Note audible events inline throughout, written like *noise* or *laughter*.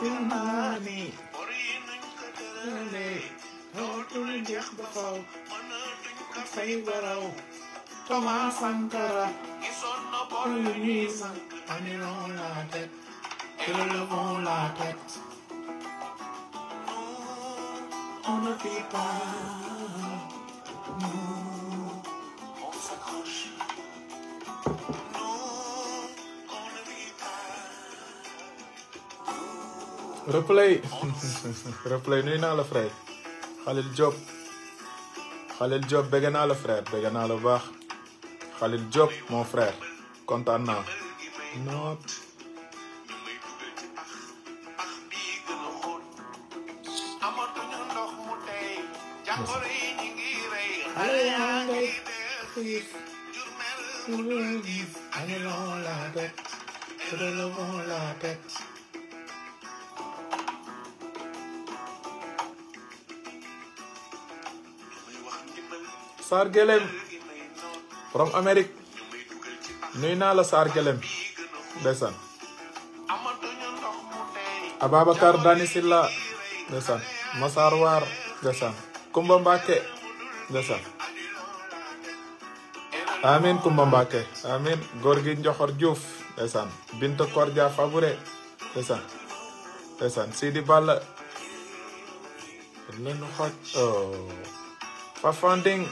filmaani dootul jeex ba faw fay baraw Thomas Sankara lu ñuy sant annulons la dette relevons la tête on ne vit pas replay *laughs* replay nuy naa la frère Khalil Diop Khalil Diop bëgg naa la frère bëgg naa la baax Khalil Diop mon frère kontaan naa. non saar from Amerik, nuy na la saar gëlëm ndeysaan Dani Silla ndeysaan masar War ndeysaan Kumba mbake ndeysaan amin Kumba mbake amin gorgi gi Njoxor Diouf ndeysaan Binta Kordia Fabouré ndeysaan ndeysaan Sidi Balla lenu xoj oh Fafanding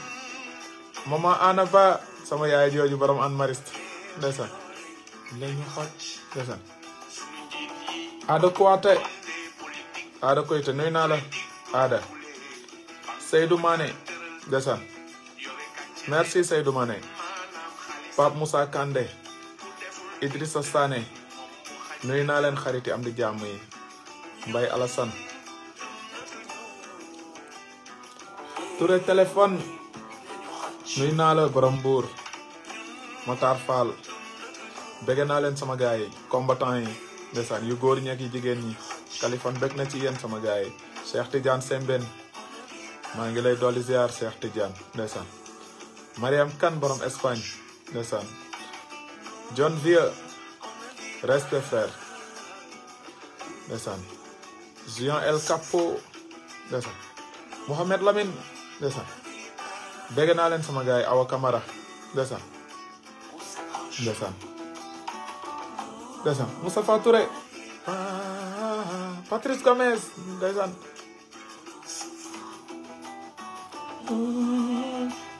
maman ana ba sama yaay jooju borom an mariste ndeysaan lañu xool ndeysaan aada kuwaate aada koyte nuyu naa la aada Seydou Mané merci Seydou Mané Pape Moussa Kandé Idrissa Sané nuyu naa leen xarit yi am di jàmm yi téléphone nuy naa la borom Matar Fall naa leen sama gars yi combattant yi ndeysaan yu góor ñeek yu jigéen ñi sama gars Cheikh Tidiane Sembène maa ngi lay dolli ziar Cheikh Tidiane Mariam Kan borom Espagne John Vieux respect frère Zion Jean El Capo ndeysaan Mohamed Lamine ndeysaan bëgg na len sama gay Awa Kamara dessa dessa dessa Moustapha Touré Patrice gomez dessa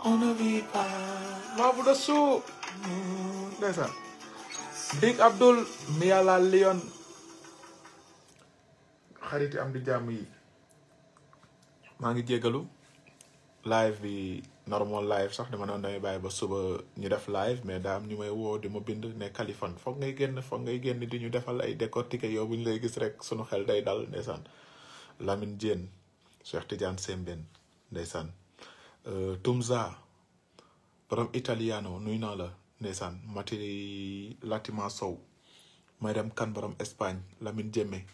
on a vit Big Abdul miala leon hari xarit yi am di jàmm yi live bi normal live sax dama noonu damay bàyyi ba suba ñu def live mais daa am ñu may woo di ma bind ne Kaliphone foog ngay génn foog ngay génn di ñu defal ay décortiqué yow bu ñu lay gis rek sunu xel day dal ndeysaan Lamine Diène Cheikh Tidiane Sembène ndeysaan euh, Tumza borom italiano nuy na la ndeysaan Mati Latima Sow may dem kan borom Espagne Lamine Diémé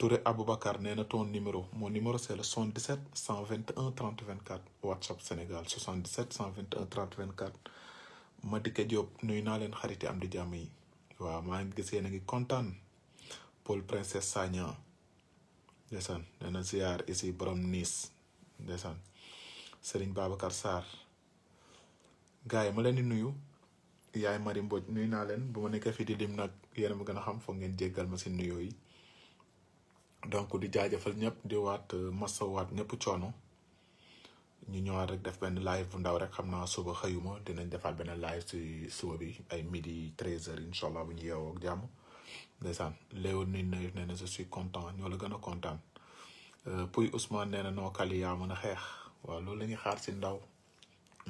Touré Aboubacar nee na ton numéro mon numéro c'est le 77 121 30 24 WhatsApp Sénégal 77 121 30 24 Madika Diop nuyu naa leen xariti am di jàmm yi waaw maa ngi gisee na kontaan Paul Princesse Sagna ndeysaan nee na ziar ici borom Nice ndeysaan Serigne Babacar Sarr gars yi ma leen di nuyu yaay Mari Mbodj nuyu naa leen bu ma nekkee fii di lim nag yéen ma gën a xam foog ngeen jéggal ma si nuyoo yi donc di jaajëfal ñëpp di waat euh, masawaat ñëpp coono ñu ñëwaat rek def benn live bu ndaw rek xam naa suba xëyuma dinañ defaat benn live si suba bi ay midi 13h incha bu ñu yeewoo ak jàmm ndeysaan Léonine nee na je suis content ñoo la gën a kontaan euh, Pouy Ousmane nee na noo kali yaa mën a xeex waaw loolu la xaar si ndaw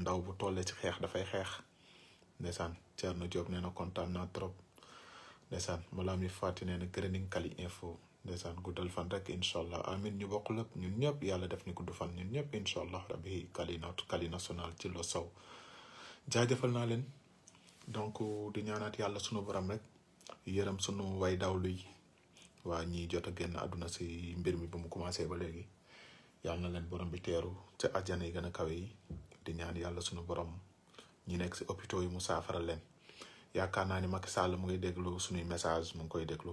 ndaw bu tollee ci xeex dafay xeex ndeysaan Thierno Diop nee na kontaan naa trop ndeysaan Malami Fati nee na Greening Kali info. ndeysaan guddal fan rek incha allah amin ñu bokk lépp ñu ñëpp yàlla def ñu gudd fan ñun ñëpp incha allah rabbi kalinat kali national ci lo saw jaajëfal naa leen donc di ñaanaat yàlla sunu borom rek yërëm sunu way dawlu yi waa ñiy jot a génn àdduna si mbir mi bu mu commencé ba léegi yàlla na leen borom bi teeru ca àjjana yi gën a kawe yi di ñaan yàlla sunu borom ñi nekk si hôpitaux yi mu saafara leen yaakaar naa ni Macky Sall mu ngi déglu sunuy message mu ngi koy déglu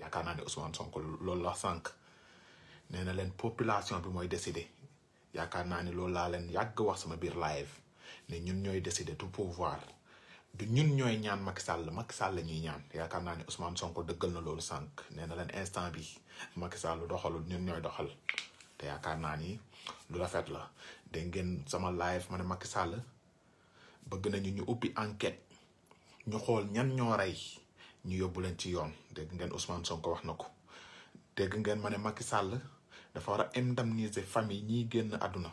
yaakaar naa ne Ousmane Sonko loolu la sànq nee na leen population bi mooy décider yaakaar naa ni loolu laa leen yàgg wax sama biir live ne ñun ñooy décider du pouvoir du ñun ñooy ñaan Macky Sall Macky Sall ñuy ñaan yaakaar naa ne Ousmane Sonko dëggal na loolu sànq nee na leen instant bi Macky Sall doxalul ñun ñooy doxal te yaakaar naa ni lu rafet la dégg ngeen sama live ma ne Macky Sall bëgg nañu ñu ubbi enquête ñu xool ñan ñoo rey. ñu yobul len ci yoon deg ngeen Ousmane Sonko wax nako ko ngeen mané Macky Sall dafa wara indemniser famille ñi genn aduna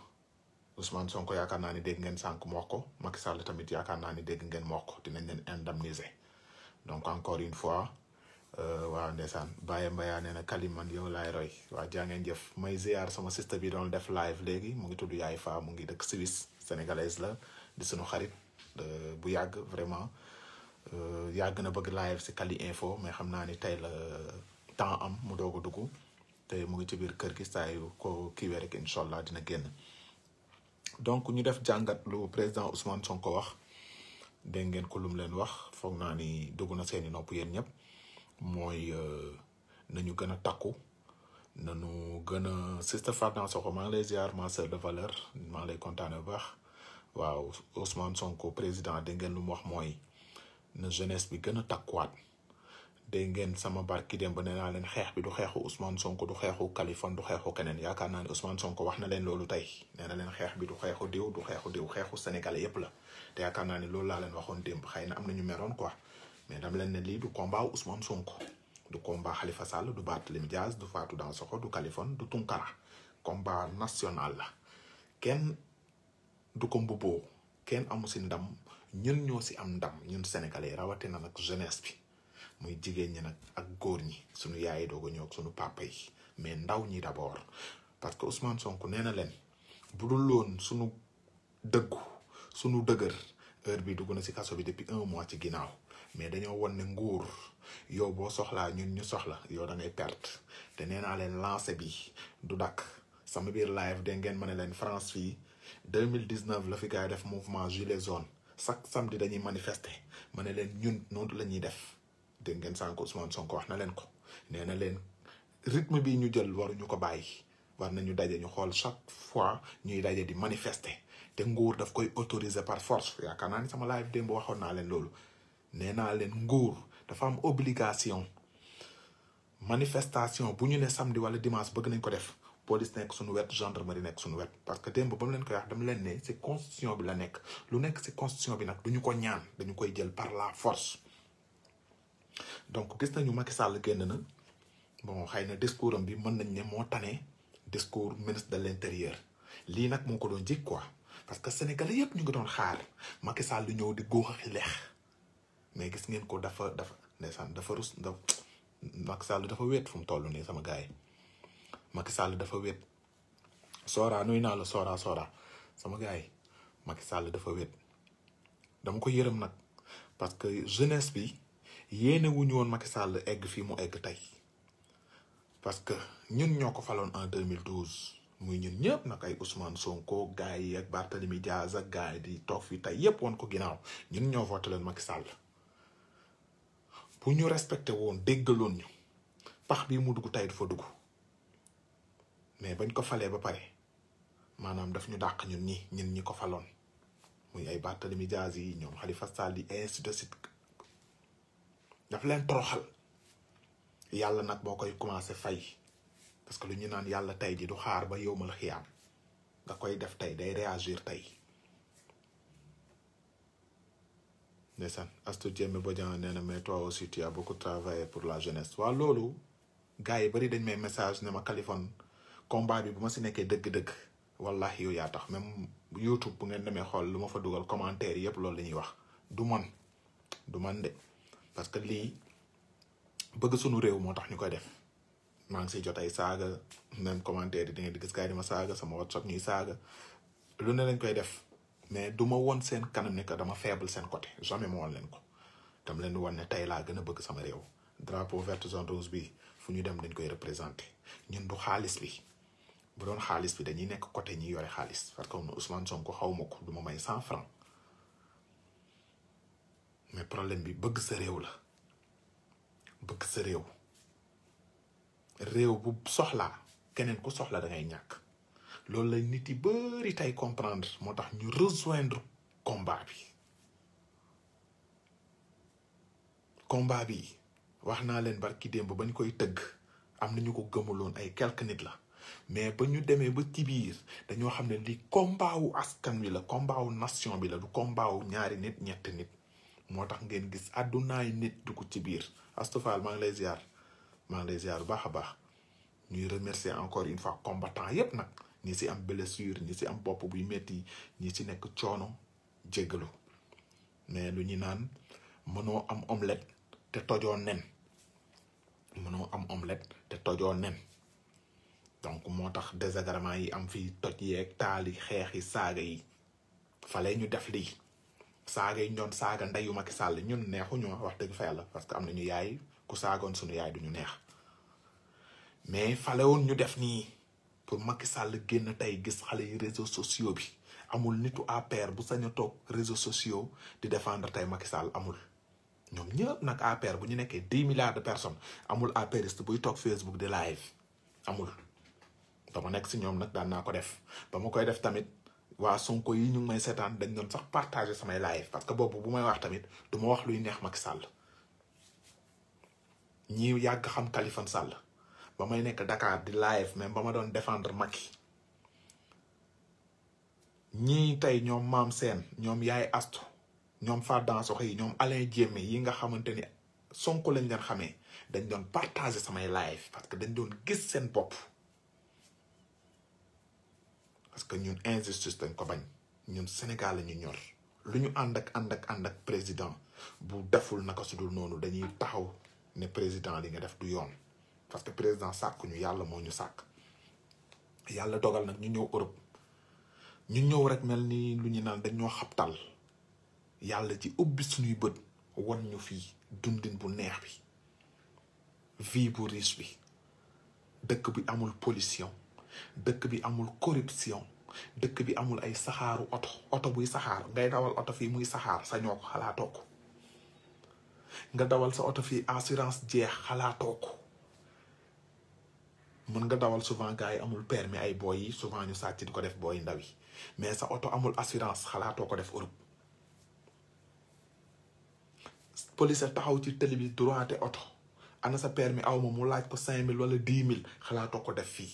Ousmane Sonko yaaka naani deg ngeen sank moko Macky Sall tamit yaaka naani deg ngeen moko dinañ len indemniser donc encore une fois euh, wa ndessane Baye mbaya neena Kaliman yow lay roy waa jangeen may ziar sama sister bi doon def live legi mu ngi tuddu Yaay Fa mu ngi dekk Suisse sénégalaise la di sunu xarit euh, bu vraiment. Euh, yaa gën a bëgg live si Kali Info mais xam naa ni tey la euh, temps am mu doog a dugg te mu ngi ci biir kër gi saa ko kiiwee rek incha allah dina génn donc ñu def jàngat lu président Ousmane Sonko wax dégg ngeen ko lum leen wax foog naa ni dugg na seeni nopp yéen ñëpp mooy euh, nañu gën a takku nañu gën a sister Fatna Soxo maa ngi lay ziar ma sœur de valeur maa ngi lay kontaane bu baax waaw Ousmane Sonko président dégg ngeen lu wax mooy. na jeunesse bi gën a takkuwaat dégg ngeen sama barki dem ba nee naa leen xeex bi du xeexu Ousmane Sonko du xeexu Kaliphone du xeexu keneen yaakaar naa ne Ousmane Sonko wax na leen loolu tey nee na leen xeex bi du xeexu diw du xeexu diw xeexu sénégalais yépp la te yaakaar naa ne loolu laa leen waxoon démb xay na am na ñu meroon quoi mais dama leen ne lii du combat Ousmane Sonko du combat Khalifa Sall du Barthélémy Dias du Fatou Dansokho du Kaliphone du Tunkara combat national la kenn du kenn amu si ndam ñun ñoo si am ndam ñun sénégalais rawatina nag jeunesse bi muy jigéen ñi nag ak góor ñi suñu yaay yi doog a ñëw ak suñu papa yi mais ndaw ñi d'abord parce que Ousmane Sonko nee na leen bu dul woon suñu dëggu suñu dëgër heure bi dugg na si kaso bi depuis un mois ci ginnaaw mais dañoo won ne nguur yow boo soxlaa ñun ñu soxla yow da ngay perte te nee naa leen lancé bi du dakk sama biir live de ngeen ma ne leen France fii 2019 la fi gars yi def mouvement gilet jaune chaque samedi dañuy manifester mané len ñun noonu lañuy def de ngeen sanko Ousmane Sonko wax na len ko néna len rythme bi ñu jël waruñu ko bayyi war nañu dajé ñu xol chaque fois ñuy dajé di manifester te nguur daf koy autoriser par force Ya kanani sama live démb waxoon na len lolu néna len leen nguur dafa am obligation manifestation bu ñu ne samedi wala dimanche bëgg nañ ko def police nekk suñu wet gendarmerie nekk suñu wet parce que démb ba mu leen koy wax dama leen ne ci constitution bi la nekk lu nekk ci constitution bi nag du ñu ko ñaan dañu koy jël par la force donc gis nañu Macky Sall génn na bon xëy na discours am bi mën nañ ne moo tane discours ministre de l'intérieur lii nag moo ko doon jig quoi parce que sénégalais yëpp ñu ngi doon xaar Macky Sall lu ñëw di góox ak leex mais gis ngeen ko dafa dafa ndeysaan dafa rus ndaw Macky Sall dafa wet fu mu toll nii sama gars yi Macky sàll dafa wét Soora nuy naa la Soora Soora sama gaay yi sàll dafa wét dama ko yërëm nag parce que jeunesse bi yéenewuñu woon Macky Sall egg fii mu egg tey parce que ñun ñoo ko faloon en 2012 muy ñun ñëpp nag ay Ousmane Sonko gars yi ak Barthélemy Diaz ak gars di toog fii tey yëpp woon ko ginnaaw ñun ñoo voté leen Macky Sall bu ñu respecté woon déggaloon ñu pax bii mu dugg tey du dugg. mais bañ ko falee ba pare maanaam daf ñu dàq ñun ñi ñun ñi ko faloon muy ay Barthélemy Dias yi ñoom Khalifa Sall yi ainsi de suite daf leen toroxal yàlla nag boo koy commencé fay parce que lu ñu naan yàlla tey ji du xaar ba yowmal xiyaam nga koy def tey day réagir tey ndeysaan Astou Diémé Bodian nee na mais toi aussi tu as beaucoup travaillé pour la jeunesse waaw loolu gars yi bari dañ may message ne ma Kaliphone combat bi bu ma si nekkee dëgg-dëgg wallahi yooyu yaa tax même YouTube bu ngeen demee xool lu ma fa dugal commentaire yëpp loolu la ñuy wax du man du parce que lii bëgg sunu réew moo tax ñu koy def maa ngi siy jot ay saaga même commentaire yi da ngeen di gis gars ma saaga sama WhatsApp ñuy saaga lu ne lañ koy def mais du ma woon seen kanam ne que dama faible seen côté jamais ma woon leen ko dama leen di wan ne tey laa gën a bëgg sama réew drapeau vert jaune rouge bi fu ñu dem dañ koy représenté ñun du xaalis bi. bu doon xaalis bi dañuy nekk côté ñi yore xaalis parce que Ousmane Sonko xaw ma ko du ma may cent franc mais problème bi bëgg sa réew la bëgg sa réew réew bu soxlaa keneen ku soxla da ñàkk loolu la nit yi bari tey comprendre moo tax ñu rejoindre combat bi combat bi wax naa leen barki démb ba koy tëgg am nañu ko gëmuloon ay quelques nit la. mais ba ñu demee ba ci biir dañoo xam ne li combat wu askan wi la combat wu nation bi la du combat wu ñaari nit ñett nit moo tax ngeen gis àddunaay nit dugg ci biir astofal maa ngi lay maa ngi lay baax a baax ñuy remercier encore une fois combattant yépp nag ñi ci am blessure ñi ci am bopp buy metti ñi ci nekk coono jéggalu mais lu ñu naan mënoo am omelette te tojoo nen mënoo am omelette te tojoo nen donc moo tax désagrément yi am fii toj yeeg taali xeexi saaga yi fale ñu def lii saaga yi ñoon saaga ndeyu Macky Sall ñun neexuñu wax dëgg fa yàlla parce que am nañu yaay ku saagoon suñu yaay duñu neex mais falewoon ñu def nii pour Macky Sall génn tey gis xale yi réseaux sociaux bi amul nitu APR bu sañ a toog réseaux sociaux di défendre tey Macky Sall amul ñoom ñëpp nag APR bu ñu nekkee dix milliards de personnes amul APRiste buy toog Facebook di live amul dama nekk si ñoom nag daan naa ko def ba ma koy def tamit waa sunk yi ñu may seetaan dañ doon sax partage samay live parce que boobu bu may wax tamit du ma wax luy neex Macky Sall ñi yàgg xam Kaliphone Sall ba may nekk Dakar di live même ba ma doon défendre Macky ñii tey ñoom maam seen ñoom yaay astu ñoom faddansoxe yi ñoom Alain Jéeme yi nga xamante ni Sonko lañ leen xamee dañ doon partager samay live parce que dañ doon gis seen bopp parce que ñun injustice dañ ko bañ ñun Sénégal la ñu ñor lu ñu ànd ak ànd ak ànd ak président bu deful naka su dul noonu dañuy taxaw ne président li nga def du yoon parce que président sàkkuñu yàlla moo ñu sàkk yàlla dogal nag ñu ñëw Europe ñu ñëw rek mel ni lu ñu naan dañoo xabtal yàlla ci ubbi suñuy bët wan ñu fi dundin bu neex bi vie bu riche bi dëkk bi amul pollution dëkk bi amul corruption dëkk bi amul ay saxaaru oto oto buy saxaar ngay dawal oto fii muy saxaar sañoo ko xalaatoo ko nga dawal sa oto fii assurance jeex xalaatoo ko mën nga dawal souvent gars yi amul permi ay booy yi souvent ñu sàcc di ko def booy ndaw mais sa oto amul assurance xalaatoo ko def Europe police taxaw ci télé bi droité oto ana sa permis aw ma mu laaj ko cinq mille wala dix mille xalaatoo ko def fii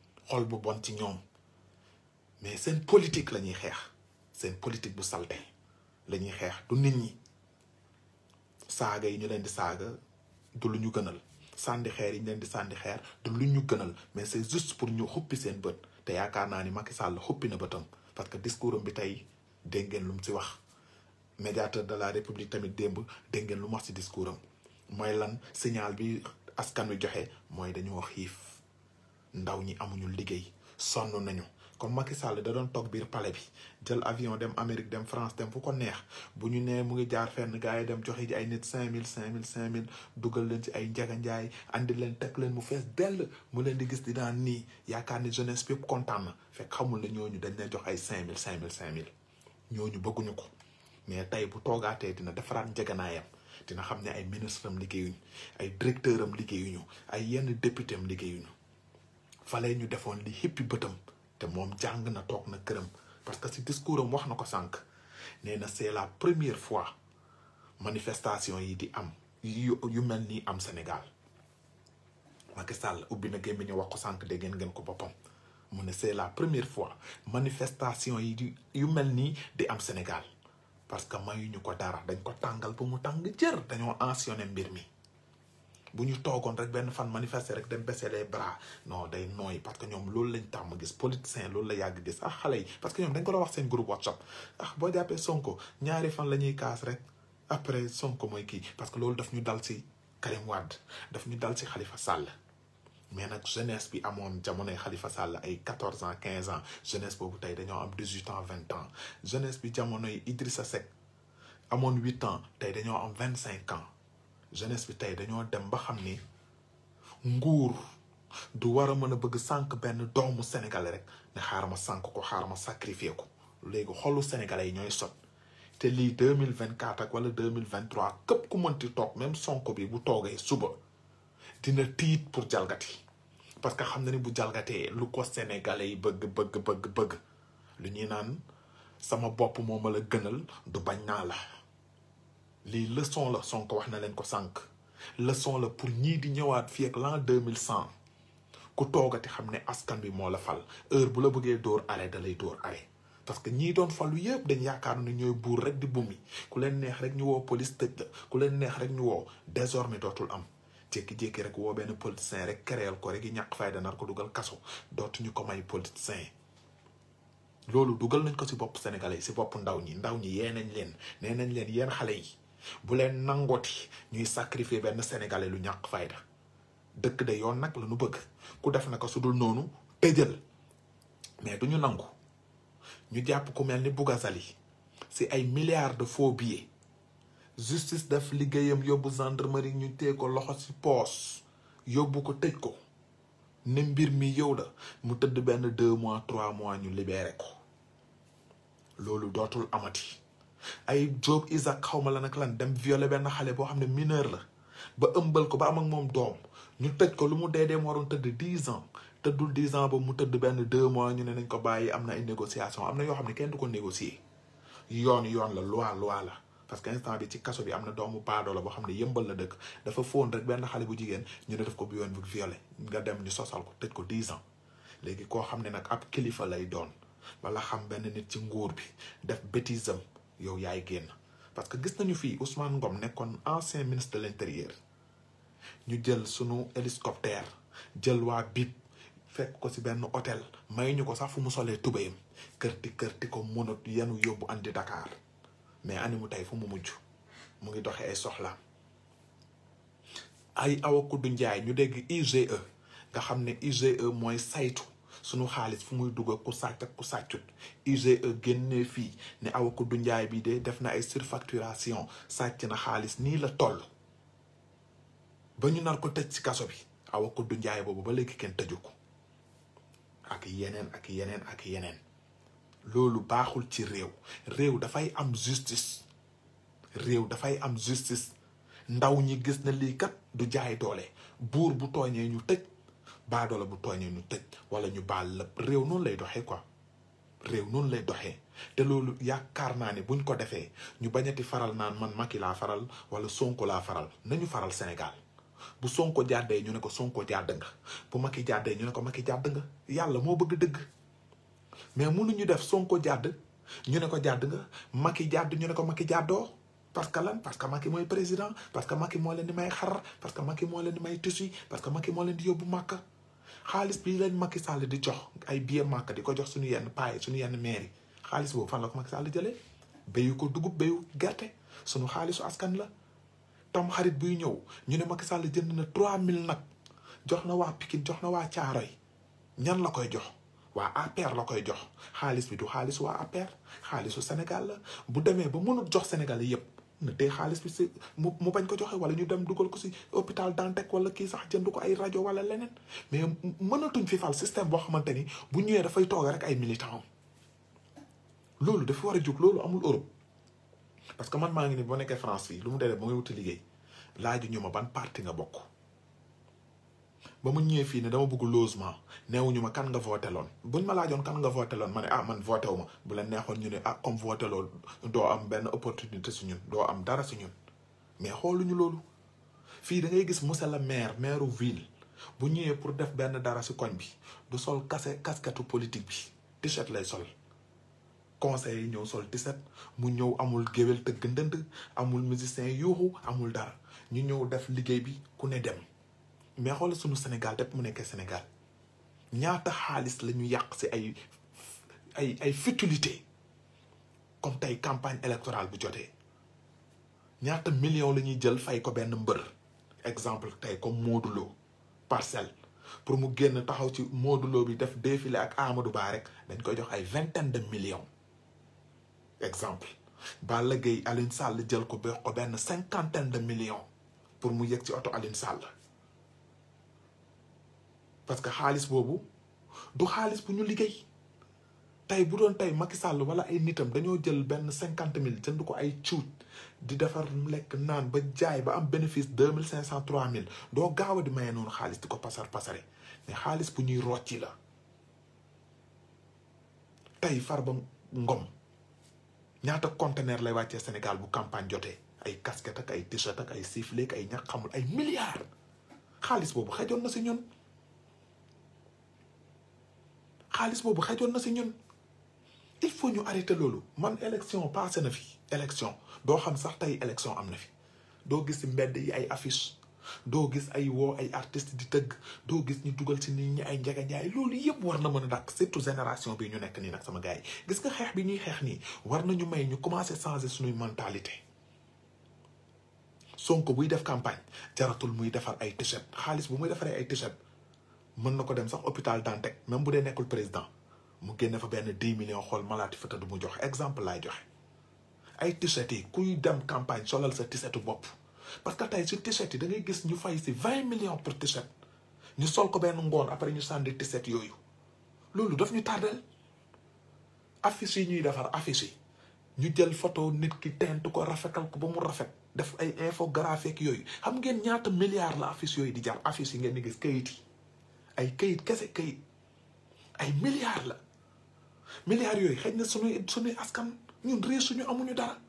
xol bu bon ci ñoom mais seen politique la ñuy xeex seen politique bu salte la ñuy xeex du nit ñi saaga yi ñu leen di saaga du lu ñu gënal sànni xeer yi ñu leen di sànni xeer du lu ñu gënal mais c'est juste pour ñu xuppi seen bët te yaakaar naa ni Macky Sall xuppi na bëtam parce que discours am bi tey dégg ngeen lu mu ci wax médiateur de la république tamit démb dégg ngeen lu mu wax ci discours mooy lan signal bi askan wi joxe mooy dañoo xiif. ndaw ñi amuñu liggéey sonn nañu kon Macky Sall da doon toog biir palais bi jël avion dem Amérique dem France dem fu ko neex bu ñu nee mu ngi jaar fenn gars yi dem joxe ji ay nit mille 5000 5000 dugal leen ci ay njaganjaay andi leen leen mu fees dell mu leen di gis di daan yaakaar ni jeunesse bi kontaan na fekk xamul ne ñooñu dañ leen jox ay 5000 5000 5000 ñooñu bëgguñu ko mais tey bu toogaatee dina defaraat njeganaayam dina xam ne ay ministre am liggéeyuñu ay directeur am liggéeyuñu ay yenn député am liggéeyuñu. falay ñu defoon li hippi bëtam te moom jàng na toog na këram parce que si discours am wax na ko sànq na c'est la première fois manifestation yi di am yu yu am Sénégal Macky Sall ubbi na ñu wax ko sànq dégg ngeen ko boppam mu ne c'est la première fois manifestation yi di yu mel di am Sénégal parce que mayuñu ko dara dañ ko tàngal ba mu tàng jër dañoo mbir mi si togon rek des fan manifester rek dem les bras non day noy parce que ñom loolu lañ tam gis politicien loolu la yag ah parce que ñom dañ ko la wax groupe whatsapp ah sonko ñaari fan lañuy rek après sonko moy ki parce que loolu daf ñu dal gens, Karim wad daf ñu dal ci Khalifa Sall mais nak jeunesse bi amone jamono Khalifa Sall ay 14 ans 15 ans jeunesse des tay dañu am 18 ans 20 ans jeunesse bi jamonoy Idrissa Seck 8 ans tay dañu am 25 ans. jeunesse bi tey dañoo dem ba xam ni nguur du war a mën a bëgg sànq benn doomu sénégalais rek ne xaar ma sànq ko xaar ma sacrifier ko léegi xolu sénégalais yi ñooy sot te lii deux mille vingt quatre ak wala deux mille vingt trois képp ku mënti toog même sonko bi bu toogee suba dina tiit pour jalgati parce que xam na ni bu jalgatee lu ko sénégalais yi bëgg bëgg bëgg lu ñuy naan sama bopp moo ma la gënal du bañ naa la. lii leçon la Sonko wax na leen ko sànq leçon la pour ñii di ñëwaat fii ak l'an de mille cent ku toogati xam ne askan bi moo la fal heure bu la bëggee dóor arrêt da lay dóor arrêt parce que ñii doon falu yëpp dañ yaakaar ne ñooy buur rek di mi ku leen neex rek ñu woo police tëj la ku leen neex rek ñu woo désormais dootul am jékki-jékki rek woo benn politicien rek kereel ko rek yi ñàkk fayda nar ko dugal kaso dootuñu ko may politicien loolu dugal nañ ko ci bopp sénégalais ci bopp ndaw ñi ndaw ñi yee nañ leen nee nañ leen yéen xale yi. bu leen nangooti ñuy sacrifier benn sénégalais lu ñàkk fayda dëkk de yoon nag la ñu bëgg ku def naka su dul noonu tëjal mais du ñu nangu ñu jàpp ku mel ni Bougazelli si ay milliards de faux billets justice def liggéeyam yóbbu gendarmerie ñu téye ko loxo si poos yóbbu ko tëj ko ni mbir mi yow da mu tëdd benn deux mois trois mois ñu libéré ko loolu dootul amati. ay Job Isaac xaw ma lan ak lan dem violé benn xale boo xam ne mineur la ba ëmbal ko ba am ak moom doom ñu tëj ko lu mu dee dee mu waroon tëdd dix ans tëddul dix an ba mu tëdd benn deux mois ñu ne nañ ko bàyyi am na ay négociation am na yoo xam ne kenn du ko négocier yoon yoon la loi loi la parce que instant bi ci kaso bi am na doomu baadoo boo xam ne yëmbal la dëkk dafa fóon rek benn xale bu jigéen ñu ne daf ko bu yoon bu violé nga dem ñu sosal ko tëj ko dix ans léegi koo xam ne nag ab kilifa lay doon wala xam benn nit ci nguur bi def bêtisam yow yaay génn parce que gis nañu fii Ousmane Ngom nekkoon ancien ministre de l'intérieur ñu jël sunu hélicoptère jël waa bip fekk ko si benn hôtel may ñu ko sax fu mu solee tubéyam kërti kërti ko mënut yenu yóbbu andi Dakar mais animu tey fu mu mujj mu ngi doxe ay soxla ay awakudu njaay ñu dégg IGE nga xam ne IGE mooy saytu sunu xaalis fu muy dugg ku sàcc ak ku sàccut IGE génnee fii ne awa ko du njaay bii de def na ay surfacturation sàcc na xaalis nii la toll ba ñu nar ko tëj ci kaso bi awa ko du njaay boobu ba léegi kenn tëju ko ak yeneen ak yeneen ak yeneen loolu baaxul ci réew réew dafay am justice réew dafay am justice ndaw ñi gis na lii kat du jaay doole buur bu tooñee ñu tëj baadoola bu tooñee ñu tëj wala ñu bal lépp réew noonu lay doxee quoi réew noonu lay doxee te loolu yaakaar naa ne buñ ko defee ñu bañati faral naan man Macky faral wala Sonko faral nañu faral Sénégal bu Sonko jàddee ñu ne ko Sonko jàdd nga bu Macky jàddee ñu ne ko Macky jàdd nga yàlla moo bëgg dëgg mais mënuñu def Sonko jàdd ñu ne ko jàdd nga Macky jàdd ñu ne ko Macky jaddo parce que lan parce que Macky mooy président parce que Macky moo leen di may xar parce que leen di may tissu parce que leen di xaalis bi lañ Macky Sall di jox ay billet Makka di ko jox suñu yenn paay suñu yenn mairie xaalis boobu fan la ko Macky Sall jëlee béyu ko dugub béyu gerte suñu xaalisu askan la tam xarit buy ñëw ñu ne Macky Sall jënd na trois 3000 nag jox na waa Pikine jox na waa Caaroy ñan la koy jox waa APR la koy jox xaalis bi du xaalis waa APR xaalisu Sénégal la bu demee ba mënul jox Sénégal yépp na tey xaalis bi si mu mu bañ ko joxe wala ñu dem dugal ko si hôpital Dantec wala kii sax jënd ko ay rajo wala leneen mais mënatuñ fi fal système boo xamante ni bu ñëwee dafay toog rek ay militant loolu dafa war a jug loolu amul Europe parce que man maa ngi ni boo nekkee France fii lu mu dee ba ngay wuti liggéey laaju ñu ma ban parti nga bokk ba mu ñëwee fii ne dama bëgg losement neewuñu ma kan nga voté loon buñ ma laajoon kan nga voté loon ma ne ah man voté bu la neexoon ñu ne ah comme voté lool doo am benn opportunité su ñun doo am dara su ñun mais xooluñu loolu fii da ngay gis monsieur le maire maire ville bu ñëwee pour def benn dara si koñ bi du sol kase kasketu politique bi t-shirt lay sol conseil yi ñëw sol 17 mu ñëw amul géwél tëgg ndënd amul musicien yuuxu amul dara ñu ñëw def liggéey bi ku ne dem mais xoolal sunu Sénégal def mu nekkee Sénégal ñaata xaalis la ñu yàq si ay ay ay futilités comme tey campagne électorale bu jotee ñaata million la ñuy jël fay ko benn mbër exemple tey comme Modou parcelle pour mu génn taxaw ci Modou bi def défilé ak Amadou Ba rek dañ koy jox ay vingtaine de million exemple Balla Gaye aline Sall jël ko ba ko benn cinquantaine de millions pour mu yegg ci oto Alioune Sall. parce que xaalis boobu du xaalis bu ñu liggéey tey bu doon tey Macky Sall wala ay nitam dañoo jël benn cinquante mille jënd ko ay cuuj di defar lekk naan ba jaay ba am bénéfice deux mille cinq cent trois mille doo gaaw a di maye noonu xaalis di ko pasar pasare mais xaalis bu ñuy rocci la tey Farba Ngom ñaata conteneur lay wàccee Sénégal bu campagne jotee ay casquette ak ay t-shirt ak ay sifflet ak ay ñax xamul ay milliards xaalis boobu xejoon na si ñun. خالص boobu xajoon na نيون il faut ñu arrêter lolu man élection passé na fi élection do xam sax tay élection amna fi do gis mbedd yi ay affiche do gis ay wo ay artiste di teug do gis ñu duggal ci nit ñi ay jaga jaay lolu yeb war na mëna dak surtout génération bi ñu nekk ni nak sama gaay gis nga xex bi ñuy xex ni war nañu may ñu commencer changer suñu mentalité Sonko buy def campagne jaratul muy defar ay t-shirt xaalis bu muy defaree ay t-shirt mën na ko dem sax hôpital Dantec même bu dee nekkul président mu génne fa benn dix million xool malaati fëta du mu joxe exemple laay joxe ay t-shirt yi kuy dem campagne solal sa t-shirtu bopp parce que tey si t-shirt yi da ngay gis ñu fay si vingt millions pour t-shirt ñu sol ko benn ngoon après ñu sànni t-shirt yooyu loolu daf ñu tardel affiche yi ñuy defar affiche yi ñu jël photo nit ki teint ko rafetal ko ba mu rafet def ay infographique yooyu xam ngeen ñaata milliards la affiche yooyu di jar affiche yi ngeen di gis kayit yi ay kayit kese kayit ay milliards la milliards yooyu xëy na suñuy suñuy askan ñun réer suñu amuñu dara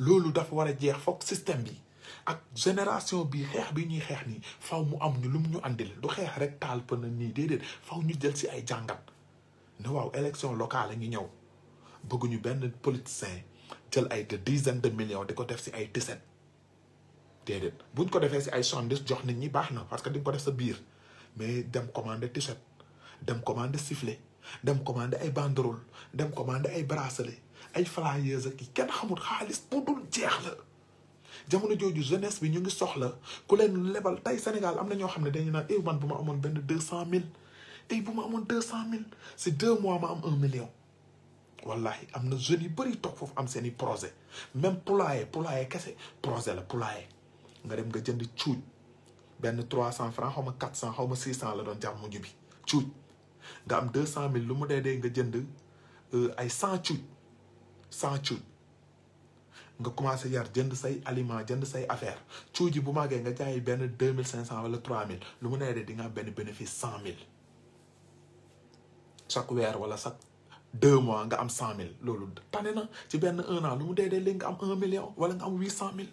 loolu dafa war a jeex foog système bi ak génération bi xeex bi ñuy xeex nii faw mu am ñu lu mu ñu andil du xeex rek taal pëna nii déedéet faw ñu jël si ay jàngat ne waaw élection locale a ngi ñëw bëgguñu benn politicien jël ay de dizaine de million di ko def si ay tiset déedéet buñ ko defee si ay soixante-dix jox nit ñi baax na parce que di nga ko def sa biir mais dem commander t dem commandé sifflet dem commandé ay banderole dem commandé ay bracelet ay flyers ak yi kenn xamul xaalis bu dul jeex la jamono jooju jeunesse bi ñu ngi soxla ku leen lebal tey Sénégal am na ñoo xam ne dañu naan eh man bu ma amoon benn deux cent mille tey bu ma amoon deux cent mille si deux mois ma am un million. wallahi am na jeunes yu bëri toog foofu am seen i projet même poulailler poulailler kese projet la poulailler nga dem nga jënd cuuj. benn trois cent franc xaw ma quatre cent xaw ma six cent la doon jar mujj bi cuuj nga am deux cent mille lu mu dee dee nga jënd euh, ay cent cuuj nga commencé yar jënd say aliment jënd say affaire cuuj bu màggee nga jaay benn deux mille cinq cent wala trois mille lu mu nee dee di nga am benn bénéfice cent mille chaque weer wala chaque deux mois nga am cent mille loolu tane na ci benn un an lu mu dee dee léegi nga am un million wala nga am huit cent mille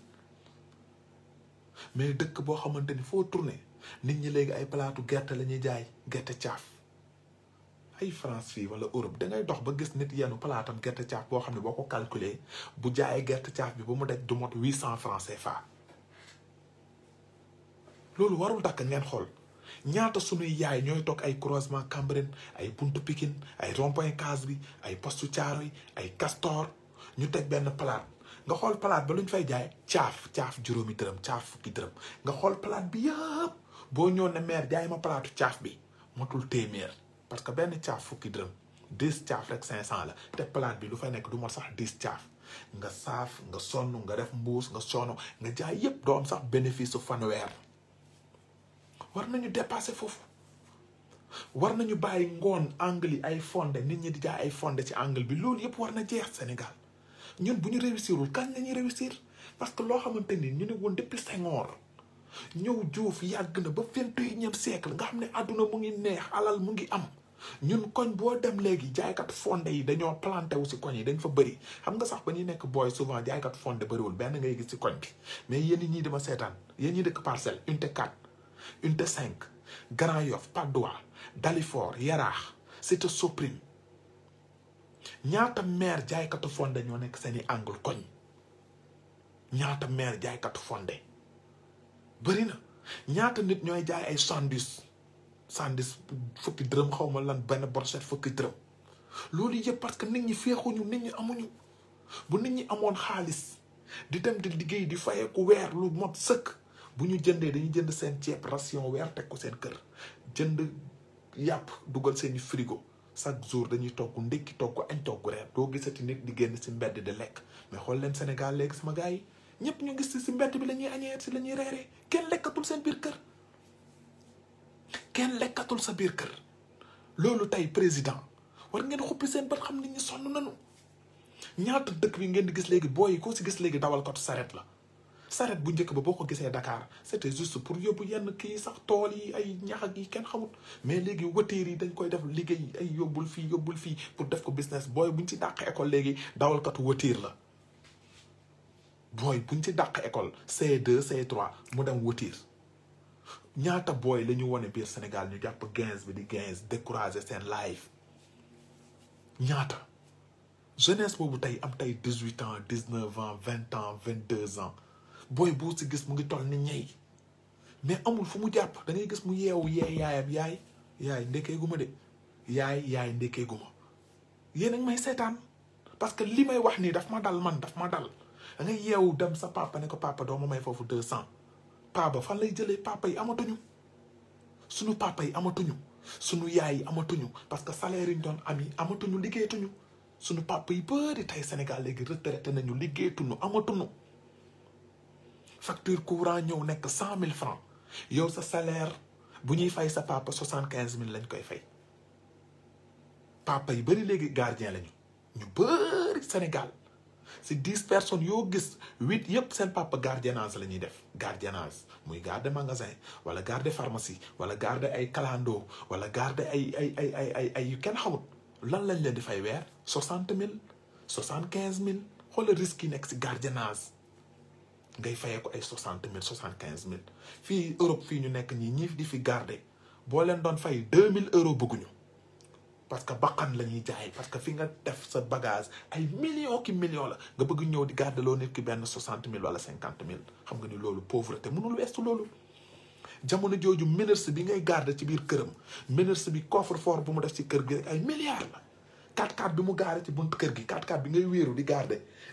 mais dëkk boo xamante ni foo tourné nit ñi léegi ay palaatu gerte la ñuy jaay gerte caaf ay France fii wala Europe dangay dox ba gis nit yenu palaatam gerte caaf boo xam ne boo ko calculer bu jaayee gerte caaf bi ba mu daj du mot huit cent francs CFA loolu warul dakk ngeen xool ñaata sunuy yaay ñooy toog ay croisement Cambérène ay buntu Pikine ay rond-point bi ay postu Thiaroye ay Castor ñu teg benn palaat nga xool palaat ba lu ñu fay jaay caaf caaf juróomi dërëm caaf fukki dërëm nga xool palaat bi yëpp boo ñëw ne maire jaay ma palaatu caaf bi motul téeméer parce que benn caaf fukki dërëm dix caaf rek cinq cent la te palaat bi lu fay nekk du ma sax dix caaf nga saaf nga sonn nga def mbuus nga sonn nga jaay yëpp doo am sax bénéfice su fanweer war nañu dépasser foofu war na nañu bàyyi ngoon angle yi ay fonde nit ñi di jaay ay fonde ci angle bi loolu yëpp war na jeex Sénégal ñun bu ñu réussirul kañ la réussir parce que loo xamante ni ñu ne woon depuis Senghor ñëw Diouf yàgg na ba vingt et unième siècle nga xam ne àdduna mu ngi neex alal mu ngi am ñun koñ boo dem léegi jaaykat fonde yi dañoo planté wu si koñ yi dañ fa bëri xam nga sax ba ñuy nekk booy souvent jaaykat fonde bëriwul benn ngay gis si koñ bi mais yéen ñii dama seetaan yéen ñii dëkk parcelle unité 4 unité 5 Grand Yoff Patte d'Oie Dalifort Yaraax Cité Soprim ñaata maire jaaykatu fonde ñoo nekk seen i angle koñ ñaata maire jaaykatu fonde bëri na ñaata nit ñooy jaay ay sandwich sandwich fukki dërëm xaw ma lan benn brochette fukki dërëm loolu yëpp parce que nit ñi féexuñu nit ñi amuñu bu nit ñi amoon xaalis di dem di liggéey di fayeeku weer lu mot sëkk bu ñu jëndee dañu jënd seen ceeb ration weer teg ko seen kër jënd yàpp dugal seeni frigo chaque jour dañuy togg ndékki togg añ togg reer doo gisati nit di génn si mbedd di lekk mais xool leen Sénégal léegi sama gars yi ñëpp ñu gis si mbedd bi la ñuy añee si la ñuy reeree kenn lekkatul seen biir kër lekkatul sa biir kër loolu tey président war ngeen xuppi seen bët xam nit ñi sonn nanu ñaata dëkk bi ngeen di gis léegi booy koo si gis léegi dawal dawalkatu saret la sarat bu njëkk ba boko ko Dakar c'était juste pour yóbbu yenn ki sax tool yi ay ñax ak yi kenn xamut mais léegi wëtéer yi dañ koy def liggéey ay yobul fi yobul fi pour def ko business boy buñ ci dàq école dawal dawalkatu wëtéer la boy buñ ci dàq école C2 C3 mu dem wëtéer ñaata boy lañu woné wone biir Sénégal ñu japp 15 bi di 15 décourager sen life ñaata jeunesse bobu tay am tay 18 ans 19 ans 20 ans 22 ans booy boo si gis mu ngi toll ni ñey mais amul fu mu jàpp da ngay gis mu yeewu yee yaayam yaay yaay ndekkee guma de yaay yaay ndekkee guma yéen a may seetaan parce que li may wax nii daf ma dal man daf ma dal da ngay yeewu dem sa papa ne ko papa doo ma may foofu deux cent papa fan lay jëlee papa yi amatuñu suñu papa yi amatuñu suñu yaay yi amatuñu parce que salaire yi ñu doon am yi amatuñu liggéeyatuñu suñu papa yi bëri tey Sénégal léegi retraité nañu liggéeyatuñu amatuñu facture courant ñëw que 100 000 francs yow sa salaire bu ñuy fay sa papa soixante lañ koy papa yi bari légui gardien ñu Sénégal si 10 personnes gis yépp papa gardiennage la def gardiennage muy garde magasin wala garde pharmacie wala garde ay calando wala garde ay ay ay ay ay kenn xamut lan lañ risque ngay fayee ko ay soixante mille soixante Europe fii ñu nekk ñi ñi di fi garder boo leen doon fay euros bëgguñu parce que bakkan la ñuy jaay parce que fi nga def sa bagage ay millions ki millions la nga bëgg ñëw di gardeloo nit ki benn soixante mille wala cinquante mille xam nga ni loolu pauvreté mënul weestu loolu. jamono jooju ministre bi ngay garder ci biir këram ministre bi coffre fort bu mu def ci kër gi rek ay milliards la 4x4 bi mu garé ci buntu kër gi 4 4 bi ngay di garder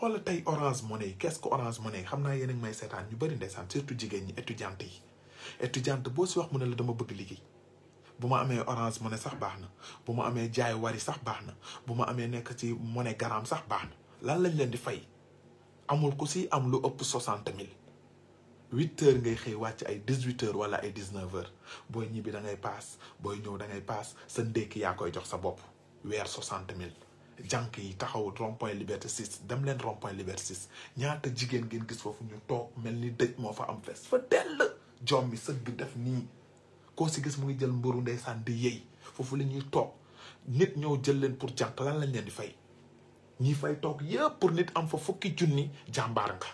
xoolal tey Orange Money qu'est-ce que Orange Money xam naa yéen a ngi may seetaan ñu bëri ndeysaan surtout jigéen ñi étudiante yi étudiante boo si wax mu ne la dama bëgg liggéey bu ma amee Orange Money sax baax na bu ma amee jaay wari sax baax na bu ma amee nekk ci MoneyGram sax baax na lan lañ leen di fay amul ku si am lu ëpp soixante mille huit heures ngay xëy wàcc ay dix huit heures wala ay dix neuf heures booy ñibbi da ngay paas booy ñëw da ngay paas sa ndékki yaa koy jox sa bopp weer soixante mille. jànk yi taxaw rond-point Liberté 6 dem leen rond-point Liberté 6 ñaata jigéen ngeen gis foofu ñu toog mel ni dëj moo fa am fees fa dell jom mi sëg bi def nii koo si gis mu ngi jël mburu ndeysaan di yëy foofu la ñuy toog nit ñëw jël leen pour jànk lan lañ leen di fay ñi fay toog yëpp pour nit am fa fukki junni jàmbaar nga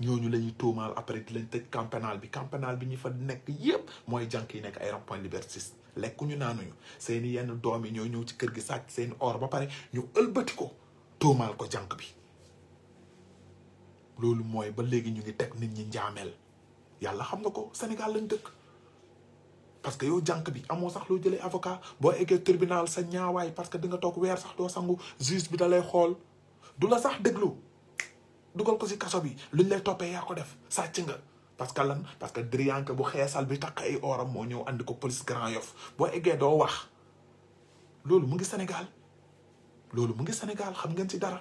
ñooñu la ñuy tuumaal après di lañ tëj camp bi camp bi ñu fa nekk yëpp mooy jànk yi nekk ay rond-point Liberté 6 lekku lekkuñu naanuñu seeni yenn doom yi ñoo ñëw ci kër gi sàcc seeni or ba pare ñu ëlbati ko tuumaal ko jànq bi loolu mooy ba léegi ñu ngi teg nit ñi njaameel yàlla xam na ko Sénégal lañ dëkk parce que yow jànq bi amoo sax loo jëlee avocat boo eggee tribunal sa ñaawaay parce que di nga toog weer sax doo sangu juge bi da lay xool du la sax déglu dugal ko si kaso bi luñ lay toppee yaa ko def sàcc nga parce que lan parce que Drianke bu xeesal bi takk ay oram moo ñëw andi ko police Grand Yoff boo eggee doo wax loolu mu ngi Sénégal loolu mu ngi Sénégal xam ngeen si dara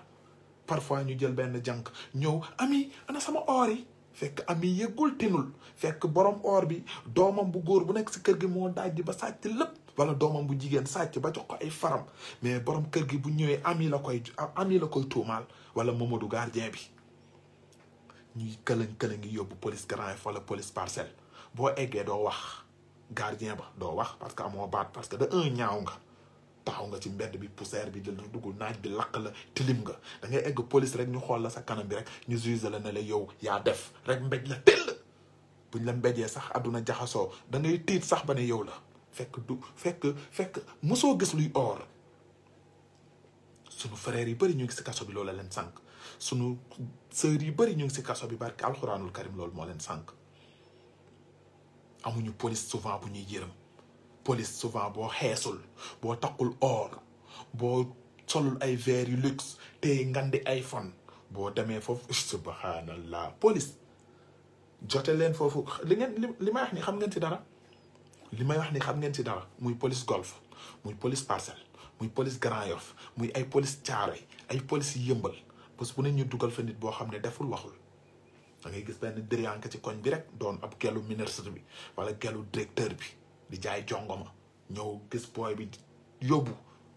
parfois ñu jël benn jànk ñëw ami ana sama or yi fekk ami yëggul tinul fekk borom or bi doomam bu góor bu nekk si kër gi moo daaj ba sàcc lépp wala doomam bu jigéen sàcc ba jox ko ay faram mais borom kër gi bu ñëwee ami la koy ami la koy tuumaal wala Mamadou gardien bi ñuy këlëng këlëng ngi yóbbu police grand wala police parcelle boo eggee doo wax gardien ba doo wax parce que amoo baat parce que da un ñaaw nga taxaw nga ci mbedd bi poussière bi dal dugg naaj bi lakk la tilim nga dangay egg police rek ñu xool la sa kanam bi rek ñu juge la ne la yow yaa def rek mbéj la bu buñ la mbéjee sax àdduna jaxasoo da tiit sax ba ne yow la fekk du fekk fekk mosoo gis luy or sunu frères yi bëri ñu gis si bi loola leen sànq sœur yi bari ñu ngi si kaso bi barke alcorane karim lool mo leen sank amuñu police souvent bu ñuy yërëm police souvent bo xéssul bo takul or bo solul ay verre yu luxe té ngandi ay fan boo demee foofu subhanallah police jotté leen fofu li ngeen li may wax ni xam ngeen ci dara li may wax ni xam ngeen ci dara muy police golf muy police parcel muy police Grand Yoff muy ay police tiaray ay police yëmbal bés bu ne ñu dugal fa nit boo xam ne deful waxul da ngay gis benn diriyanke ci koñ bi rek doon ab gelu ministre bi wala gelu directeur bi di jaay jongoma ñëw gis booy bi yóbbu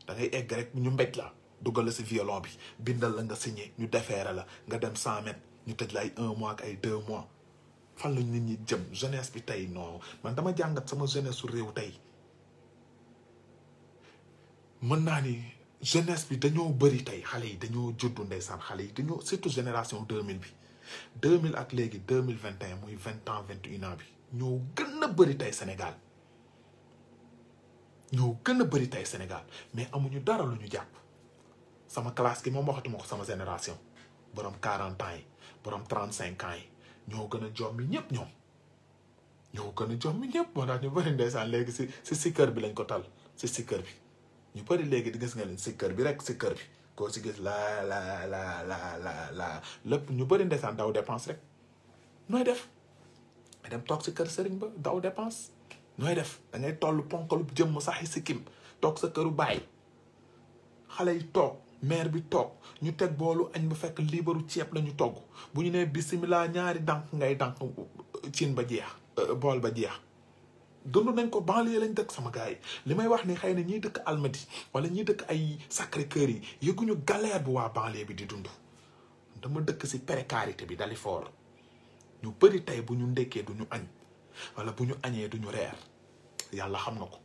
da ngay egg rek bu ñu mbéj la dugal la si violon bi bindal la nga signé ñu defeere la nga dem cent mètres ñu tëj la ay un mois ak ay deux mois fan nañu nit ñi jëm jeunesse bi tey non man dama jàngat sama jeunesse su réew tey mën naa ni jeunesse bi dañoo bëri tey xale yi yi génération 2000, 2000 bi deux ak deux vingt et un ans vingt un ans bi Sénégal ñoo gën a Sénégal mais amuñu dara lu ñu Nous sama classe gi moom waxatuma ko sama génération borom quarante ans nous 35 ans nous ñoo une a jommi ñëpp ñoom ñoo gën a jommi ñëpp moo ñu C'est ñu bari léegi di gis nga leen kër bi rek kër bi koo si gis la la la la la la lépp ñu bari ndeysaan daw dépense rek nooy def dem toog si kër sëriñ ba daw dépense nooy def da ngay toll ponkalu jëmm saxi si kim toog sa këru baay xale yi toog maire bi toog ñu teg boolu añ ba fekk liibaru ceeb la ñu togg bu ñu nee bisimilah ñaari dank ngay dank uh, cin ba jeex uh, bool ba jeex dund nañ ko banlieue lañ dëkk sama gars yi li may wax ni xëy na ñiy dëkk Almadies wala ñiy dëkk ay Sacré-Cœur yi yëguñu galère bu waa banlieue bi di dund dama dëkk si précarité bi dali fort ñu bëri tey bu ñu ndekkee du ñu añ wala bu ñu añee du ñu reer yàlla xam na ko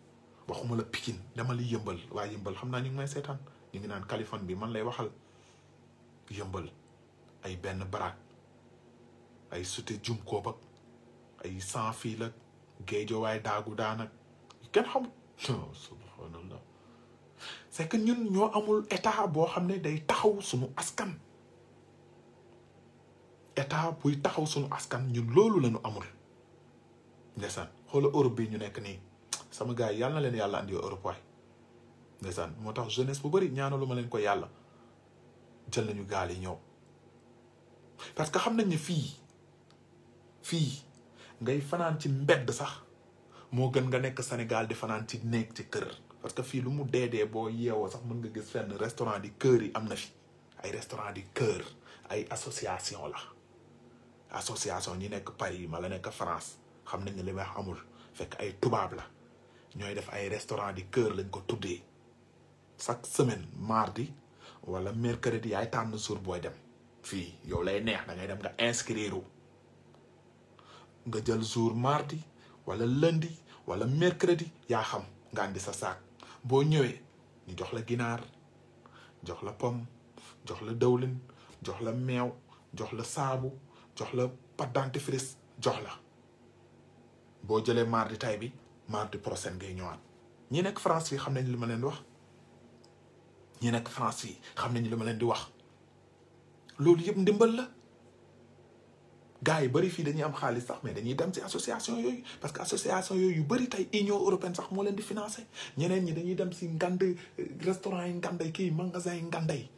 waxuma la Pikine dama li yëmbal waaye yëmbal xam naa ñu ngi may seetaan ñu ngi naan Kaliphone bi man lay waxal yëmbal ay benn baraak ay sute jum koob ay sans fil la géejowaay daagu daanak kenn xamul subhanallah c'est que ñun ñoo amul état boo xam ne day taxaw sumu askan état buy taxaw suñu askan ñun loolu lañu amul ndeysaan xoola Europe bi ñu nekk nii sama gaa yi na leen yàlla andi Europe waay ndeysaan moo tax jeunesse bu bëri ñaanalu ma leen ko yàlla jël nañu gaal yi ñëw xam nañ fii fii ngay fanaan ci mbedd sax moo gën nga nekk Sénégal di fanaan ci néeg ci kër parce que fii lu mu dee dee boo yeewoo sax mën nga gis fenn restaurant di kër yi am na fi ay restaurant di kër ay association la association ñi nekk Paris ma la nekk France xam nañ ne li amul fekk ay tubaab la ñooy def ay restaurant di kër lañ ko tuddee chaque semaine mardi wala mercredi yaay na jour booy dem fii yow lay neex da ngay dem nga inscrire nga jël jour mardi wala lundi wala mercredi yaa xam nga andi sa saak boo ñëwee ñu jox la ginaar jox la pomme jox la dawlin jox la meew jox la saabu jox la pâte dentifrice jox la boo jëlee mardi tay bi mardi prochain ngay ñëwaat ñi nekk France fii xam nañ li ma leen wax ñi nekk France fii xam nañ li ma leen di wax loolu yëpp ndimbal la gars yi bëri fii dañuy am xaalis sax mais dañuy dem ci association yooyu parce que association yooyu yu bari tay union européenne sax mo leen di financer ñeneen ñi dañuy dem ci ngand euh, restaurant yi nganday kii magasin yi nganday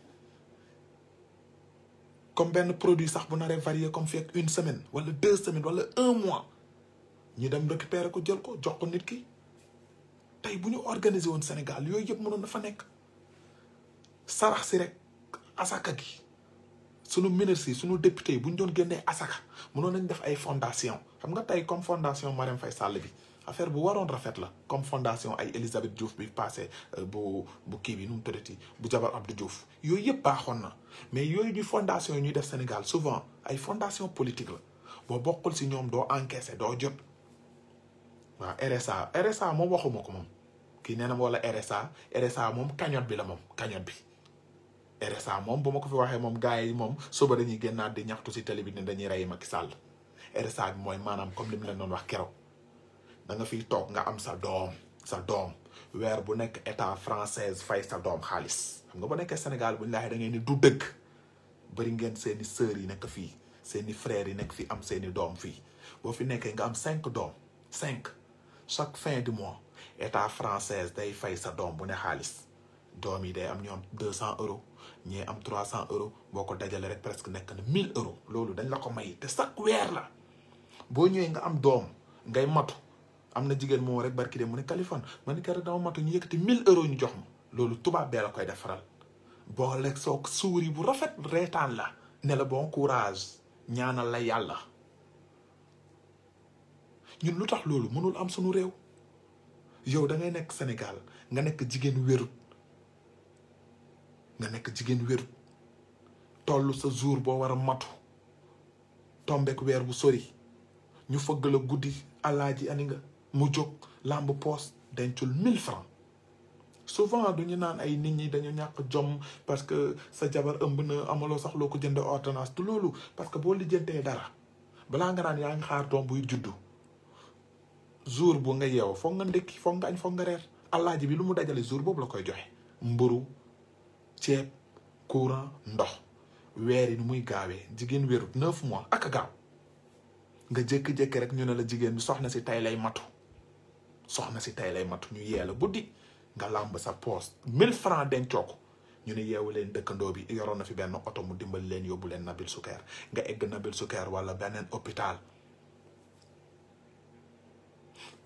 comme benn produit sax bu naree varier comme fekk une semaine wala deux semaines wala un mois ñu dem récupérer ko jël ko jox ko nit ki tey bu ñu organiser woon Sénégal yooyu yëpp mënoon na fa nekk sarax si rek asaka gi sunu ministre sommes sunu député buñ doon avons asaka mënoon nañ def ay fondation xam nga comme fondation Mariam affaire la comme fondation ay Elisabeth Diouf bi passé euh, bu bu bi bu jabar Abdou Diouf Nous mais fondation Sénégal souvent ay fondation politique la bo bokul ci RSA RSA waxuma ko wala RSA RSA RSA moom bu ma ko fi waxee moom gars yi moom suba dañuy génnaat di ñaxtu si télé bi ne dañuy rey Macky Sall RSA bi mooy maanaam comme li mu leen doon wax keroog da nga fiy toog nga am sa doom sa doom weer bu nekk état française fay sa doom xaalis nga bu nekkee Sénégal buñ laaxee da ngeen ni du dëgg bëri ngeen seeni sœurs yi nekk fii seeni frères yi nekk fii am seeni doom fii boo fi nekkee nga am cinq doom cinq chaque fin du mois état francaise day fay sa doom bu ne xaalis doom yi day am ñoom deux cent euros ñi am 300 euros boko ko rek presque nek na 1000 euros lolu dañ la ko may te chaque weer la bo nga am dom, ngay matu amna jigen mo rek barki de mu ne califon ma ne dama matu ñu yëkëti 1000 euros ñu jox mu lolu tuba bee la koy bo lek sok souri bu rafet reetaan la ne la bon courage ñaanal la yalla ñun lutax lolu mënul am sunu rew yow da ngay nek Sénégal nga nek jigen nga nekk jigéen wéru toll sa jour boo war a matu tombeek weer bu sori ñu fëgg la guddi alaaji ani nga mu jóg làmb poos dencul mille francs souvent ñu naan ay nit ñi dañu ñàkk jom parce que sa jabar ëmb na amaloo sax loo ko jënde ordonnance du loolu parce que boo lijjantee dara balaa nga naan yaa ngi xaar doom buy juddu jour bu nga yeew foog nga ndékki foog nga añ foog nga reer alaaji bi lu mu dajale jour boobu la koy joxe mburu ceeb courant ndox weer yi muy gaawee jigéen wérut neuf mois ak gaaw nga jékki-jékki rek ñu ne la jigéen bi soxna si tey lay matu soxna si tey lay matu ñu yee la guddi nga làmb sa poos mille francs dencoo ko ñu ne yeewu leen dëkkandoo bi yoroon na fi benn oto mu dimbali leen yóbbu leen Nabil Souker nga egg Nabil Souker wala beneen hôpital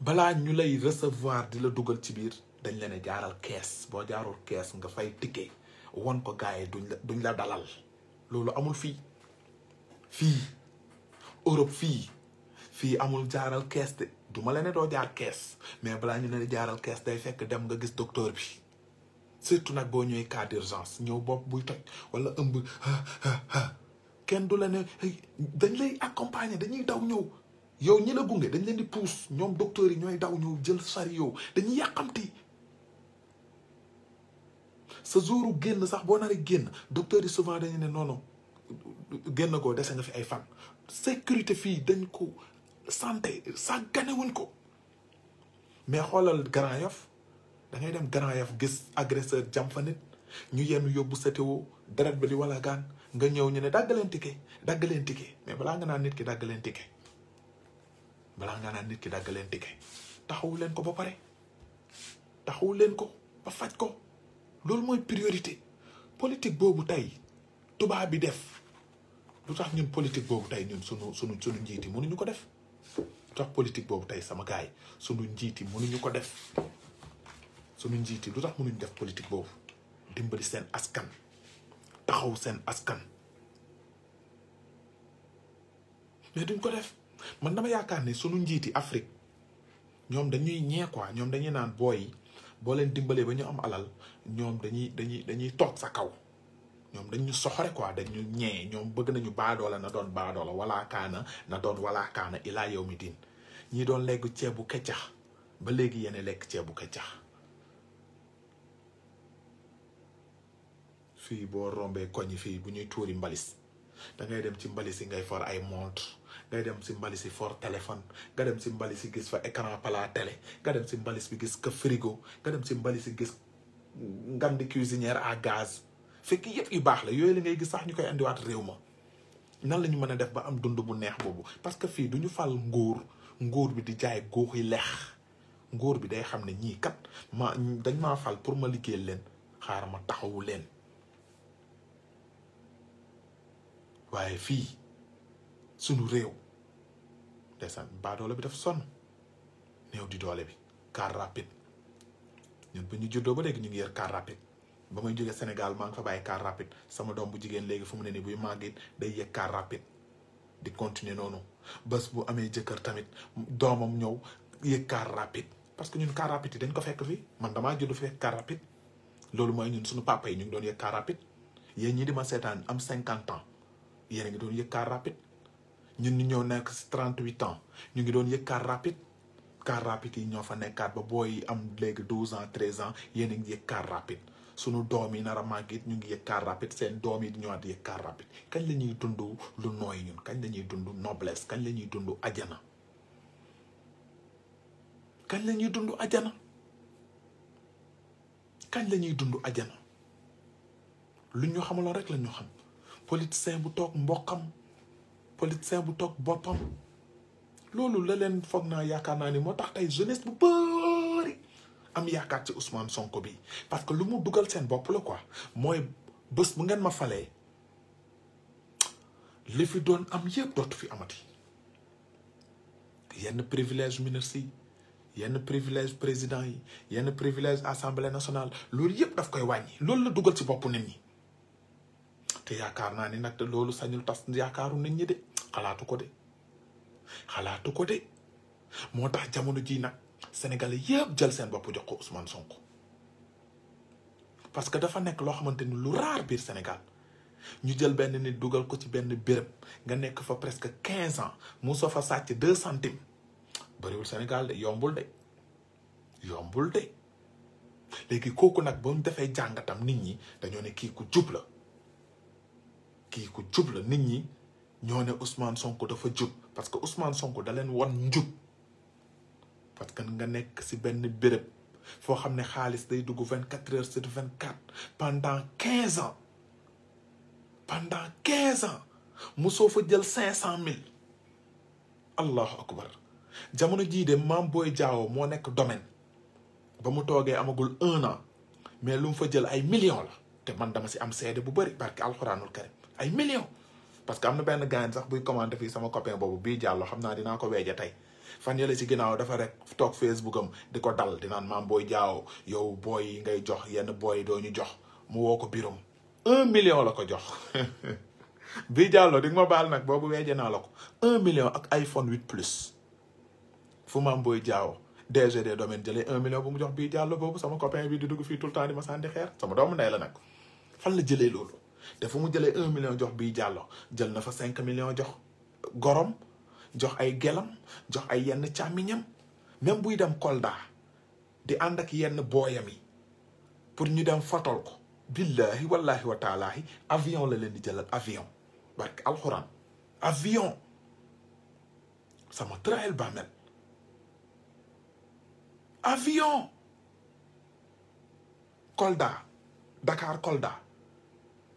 balaa ñu lay recevoir di la dugal ci biir dañ leen a jaaral kees boo jaarul kees nga fay ticket won ko gars yi duñ la duñ la dalal loolu amul fii fii Europe fii fii amul jaaral kees de du ma la ne doo jaar kees mais balaa ñu ne jaaral kees day fekk dem nga gis docteur bi surtout nag boo ñëwee cas d'urgence ñëw bopp buy toj wala ëmb kenn du la ne dañ lay accompagner dañuy daw ñëw yow ñi la gunge dañ leen di pousse ñoom docteur yi ñooy daw ñëw jël sari yow dañuy yàqamti sa jouru génn sax boo naree génn docteur yi souvent dañu ne noonu génn koo dese nga fi ay fan. sécurité fii dañ ko santé sa ganewuñ ko mais xoolal Grand Yoff da ngay dem Grand Yoff gis agresseur jam fa nit ñu yenn yóbbu sétéo deret ba di wala gaan nga ñëw ñu ne dagg leen ticket dagg leen ticket mais balaa nga naa nit ki dagg leen ticket balaa nga nit ki dagg leen ticket taxawu leen ko ba pare taxawu leen ko ba faj ko. loolu mooy priorité politique boobu tay tubaab bi def lu tax ñun politique boobu tey ñun sunu sunu sunu njiit yi mënuñu ko def lu tax politique boobu tey sama gars yi sunu njiit yi mënuñu ko def sunu njiit lu tax mënuñu def politique boobu dimbali seen askan taxaw seen askan mais duñ ko def man dama yaakaar ne sunu njiiti Afrique ñoom dañuy ñee ñoom dañuy naan booy boo leen dimbalee ba ñu am alal ñoom dañuy dañuy dañuy toog sa kaw ñoom dañ ñu soxore quoi dañ ñu ñee ñoom bëgg nañu baadoola na doon baadoola walaa kaana na doon walaa kaana ilaa yow mi diin ñii doon lekk ceebu keccax ba léegi yéen lekk ceebu keccax fii boo rombee koñ fii bu ñuy tuuri mbalis dangay dem ci mbalis yi ngay for ay montre ngay dem si mbalis yi for téléphone nga dem si mbalis yi gis fa écran plat télé nga dem si mbalis bi gis ka frigo nga dem si mbalis yi gis ngandi cuisinière à gaz fekk yëpp yu baax la yooyu la ngay gis sax ñu koy andiwaat réew ma nan la ñu mën a def ba am dund bu neex boobu parce que fii du ñu fal nguur nguur bi di jaay góox yi leex nguur bi day xam ne ñii kat ma dañ maa fal pour ma liggéey leen xaaral ma taxawu leen waaye fii sunu réew sant ndeysaan baadoole bi dafa sonn néew di doole bi car rapide ñun bu ñu juddoo ba léegi ñu ngi yor car rapide ba may jógee Sénégal maa ngi fa bàyyi car rapide sama doom bu jigéen léegi fu mu ne nii buy màggit day yëg car rapide di continuer noonu bés bu amee jëkkër tamit doomam ñëw yëg car rapide parce que ñun car rapide yi dañ ko fekk fii man damaa judd fi fekk car rapide loolu mooy ñun suñu papa yi ñu ngi doon yëg car rapide yéen ñii di ma seetaan am cinquante ans yéen a ngi rapide ñu ñu ñëw nekk si trente huit ans ñu ngi doon yëg car rapide car rapide yi ñoo fa nekkaat ba booy am léegi douze ans treize ans yéen a ngi yëg car rapide sunu doom yi nar a màgg ñu ngi yëg car rapide seen doom yi ñëwaat yëg car rapide kañ la ñuy dund lu nooy ñun kañ lañuy ñuy dund noblesse kañ la ñuy dund ajana kañ la ñuy dund ajana kañ la ñuy dund ajana lu ñu xamaloon rek la ñu xam politicien bu toog mbokkam politicien bu toog boppam loolu la leen foog naa yaakaar naa ni moo tax tey jeunesse bu bëri am yaakaar ci Ousmane Sonko bi parce que lu mu dugal seen bopp la quoi mooy bës bu ngeen ma falee li fi doon am yëpp dootu fi amati yenn privilège ministre yi yenn privilège président yi yenn privilège assemblée nationale loolu yëpp daf koy wàññi loolu la duggal ci boppu nit ñi te yaakaar naa ni nag te loolu sañul tas yaakaaru nit ñi de xalaatu ko de xalaatu ko de moo tax jamono ji nag sénégalais yëpp jël seen bopp jox ko Ousmane Sonko parce que dafa nekk loo xamante ni lu raar biir Sénégal ñu jël benn ni dugal ko ci benn béréb nga nekk fa presque quinze ans mu soo fa sàcc deux centimes bariwul Sénégal de yombul de yombul de léegi kooku nag ba mu defee jàngatam nit ñi dañoo ne kii ku jub la kii ku jub la nit ñi ñoo ne Ousmane Sonko dafa jub parce que Ousmane Sonko da leen won njub parce que nga nekk ci benn béréb foo xam ne xaalis day dugg vingt quatre heures sur vingt quatre pendant quinze ans pendant quinze ans mosoo fa jël cinq cent mille allahu akbar jamono jii de Mame booy Diao moo nekk domaine ba mu toogee amagul un an mais lu mu fa jël ay millions la te man dama ci am seede bu bëri barke alxuraanul karim ay millions parce que am na benn gaañ sax buy commandé fii sama copain boobu bii jàllo xam naa dinaa ko weeje tey fan yële si ginnaaw dafa rek toog Facebook am di ko dal di naan maam booy jaaw yow booy yi ngay jox yenn booy doo ñu jox mu woo ko biirum un million la ko jox *laughs* bii jàllo di nga ma baal nag naa la ko un million ak iPhone 8 plus fu maam booy jaaw DG des domaines jëlee un million bu mu jox bii jàllo boobu sama copain bi di dugg fii tout le temps di ma sànni xeer sama doomu ndey la nag fan la jëlee loolu te fu mu jëlee un million jox bi jàllo jël na fa 5 million jox gorom jox ay gelam jox ay yenn chamiñam même buy dem Kolda di ànd ak yenn boyam yi pour ñu dem fatol ko billahi wallahi wa ta'ala avion la leen di jël avion barke alquran avion sama ba mel avion Kolda Dakar Kolda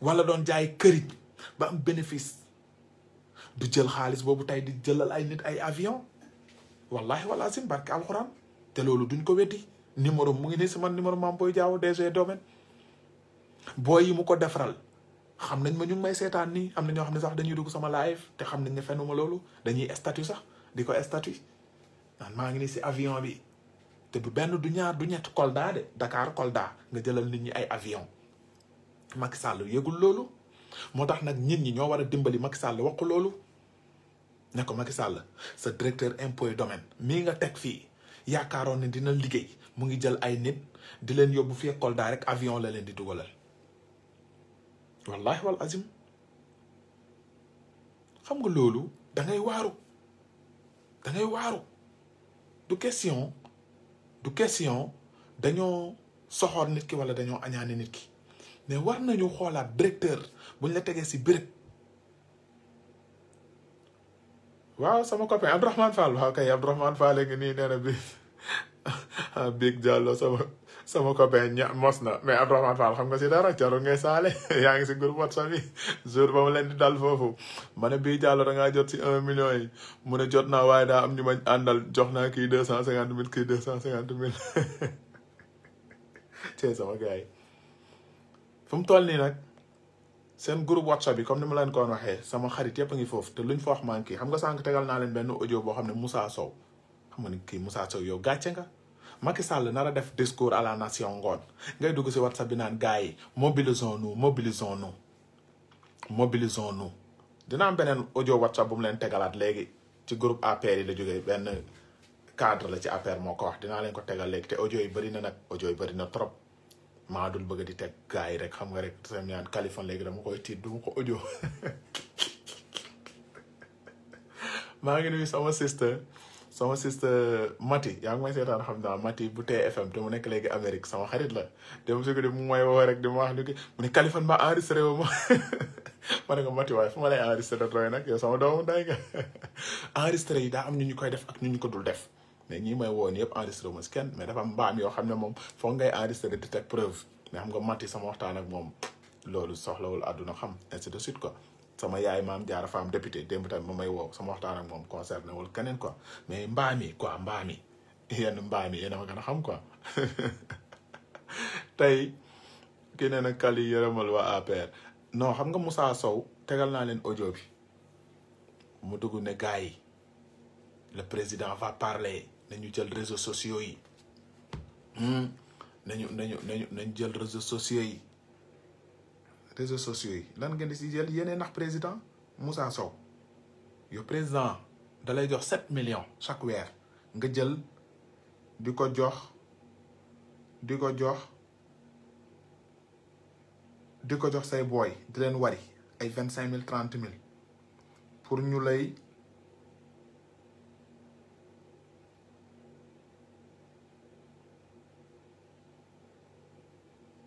wala don jaay këriñ ba am bénéfice du jël xaalis bobu tay di jëlal ay nit ay avion wallahi wala sin barke alxuraan té lolu duñ ko weddi numéro mu ngi nii sama numéro mam boy jaaw DG domaine boy yi mu ko defaral xam nañ ma ñu may seetaan ni am na ñoo xam sax dañuy dugg sama live te xam nañ ne fénuma lolu dañuy statut sax diko statut ma ngi si avion bi te du benn du ñaar du ñett Kolda de Dakar Kolda nga jëlal nit ñi ay avion Macky Sall yëgul loolu moo tax nag nit ñi ñoo war a dimbali Macky Sall wax ko loolu ne ko Macky Sall sa directeur impôt domaine mii nga teg fii yaakaaroon ne dina liggéey mu ngi jël ay nit di leen yóbbu fii Kolda rek avion la leen di dugalal wallahi wal azim xam nga loolu dangay waaru dangay waaru du question du question dañoo soxoor nit ki wala dañoo añaane nit ki mais war nañu xoolaat directeur bu ñu la tegee si béréb waaw sama copain Abdourahmane Fall waaw kay Abdourahmane Fall ngi nii nee na bi *laughs* ah, Big sama sama copain ña mos na mais Abdourahmane Fall xam nga si dara jarul ngay saale yaa ngi si groupe WhatsApp yi *laughs* jour ba mu leen dal foofu ma ne Big Diallo da jot si un million yi mu ne jot naa waaye daa am ñu ma àndal jox naa kii deux cent cinquante mille kii deux cent cinquante mille tey *laughs* sama gars yi fu mu toll nii nag seen groupe whatsapp bi comme ni ma leen ko waxee sama xarit yëpp a ngi foofu te luñ fo wax manqué xam nga sànq tegal naa leen benn audio boo xam ne Moussa xam nga ni kii Moussa Sow yow gàcce nga. Macky Sall nar a def discours à la ngay dugg si whatsapp bi naan gars yi mobilisons nous nu nous mobilisons nous dina am beneen audio whatsapp bu leen tegalaat léegi ci groupe APR yi la jógee benn cadre la ci APR moo ko wax dina leen ko tegal léegi te audio yi bëri na nag audio yi bëri na trop. maa dul bëgg di teg gars yi rek xam nga rek sam ñaan Kaliphone léegi dama koy tiit duma ko audio *laughs* maa ngi nuyu sama sister sama sister Mati yaa ngi may seetaan xam naa Mati bu tee te mu nekk léegi Amérique sama xarit la dem su ko di mu ma wax ni *laughs* Mati waaye fu ma nag yow sama *laughs* yi daa am ñu ñu koy def ak ñu ko dul def mais ñi may woo nii yëpp enregistré wu ma si kenn am mbaam yoo xam ne moom foog ngay enregistré di teg preuve mais xam nga matti sama waxtaan ak moom loolu soxlawul àdduna xam ainsi de suite quoi. sama yaay maam jaara faam député démb tamit ma may woo sama waxtaan ak moom concerné wul keneen quoi mais mbaam ko quoi mbaam yi yenn mbaam yi yéen a ma gën xam ko *laughs* tey ki ne na Kali yërëmal waa APR non xam nga Moussa Sow tegal naa leen audio bi mu dugg ne gars yi le président va avons jël réseaux sociaux yi avons hmm? nañu réseaux sociaux Les réseaux sociaux yi lan ngeen si président Moussa Sow président da jox 7 millions chaque weer nga jël di jox jox say boy wari ay 25 000, 30 trente pour nous, lay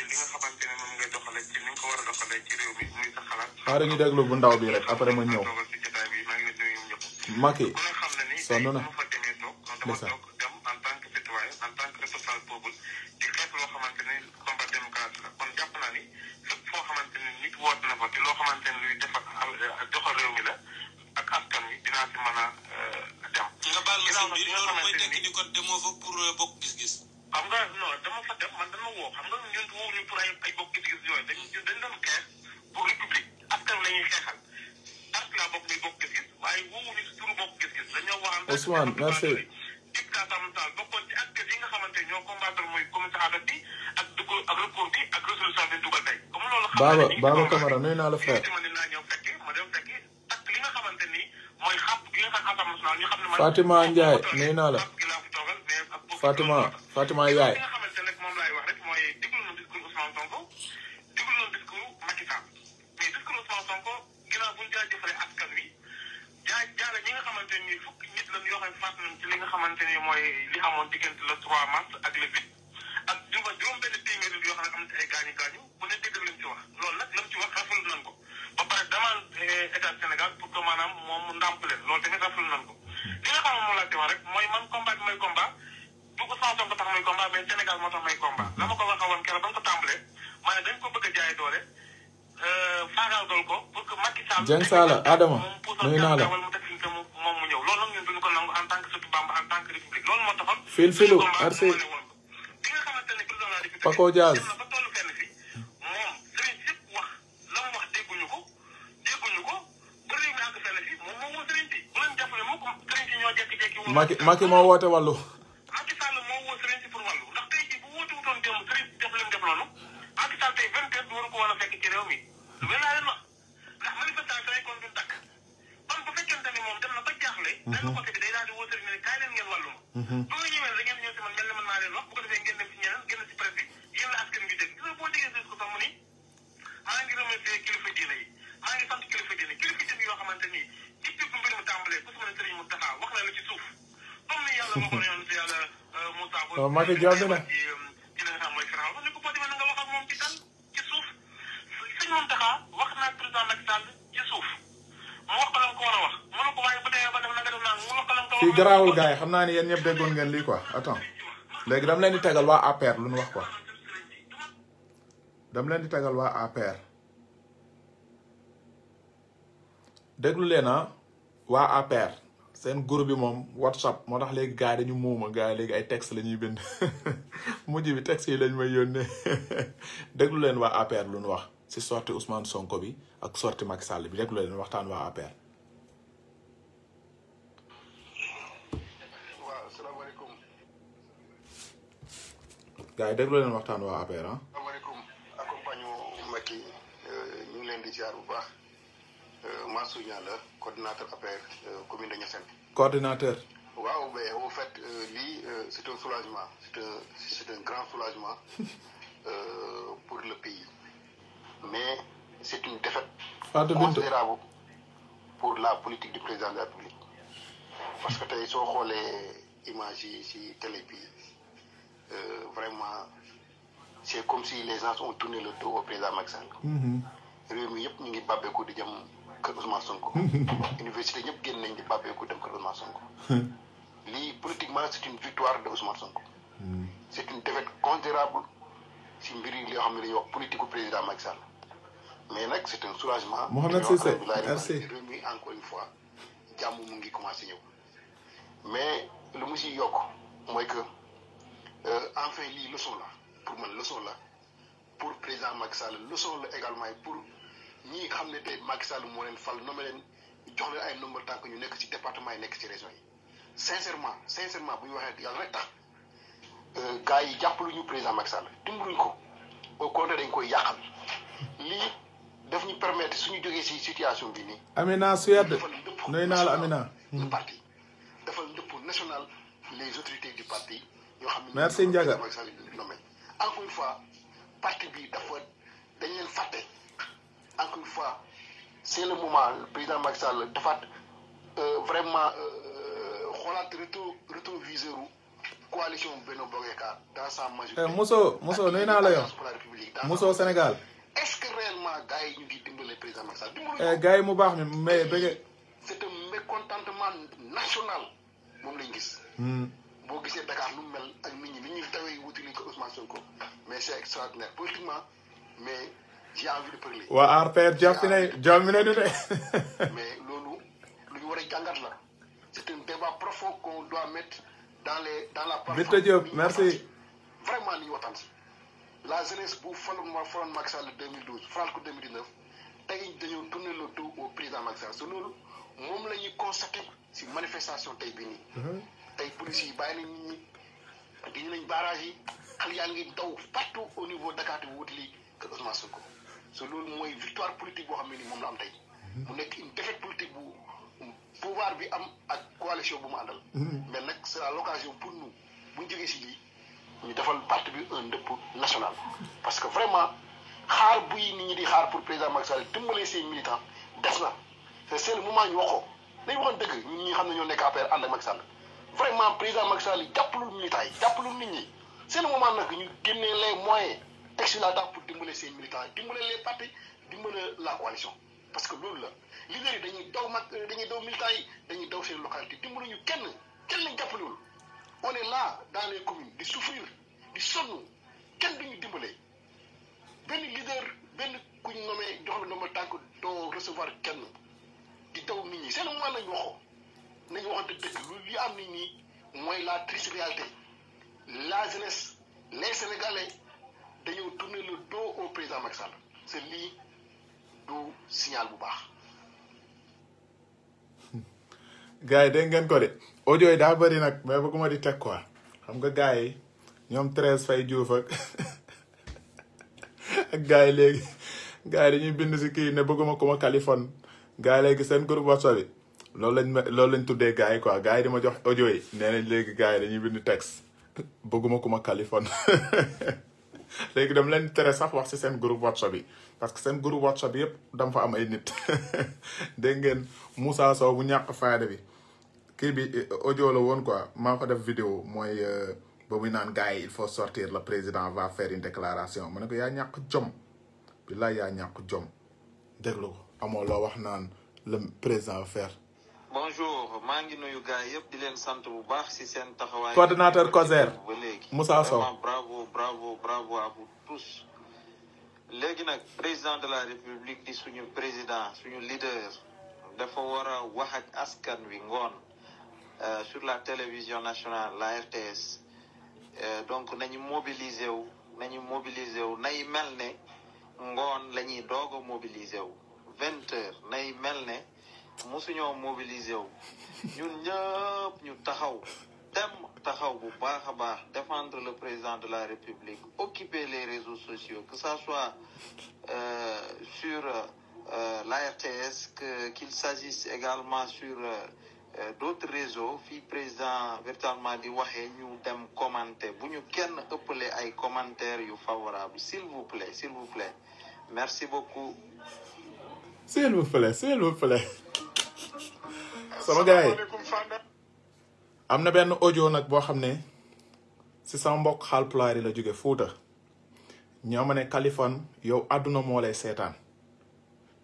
li nga xamante ne moom ngay doxalee ci ni nga ko war a doxalee ci réew mi muy sa xalaat. waaw dañuy déglu bu ndaw bi rek après ma ñëw. Macky sonn na. dama toog dem en tant que citoyen en tant que responsable boobu di xeex loo xamante ne combat démocratie la kon jàpp naa ni fépp foo xamante ne nit woote na fa te loo xamante ne luy defar euh, doxal réew mi la ak askan wi dinaa ci mën a euh, dem. nga baal ma si biir loolu mooy tekki ni kon demoo fa pour euh, bokk gis-gis. xam nga non dama fa dem man dama woo xam nga ñun wóoruñu pour ay ay bokk gis-gis yooyu la ñuy xeexal parti laa bokk muy bokk gis-gis waaye wóoruñu si turu bokk gis-gis dañoo waxal. Ousmane merci. Dip Tatam Tall bokkoon ci acteurs naa la frère. Fatima Ndiaye nuyu naa la Fatima Fatima yaay. ak juróom benn téeméer yoo xam ne am na ay gaañu gaañu bu ne dëgg lañ ci wax loolu nag lañ ci wax rafetlu nañ ko ba pare demande état Sénégal pour que maanaam moom mu ndàmp leen loolu tamit rafetlu nañ ko. li nga xam ne moom laajte wax rek mooy man combat bi may combat du ko Ousmane Sénégal moo tax may combat ma ko waxoon keroog ba nga ko tàmbalee ma ne dañ ko bëgg a jaay doole euh, faagaagal ko pour que Macky Sall. Dieng Saala Adama nuyu naa la mu teg fi mu moom mu ñëw loolu nag ñun duñu ko nangu en tant que surtout en tant république loolu moo taxoon. fil filu RC Paco Diaz. Macky Macky moo woote wàllu. Macky Sall moo woo sëriñ si pour wàllu ndax tey jii bu woote wutoon démb sëriñ def leen def loolu Macky Sall tey vingt heures war ko woon a fekk ci réew mi lu mel naa leen ma ndax manifestation yi kon du dakk kon bu fekkente ni moom dem na ba jaaxle. Mhm. benn côté bi day daal di woo sëriñ ne kaay leen ngeen wàllu ma. bu mhm. ma ñëwee da ngeen ñëw si man mel na man maa leen wax bu ko defee ngeen dem si ñeneen génn si presse bi yéen la askan bi dégg gis nga boo déggee ko sax mu ni maa ngi remercier kilifa diine yi maa ngi sant kilifa diine kilifa diine yoo xamante ni depuis bu a sëriñ Moussa na ci suuf si yàlla euh, Moussa. waaw oh, euh, xam mooy ni ko boo demee na nga naa ko la ko war a wax mu ne ko wax ko la ko war a wax. yéen ñëpp déggoon ngeen léegi dama leen di tegal waa APR wax quoi leen di tegal waa APR. déglu leen na ah, waa APR seen groupe bi moom whatsapp moo tax léegi gars yi dañu muuma gars yi léegi ay texte lañuy ñuy bind *laughs* mujj bi texte yi lañ may yónnee *laughs* déglu leen waa APR lu nu wax si sorti Ousmane Sonko bi ak sorti Macky sàll bi déglu leen waxtaan waa APR. waaw asalaamaaleykum. gars leen waxtaan waa APR ah. Euh, ñu ngi leen di Euh, Mansour le coordinateur coordinateur APR commune de Niassène. coordinateur. Oui, mais au fait euh, lui, euh, c'est un soulagement C'est un grand soulagement *laughs* pour le pays mais c'est une défaite. considérable pour la politique du président de la République. parce que as soo les image ici, si euh, vraiment c'est comme si les gens ont tourné le dos au président Macky Sall. Mm-hmm. Ousmane Sonko. *laughs* université ñëpp génn nañ di bàbbeeku dem kër Ousmane Sonko. *laughs* politiquement c'est une victoire de Ousmane Sonko. Hmm. C'est une défaite considérable si Mbiri yi yoo xam ne dañuy wax politique président Macky Sall. mais c'est un soulagement. Mohamed Cissé merci réew encore une fois jàmm mu ngi commencé ñëw. mais lu mu siy yokk mooy que euh, enfin lii leçon là. pour man leçon là. pour président Macky Sall leçon la également pour. ñi nga xam ne tey Macky Sall moo leen fal nommé leen jox leen ay nombre tànk ñu nekk ci département yi nekk ci région yi sincèrement sincèrement bu ñu waxee yàlla rek tax euh, gars yi jàppalu ñu président Macky Sall dimbaluñ ko au contraire dañ koy yàqal lii def ñu permettre suñu jógee si situation bi nii. Amina Suyad nuyu naa la Amina. le hmm. parti dafa ndëpp national les autorités du parti. ñoo xam ne merci Ndiaga. encore une fois parti bi dafa dañ leen fàtte. encore une fois c'est le moment le président Macky Sall defaat euh, vraiment xoolaat euh, euh, retour rétroviseur coalition Benno Bokk Yaakaar dans sa majorité. Mousso eh, Mousso nuyu naa la yow Mousso Sénégal. est-ce que réellement gars yi ñu ngi dimbale président Macky Sall dimbaluñu. Eh, gars yi mu baax mi mais bëgg. c'est un mécontentement national moom lañ gis. Hmm. boo gisee Dakar nu mu mel ak nit ñi ni ñuy tawee wutali ko Ousmane Sonko mais c'est extraordinaire politiquement mais. j'ai envie de parler. waa APR jàpp nañu jàpp nañu de. mais lolu lu wara jangat la C'est un débat profond qu'on doit mettre dans les dans la. parole. plateforme Diop merci. vraiment ni watan. la jeunesse bu faloon ma faloon Macky 2012 Franco 2019 tey dañoo tourner le dos au président Macky Sall lolu mom la constater ci manifestation tay bi ni. Mhm. Tay police yi bàyyi nit ñi dañu nañ barrage yi xale yaa ngi daw partout au niveau Dakar te Woutli lii que Ousmane Sonko. so loolu mooy victoire politique boo xam ne ni moom la am tey. mu nekk une défaite politique bu pouvoir bi am ak coalition bu mu àndal. mais nag c' est la l'occasion pour nous bu ñu jógee si ñu defal parti bi un ndëpp national. parce que vraiment xaar buy nit ñi di xaar pour président Macky Sall si seen militant des na te c' est le moment ñu waxoo dañu waxoon dëgg ñu ñi xam ne ñoo nekk APR ànd ak Macky Sall vraiment président Macky Sall jàppalul militant yi lu nit ñi c' est le moment nag ñu génnee les pour démolir ces militants démolir les partis démolir la coalition parce que nous, leader leaders euh, dañuy daw militants dañuy on est là dans les communes de souffrir du kenn duñu Ben Ben leader ben recevoir kenn di daw nit c'est le moment la triste réalité la jeunesse les sénégalais dañoo tourner le dos au président Macky Sall lii du signal bu baax. gars yi dégg ngeen ko de audio daa bari nag mais bëgguma di teg quoi xam nga gars yi ñoom Thérèse Faye Diouf ak *laughs* yi léegi gars yi dañuy bind si kii ne bëgguma ko ma Californie gars yi léegi seen groupe WhatsApp bi loolu lañ ma loolu lañ tuddee gars yi quoi gars yi di ma jox audio yi nee nañ léegi gars yi dañuy bind texte *laughs* bëgguma ko ma Californie *laughs* léegi dama leen tere sax wax si seen groupe whatsapp bi parce que seen groupe whatsapp bi yëpp dama fa am ay nit dégg ngeen Moussa Sow bu ñàkk fayda bi kii bi audio la woon quoi maa ko def vidéo mooy ba muy naan gars yi il faut sortir le président va faire une déclaration ma ne ko yaa ñàkk jom billaay yaa ñàkk jom déglu ko amoo loo wax naan le président va faire bonjour maa ngi nuyu gars yëpp di leen sant bu Moussa Sow bravo bravo bravo à vous tous. léegi nag président de la république di suñu président suñu leader dafa Fawara, a askan wi euh, sur la télévision nationale la RTS euh, donc nous mobiliser wu nañu nous wu nay mel ne ngoon la ñuy doog a mobiliser heures nay mel mosuñoo mobilisez-vous. ñun ñëpp ñu taxaw dem taxaw bu baax défendre le président de la république occuper les réseaux sociaux que ça soit euh, sur euh, la RTS que qu'il s'agisse également sur euh, euh d'autres réseaux fii président virtuellement di waxee ñu dem commenter bu ñu kenn ëppale ay commentaires yu favorable s'il vous plaît s'il vous plaît merci beaucoup s'il vous plaît s'il vous plaît sama gars am na benn audio nag boo xam ne si sama mbokk Haalpulaar yi la jóge Fuuta ñoo ma ne Kaliphone yow àdduna moo lay seetaan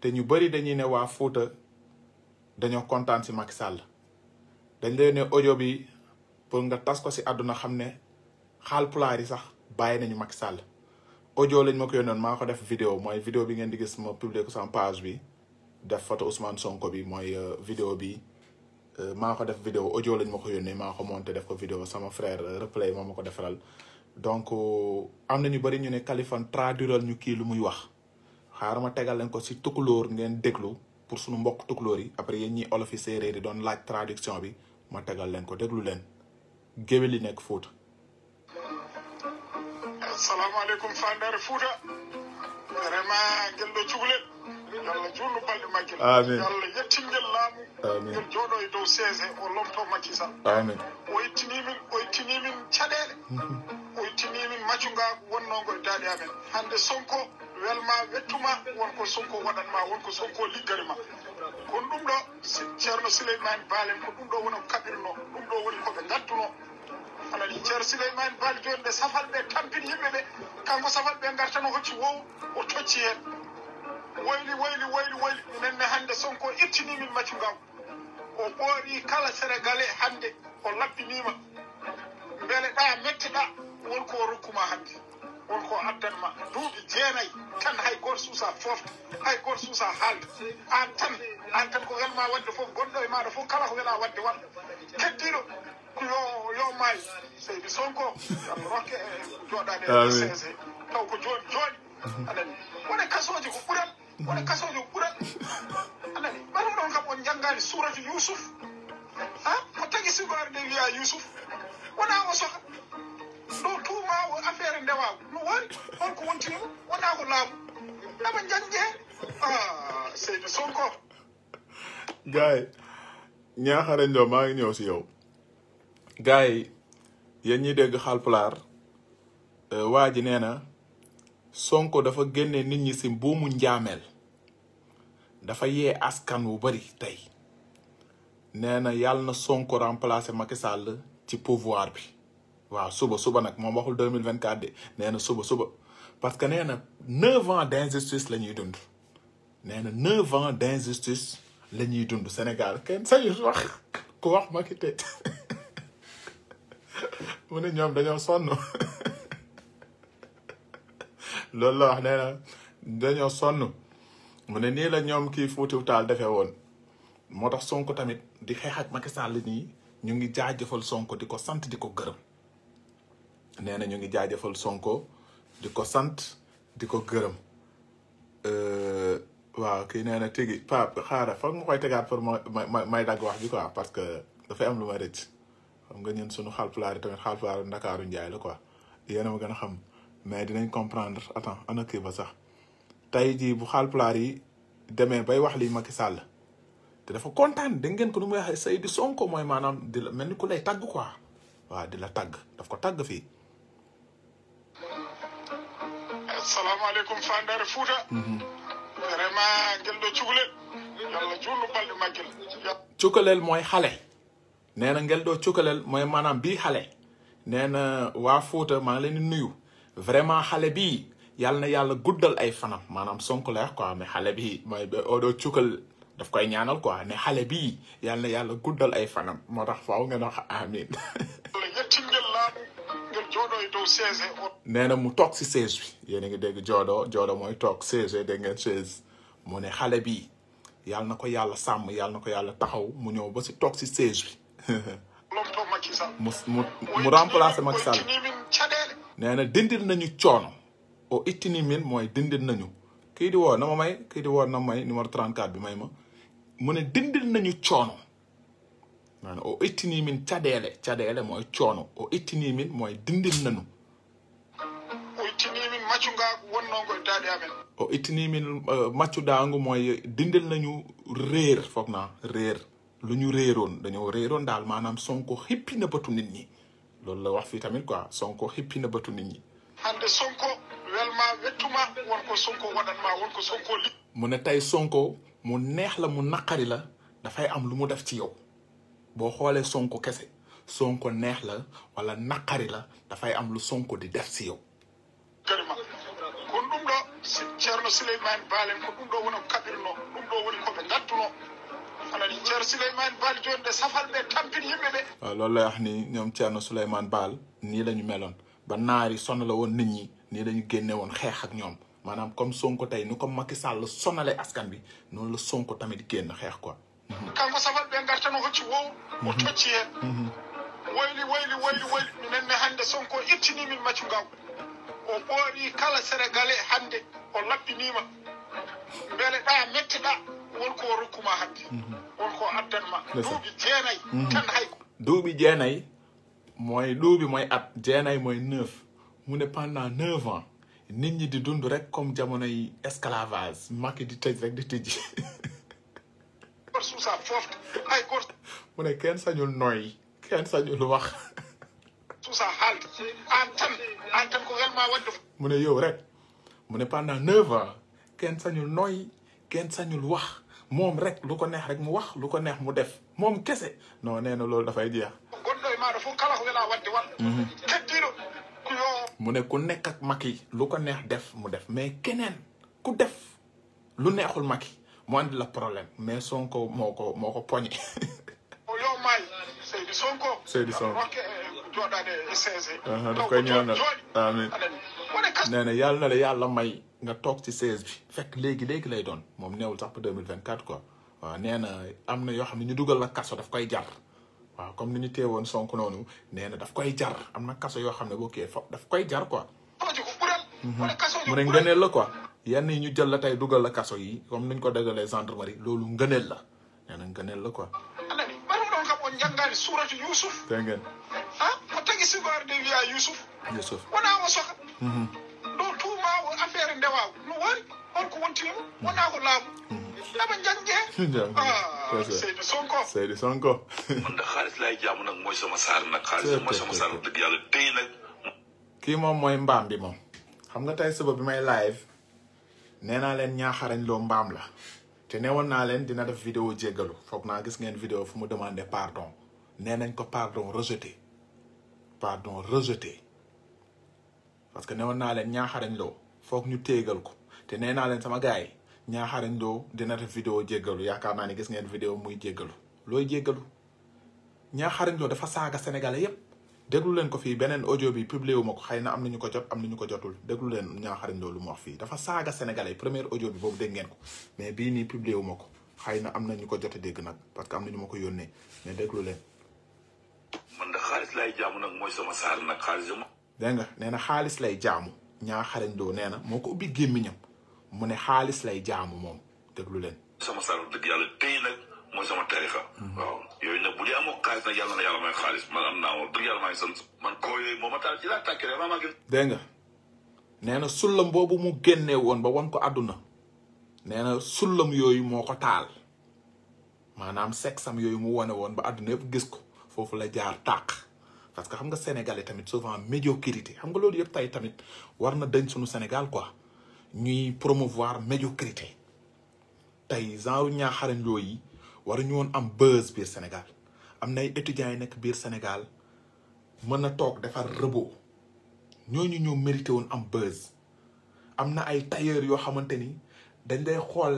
te ñu bari dañuy ne waa Fuuta dañoo kontaan si Macky Sall dañ lay ne audio bi pour nga tas ko si àdduna xam ne Haalpulaar yi sax bàyyi nañu Macky Sall audio lañu ma ko yónnoon maa ko def vidéo mooy vidéo bi ngeen di gis ma publier ko sama bi def photo Ousmane Sonko bi mooy euh, video bi Euh, maa ko def vidéo audio lañ ma ko yónnee maa ko monté def ko vidéo sama frère euh, replay moo ma ko defaral donc euh, am na ñu bari ñu ne Kaliphone traduiral ñu kii lu muy wax xaar ma tegal leen ko si tukulóor ngeen déglu pour suñu mbokk tukulóor yi après yéen ñi olofi séeréer yi doon laaj traduction bi ma tegal leen ko déglu leen géwél yi nekk Fuuta. asalaamaaleykum Fandare Fuuta vraiment gën la allah juurno balɗe makke amin allah yettingel laamu amin el jooɗo e dow sege o lomto makki sal amin o yettinimin o yettinimin caɗele *laughs* o yettinimin maccu nga wonnongo e daaɗe amen hande sonko welma wettuma wonko sonko waɗatma wonko sonko liggare ma kon ɗum ɗo ceerno souleymane baalen ko ɗum ɗo woni kaɓirno ɗum ɗo woni koɓe gadduno aɗaɗi ceer souleymane baali joni ɓe safatɓe tampin yimɓeɓe kanko safatɓe gartan hocci wow o tocci hen wayli wayli wayli wayli nenne hannde sonko ittinimin maccu ngaw o ɓoori kala sere gale hannde o labbiniima mbele ɗa metteɗa wonko rokkuma hannde wonko addanma duuɓi jeenayi tan hay goto suusa foofta hay goto suusa haalde an tan an tan ko welma wadde fof gonɗo e maɗa fof kala ko wela wadde waɗa keddiɗo yo yo maayi seydi sonko am rokke eh, joɗade sese taw ko jooni jooni mhm. aɗani wone kasoji ko ɓuran woni kasojo ɓurat anani ɓaɗum ɗon kam on janngani suratu yusuf ha ah, mo tagi sibare nde wiya yusuf wona o soha ɗo tumawo affaire ndewago no wari holko wontimo wona ko laamu naɓa janje ah, seydo sonko gaay ñaaxare ndoo maa ngi ñëw si yow gaay yéen ñi dégg xalpulaar eh, waa ji nee na Sonko dafa génne nit ñi si buumu njaameel dafa yee askan wu bari tey nee na yàlla na Sonko remplacer Macky Sall ci pouvoir bi waaw suba suba nag moom waxul deux mille vingt quatre de nee na suba suba parce que nee na neuf ans d'injustice la ñuy dund nee na neuf ans d'injustice la ñuy dund Sénégal kenn sañul wax ku wax Macky te *laughs* mu ne ñoom dañoo sonn. *laughs* loolu la wax nee na dañoo sonn mu ne nii la ñoom kii Fuutiwu Taal defee woon moo tax Sonko tamit di xeex ak Macky Sall nii ñu ngi jaajëfal Sonko di ko sant di ko gërëm nee na ñu ngi jaajëfal Sonko di ko sant di ko gërëm euh, waaw kii nee na tigi pa xaara foog ma koy tegaat pour ma may dagg wax bi quoi parce que dafay am lu ma rëcc xam nga ñun suñu xaalpulaar yi tamit xaalpulaar ndakaaru njaay la quoi yéena ma gën a xam mais dinañ comprendre attends ana kii ba sax tey jii bu Haalpulaar yi demee bay wax lii Macky Sall te dafa kontaan dégg ngeen ko nu muy mooy maanaam di mel ni ku lay tàgg quoi waaw di la tàgg daf ko tàgg fii. asalaamaaleykum mhm. mooy xale. nee na ngeen doon cukaleel mooy maanaam bii xale. nee na waa Fouta maa ngi leen di nuyu. vraiment xale bi yàlla na yàlla guddal ay fanam maanaam Sonko la quoi mais xale bi mooy Odo Cukal daf koy ñaanal quoi ne xale bi yàlla yàlla guddal ay fanam moo tax faaw ngeen wax na mu toog si chaise bi yéen ngi dégg joodo joodo mooy toog chaise dégg ngeen chaise mu ne xale bi yàlla na ko yàlla sàmm yàlla na ko yàlla taxaw mu ñëw ba si toog si chaise bi *laughs* mu mu remplacer nee na dindil nañu coono au itini min mooy dindil nañu kii di woo na ma may kii di woo numéro 34 bi may ma mu ne dindil nañu coono maanaam au itini min cadeele cadeele mooy coono au itini mooy dindil nañu o ittini min maccu e euh, mooy dindil nañu réer foog naa réer lu ñu réeroon dañoo réeroon daal maanaam Sonko xippi na bëtu nit ñi loolu la wax fii tamit quoi Sonko xippi na bëtu nit ñi. ande Sonko welma wettuma won ko Sonko waɗanma won ko Sonko li. mu ne tey Sonko mu neex la mu naqari la dafay am lu mu def ci yow boo xoolee Sonko kese Sonko neex la wala naqari la dafay am lu Sonko di def ci yow. kon ɗum ɗo Ceerno Souleymane Baalen ko ɗum ɗo woni ko kaɓirno ɗum ɗo woni ko ɓe ngadduno alhaji ceerno souleymane baal joni ɗe safal ɓe tampini yimɓe ɓe waaw loolu lay wax ni ñoom ceerno souleymane baal nii lañu meloon ba naari sonal la woon nit ñi nii la génne woon xeex ak ñoom maanaam comme sonko tey ni ko Macky Sall la sonale askan bi noonu la sonko tamit génn xeex quoi kanko safal ɓe gartano hocci wow o mhm. tocci heen mhm. woyli woyli woyli woyli minenne hannde sonko ittini min maccu ngaw o ɓoori kala sénégalais hannde o lappinima mbele ɗa metteɗa wonko rokkuma hakke mhm. wonko addanma duuɓi jeenayi tan mhm. hayko mooy duuɓi mooy at jeenayi mooy neuf mu ne pendant neuf ans nit ñi di dund rek comme jamonoy esclavage Macky di tëj rek di tëj *laughs* gor suusa kenn sañul nooy kenn sañul wax mune *laughs* haalde yow rek mu ne pendant neuf ans kenn sañul nooy kenn sañul wax moom rek lu ko neex rek mu wax lu ko neex mu def moom kese non nee na loolu dafay jeex. Mhm. mu ne ku nekk ak lu ko neex def mu def mais keneen ku def lu neexul Macky mu andi la problème mais Sonko moo ko moo ko poñi *laughs* Diomaye seydi Sonko seydi Sonko joɗade siège daf nee na yàlla na la yàlla may nga toog ci siège bi fekk léegi léegi lay doon moom neewul sax vingt 2024 quoi waaw nee na am na yoo xam ne ñu dugal la kaso daf koy jar waaw comme ni ñu teewoon Sonko noonu nee na daf koy jar am na kaso yoo xam ne boo kii foofu daf koy jar ko mhm. mu ne ngëneel la ko yenn yi ñu jël la tey dugal la kaso yi comme ni ñu ko dagalee gendarmerie loolu ngëneel la nee na ngëneel la quoi o janngaani suratu yusuf ah, yusuf yusuf wonaamo soka mm-hmm. ɗo tuumaawo affaire ndewaawo no wari holko wontinimo wonaa ko laamu nama janngee seydi sonko seydi sonko man da xaalis laay jaamu nag mooy sama saar nag xaalis mooy sama saar dëgg yàlla kii moom mooy mbaam bi xam nga tey suba bi may live nee naa leen ñaaxarañ loo mbaam la te newoon naa leen dina def vidéo jéggalu foog naa gis ngeen vidéo fu mu demandé pardon nee nañ ko pardon rejeté pardon rejeté parce que newoon naa leen ñaaxarañ loo foog ñu téegal ko te nee naa leen sama gars yi ñaaxarañ loo dina def vidéo jéggalu yaakaar naa ne gis ngeen vidéo muy jéggalu looy jéggalu ñaaxarañ loo dafa saaga sénégalais yépp déglu leen ko fii beneen audio bi publié wu ma ko xëy na am nañu ko jot am nañu ko jotul déglu leen ñaaxariñ loolu mu fi fii dafa saaga sénégalais première audio boobu dégg ngeen ko mais bii nii publié wu ma ko xëy na am nañu ko jot dégg nag parce que am nañu ma ko yónnee mais déglu leen. man da xaalis lay jaamu mooy sama saal nag xaalis ma. dégg nga nee na xaalis lay jaamu ñaaxariñ doo nee na moo ko ubbi mu ne xaalis lay jaamu moom déglu leen. sama saal dëgg yàlla tey nag mooy sama tarixa mhm. yooyu nag bu dee amoo yàlla na yàlla may xaalis man am naa woon dëgg yàlla maa ngi nee na sullam boobu mu génnee woon ba wan ko àdduna nee na sullam yooyu moo ko taal maanaam sexam yooyu mu wane woon ba àdduna yëpp gis ko foofu la jaar tàq parce que xam nga sénégalais tamit souvent médiocrité xam nga loolu yëpp tey tamit war na dañ suñu Sénégal quoi ñuy promouvoir médiocrité tey genre ñaaxarañ yi waruñu woon am buzz biir Sénégal am na ay étudiants yu nekk biir Sénégal mën na toog defar rëbo ñooñu ñoo mérité woon am buzz am na ay tailleur yoo xamante ni dañ day xool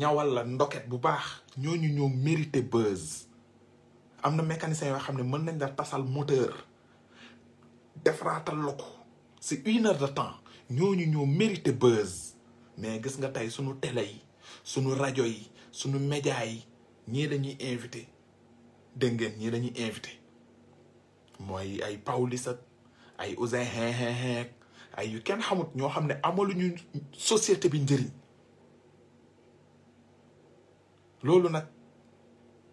ñawal la ndoket bu baax ñooñu ñoo mérité buzz am na mécanicien yoo xam ne mën nañ la tasal moteur defaraatal la ko si une heure de temps ñooñu ñoo mérité buzz mais gis nga tey suñu télé yi suñu rajo yi suñu média yi ñii dañuy invité dégg ngeen ñii lañuy invité mooy ay Pawlish ak ay Ouzin xeexeexeek ay yu kenn xamut ñoo xam ne amaluñu société bi njëriñ loolu nag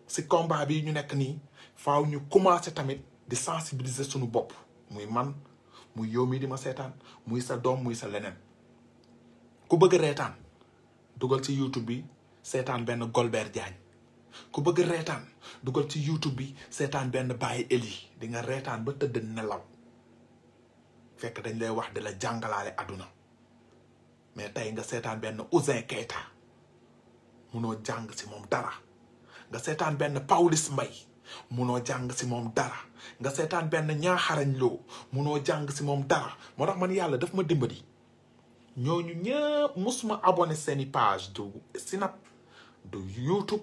si combat bi ñu nekk nii faaw ñu commencé tamit di sensibiliser suñu bopp muy man muy yow mii di ma seetaan muy sa doom muy sa leneen ku bëgg reetaan dugal ci YouTube bi seetaan benn Golbert Diagne ku bëgg reetaan dugal ci YouTube bi seetaan benn Baye Eli dinga nga reetaan ba tëdd nelaw fekk dañ lay wax di la jàngalaale àdduna mais tey nga seetaan benn Ouzin Keita munoo jàng si moom dara nga seetaan benn Pawlish Mbaye munoo jàng si moom dara nga seetaan benn ñaaxarañ loo munoo jàng si moom dara moo tax man yàlla daf ma dimbali ñooñu ñëpp musuma abonné seeni page du Snap du YouTube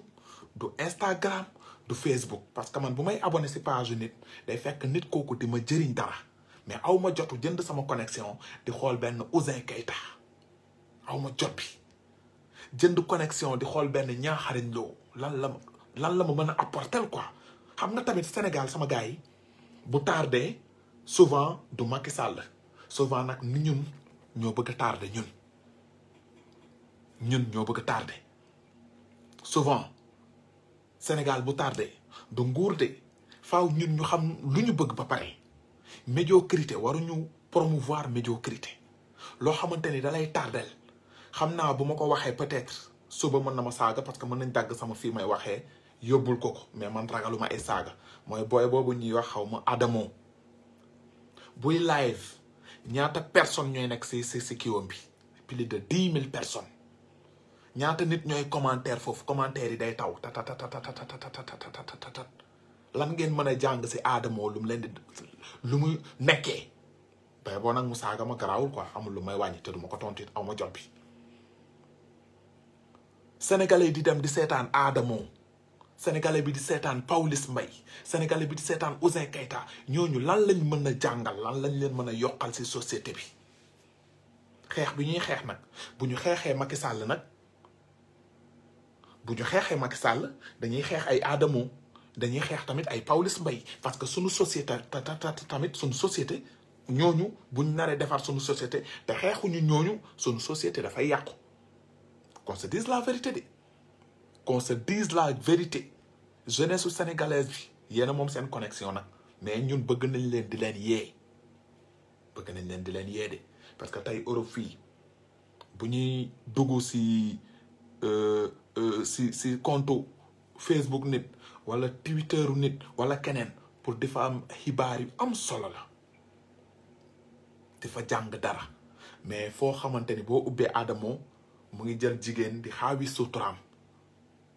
du Instagram du Facebook parce que man bu may abone si page nit day fekk nit kooku di ma jëriñ dara mais aw ma jotu jënd sama connexion di xool benn Ouzin Keita aw ma jot bi jënd connexion di xool benn ñaaxariñ loo lan la ma lan la ma mën a apporter quoi xam na tamit Sénégal sama gars yi bu tardé souvent du Macky Sall souvent nag ni ñun ñoo bëgg a tardé ñun ñun ñoo bëgg a tardé. souvent Sénégal bu tardé du ngourdé de faaw ñun ñu xam lu ñu bëgg ba pare médiocrité waruñu promouvoir médiocrité lo xamanteni ni dalay tardel xamna naa bu ma ko peut-être suba mën na ma saga parce que mën nañ dàgg sama fii may waxee yóbbul ko ko mais man ragaluma ay saga moy boy bobu ñi wax xawma Adamo buy live ñaata personne ñoy nek ci ci ci kiwam bi plus de dix mille personnes ñaata nit ñooy commentaire foofu commentaire yi day taw tatatatatatatatatatat lan ngeen mën a jàng si aadamoo lu mu leen di lu mu nekkee bay boo nag mu saaga ma garaawul quoi amul lu may wàññi te du ma ko tontu it aw ma jot bi sénégalais di dem di seetaan aadamoo sénégalais bi di seetaan Pawlish mbay sénégalais bi di seetaan Ouzin kayta ñooñu lan lañ mën a jàngal lan lañ leen mën a yokkal si société bi xeex bi ñuy xeex nag bu ñu xeexee Macky Sall nag bu ñu xeexee mag Sall dañuy xeex ay Adamo dañuy xeex tamit ay Pawlish mbay parce que suñu société tamit suñu société ñooñu bu ñu naree defar suñu société te xeexuñu ñooñu suñu société dafay yàqu qu'on se dise la vérité de qu'on se vérité jeunesse su sénégalaise bi yéena moom seen connexion nag mais ñun bëgg nañ leen di leen yee bëgg nañ leen di leen yee de parce que tey Europe fii bu ñuy dugg si euh, Euh, si si compte Facebook nit wala Twitteru nit wala keneen pour di fa am xibaar yu am solo la di fa jàng dara mais foo xamante ni boo ubbee Adamo mu ngi jël jigéen di xaawi suturaam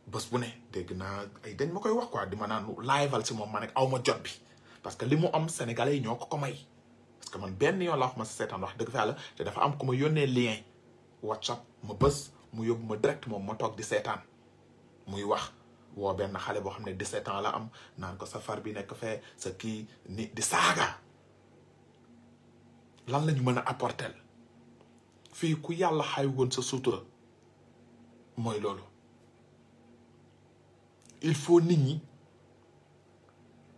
bés bu ne dégg naa ay dañ ma koy wax quoi di ma naan laajal si moom ma nekk aw ma jot bi parce que li mu am sénégalais yi ñoo ko ko may. parce que man benn yoon la wax ma seetaan wax dëgg fa yàlla te dafa am ku ma yónnee lien WhatsApp ma bés mu yóbbu ma direct moom ma toog di seetaan muy wax woo benn xale boo xam ne 17 ans la am naan ko sa far bi nekk fee sa kii ni di saaga lan la ñu mën a apporter fii ku yàlla xay woon sa sutura mooy loolu il faut nit ñi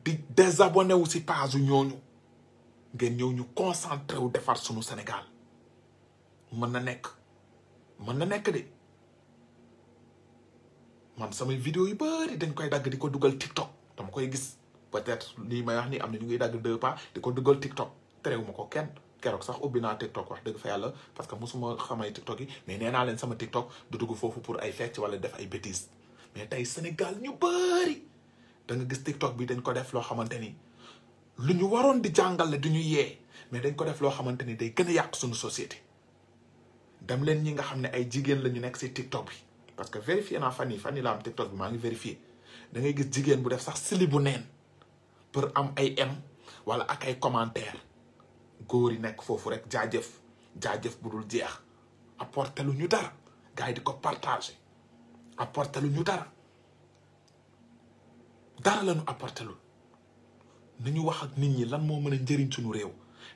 di désabonné wu si page ñooñu ngeen ñëw ñu concentré wu defar sunu Sénégal mën na nekk man na nek de man samay video yu bari dañ koy dag diko duggal tiktok dama koy gis peut-être lii may wax ni amna ñu ngi dag deux pas diko duggal tiktok terewuma ko kenn kérok sax ubbi tiktok wax deug fa yalla parce que musuma xamay tiktok yi mais néna len sama tiktok du dugg fofu pour ay fecc wala def ay bêtises mais tay Sénégal ñu bari da nga gis tiktok bi dañ ko def lo xamanteni luñu waron di jangal, du duñu yee mais dañ ko def lo xamanteni day gëna yak suñu société. dem leen ñi nga xam ne ay jigéen la ñu nekk si TikTok bi parce que vérifié naa fan yi fan yi la am TikTok bi maa ngi vérifié da gis jigéen bu def sax sili bu neen pour am ay m wala ak ay commentaire góor yi nekk foofu rek jaajëf jaajëf bu dul jeex apporté lu ñu dara gars di ko partage apporté lu ñu dara dara la ñu apporté nañu wax ak nit ñi lan moo mën a njëriñ suñu réew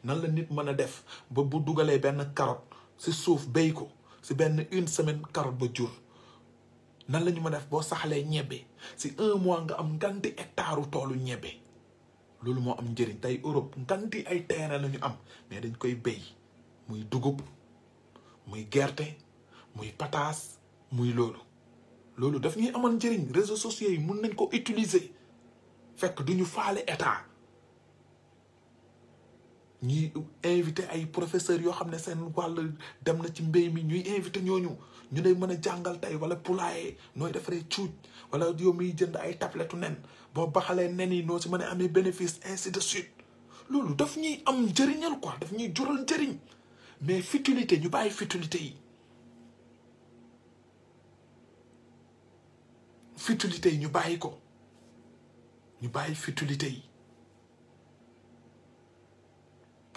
nan la nit mën a def ba bu dugalee benn carotte si suuf béy ko si benn une semaine carotte ba jur nan lañu ma def boo saxlee ñebe si un mois nga am nganti hectare toolu ñebe loolu moo am njëriñ tey Europe nganti ay terrain la ñu am mais dañ koy béy muy dugub muy gerte muy pataas muy loolu loolu daf ñuy amoon njëriñ réseaux sociaux yi mun nañ ko utiliser fekk du ñu faale état ñuy invité ay professeurs yoo xam ne seen wàll dem na ci mbéy mi ñuy invité ñooñu ñu lay mën a jàngal tey wala poulailler nooy defaree cuuj wala yow miy jënd ay tablettu nen boo baxalee nen yi noo si mën a amee bénéfice inci de suite loolu daf ñuy am njëriñal ko daf ñuy jural njëriñ mais futilité ñu bàyyi futilité yi futilité yi ñu bàyyi ko ñu bàyyi futilité yi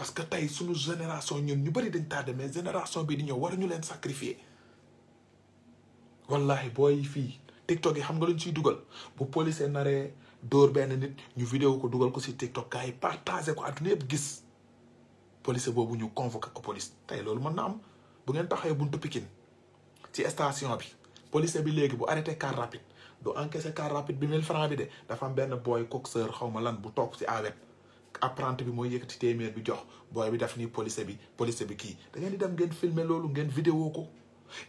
parce que tey suñu génération ñun ñu bëri dañ tardé mais génération bi di ñëw waruñu leen sacrifier wallahi booy fii TikTok yi xam nga luñ ciy dugal bu police naree dóor benn nit ñu vidéo ko dugal ko ci TikTok gars yi partagé ko àdduna yëpp gis police boobu ñu convoqué ko police tey loolu mën na am bu ngeen taxawee buntu Pikine ci station bi police bi léegi bu arrêté car rapide du encaissé car rapide bi 1000 francs bi de dafa am benn booy coxeur xaw ma lan bu toog ci awet apprenti bi mooy yëkkati téeméer bi jox booy bi def nii police bi police bi kii da ngeen di dem ngeen filmer loolu ngeen vidéo ko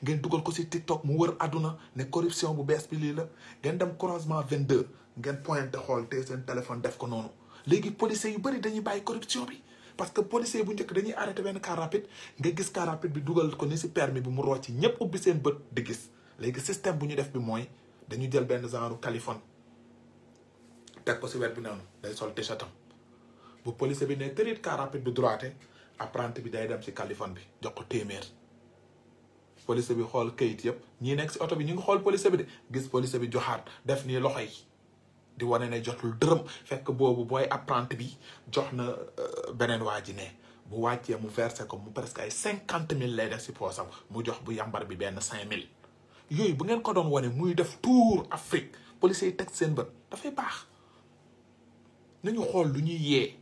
ngeen dugal ko si TikTok mu wër àdduna ne corruption bu bees bi lii la ngeen dem croisement 22 ngeen pointé xool te seen téléphone def ko noonu léegi policiers yu bëri dañuy bàyyi corruption bi parce que policier bu njëkk dañuy arrêté benn car rapide nga gis car rapide bi dugal ko ni si permis bi mu rocci ñëpp ubbi seen bët di gis léegi système bu ñu def mooy dañu jël benn genre californe teg ko si wet bi noonu day sol t-shirtam bu police bi ne tërit car rapide bi droite apprenti bi day dem ci kalifan bi jox ko téeméer police bi xool kayit yëpp ñii nekk ci oto bi ñu ngi xool police bi de gis police bi joxaat def nii loxo yi di wane ne jotul dërëm fekk boobu booy apprenti bi jox na euh, beneen waa ji ne bu wàccee mu versé ko mu presque ay cinquante mille lay def ci poosam mu jox bu yambar bi benn cinq mille yooyu bu ngeen ko doon wane muy def tour Afrique police yi teg seen bët dafay baax xool lu ñuy yee.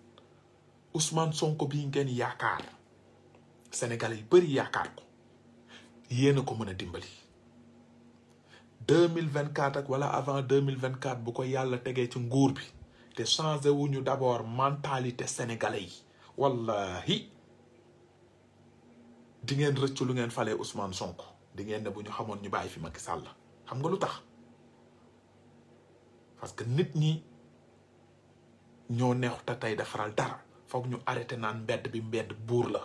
Ousmane Sonko bii ngeen yaakaar Sénégal yi bëri yaakaar ko yéen a ko mën a dimbali deux mille vingt quatre ak wala avant deux mille vingt quatre bu ko yàlla tegee ci nguur bi te changé wuñu d'abord mentalité sénégalais yi wallahi di ngeen rëccu lu ngeen falee Ousmane Sonko dingeen ngeen ne ñu xamoon ñu bàyyi fi Macky Sall xam nga lu tax parce que nit ñi ñoo neexut a tey defaral dara. foog ñu arrêté naan mbedd bi mbedd buur la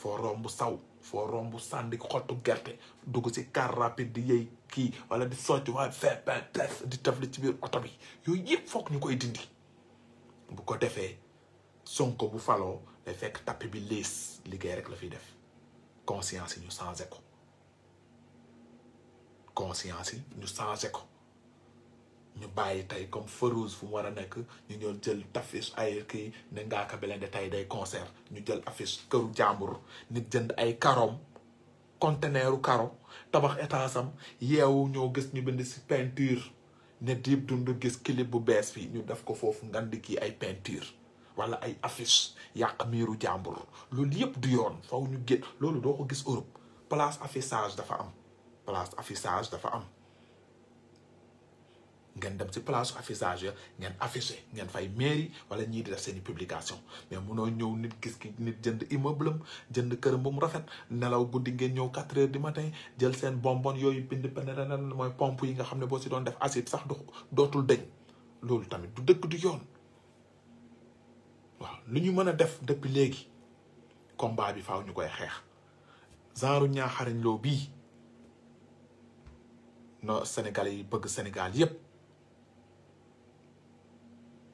foo romb saw foo romb sànni xottu gerte dugg si car rapide di yëy kii wala di socc waaye fepin pes di taf ci biir oto bi yooyu yëpp foog ñu koy dindi bu ko defee sonko bu faloo day fekk tappi bi liis liggéey rek la fiy def conscience yi ñu changé ko conscience yi ñu changé ko ñu bàyyi tey comme Farouz fu mu war a nekk ñu ñëw jël affiche ay kii ne Ngaaka Blindé tey day concert ñu jël affiche këru jàmbur nit jënd ay karoom conteneeru karo tabax état yeewu ñoo gis ñu bind si peinture ne Dip Doundou gis clip bu bees fii ñu def ko foofu ngan di kii ay peinture wala ay affiche yàq miiru jàmbur loolu yëpp du yoon faw ñu gét loolu doo ko gis Europe place affichage dafa am place affichage dafa am ngeen dem ci place affichage ngeen affiché ngeen fay mairie wala ñii di def seen i publication mais munoo ñëw nit gis ki nit jënd immeuble am jënd kër bu mu rafet nelaw guddi ngeen ñëw quatre heures du matin jël seen bonbon yooyu bind penenenen mooy pompe yi nga xam ne boo si doon def acide sax du dootul deñ loolu tamit du dëkk du yoon waaw lu ñu mën a def depuis léegi combat bi faaw ñu koy xeex genre ñaaxarañ loo bii no Sénégalais bëgg Sénégal yépp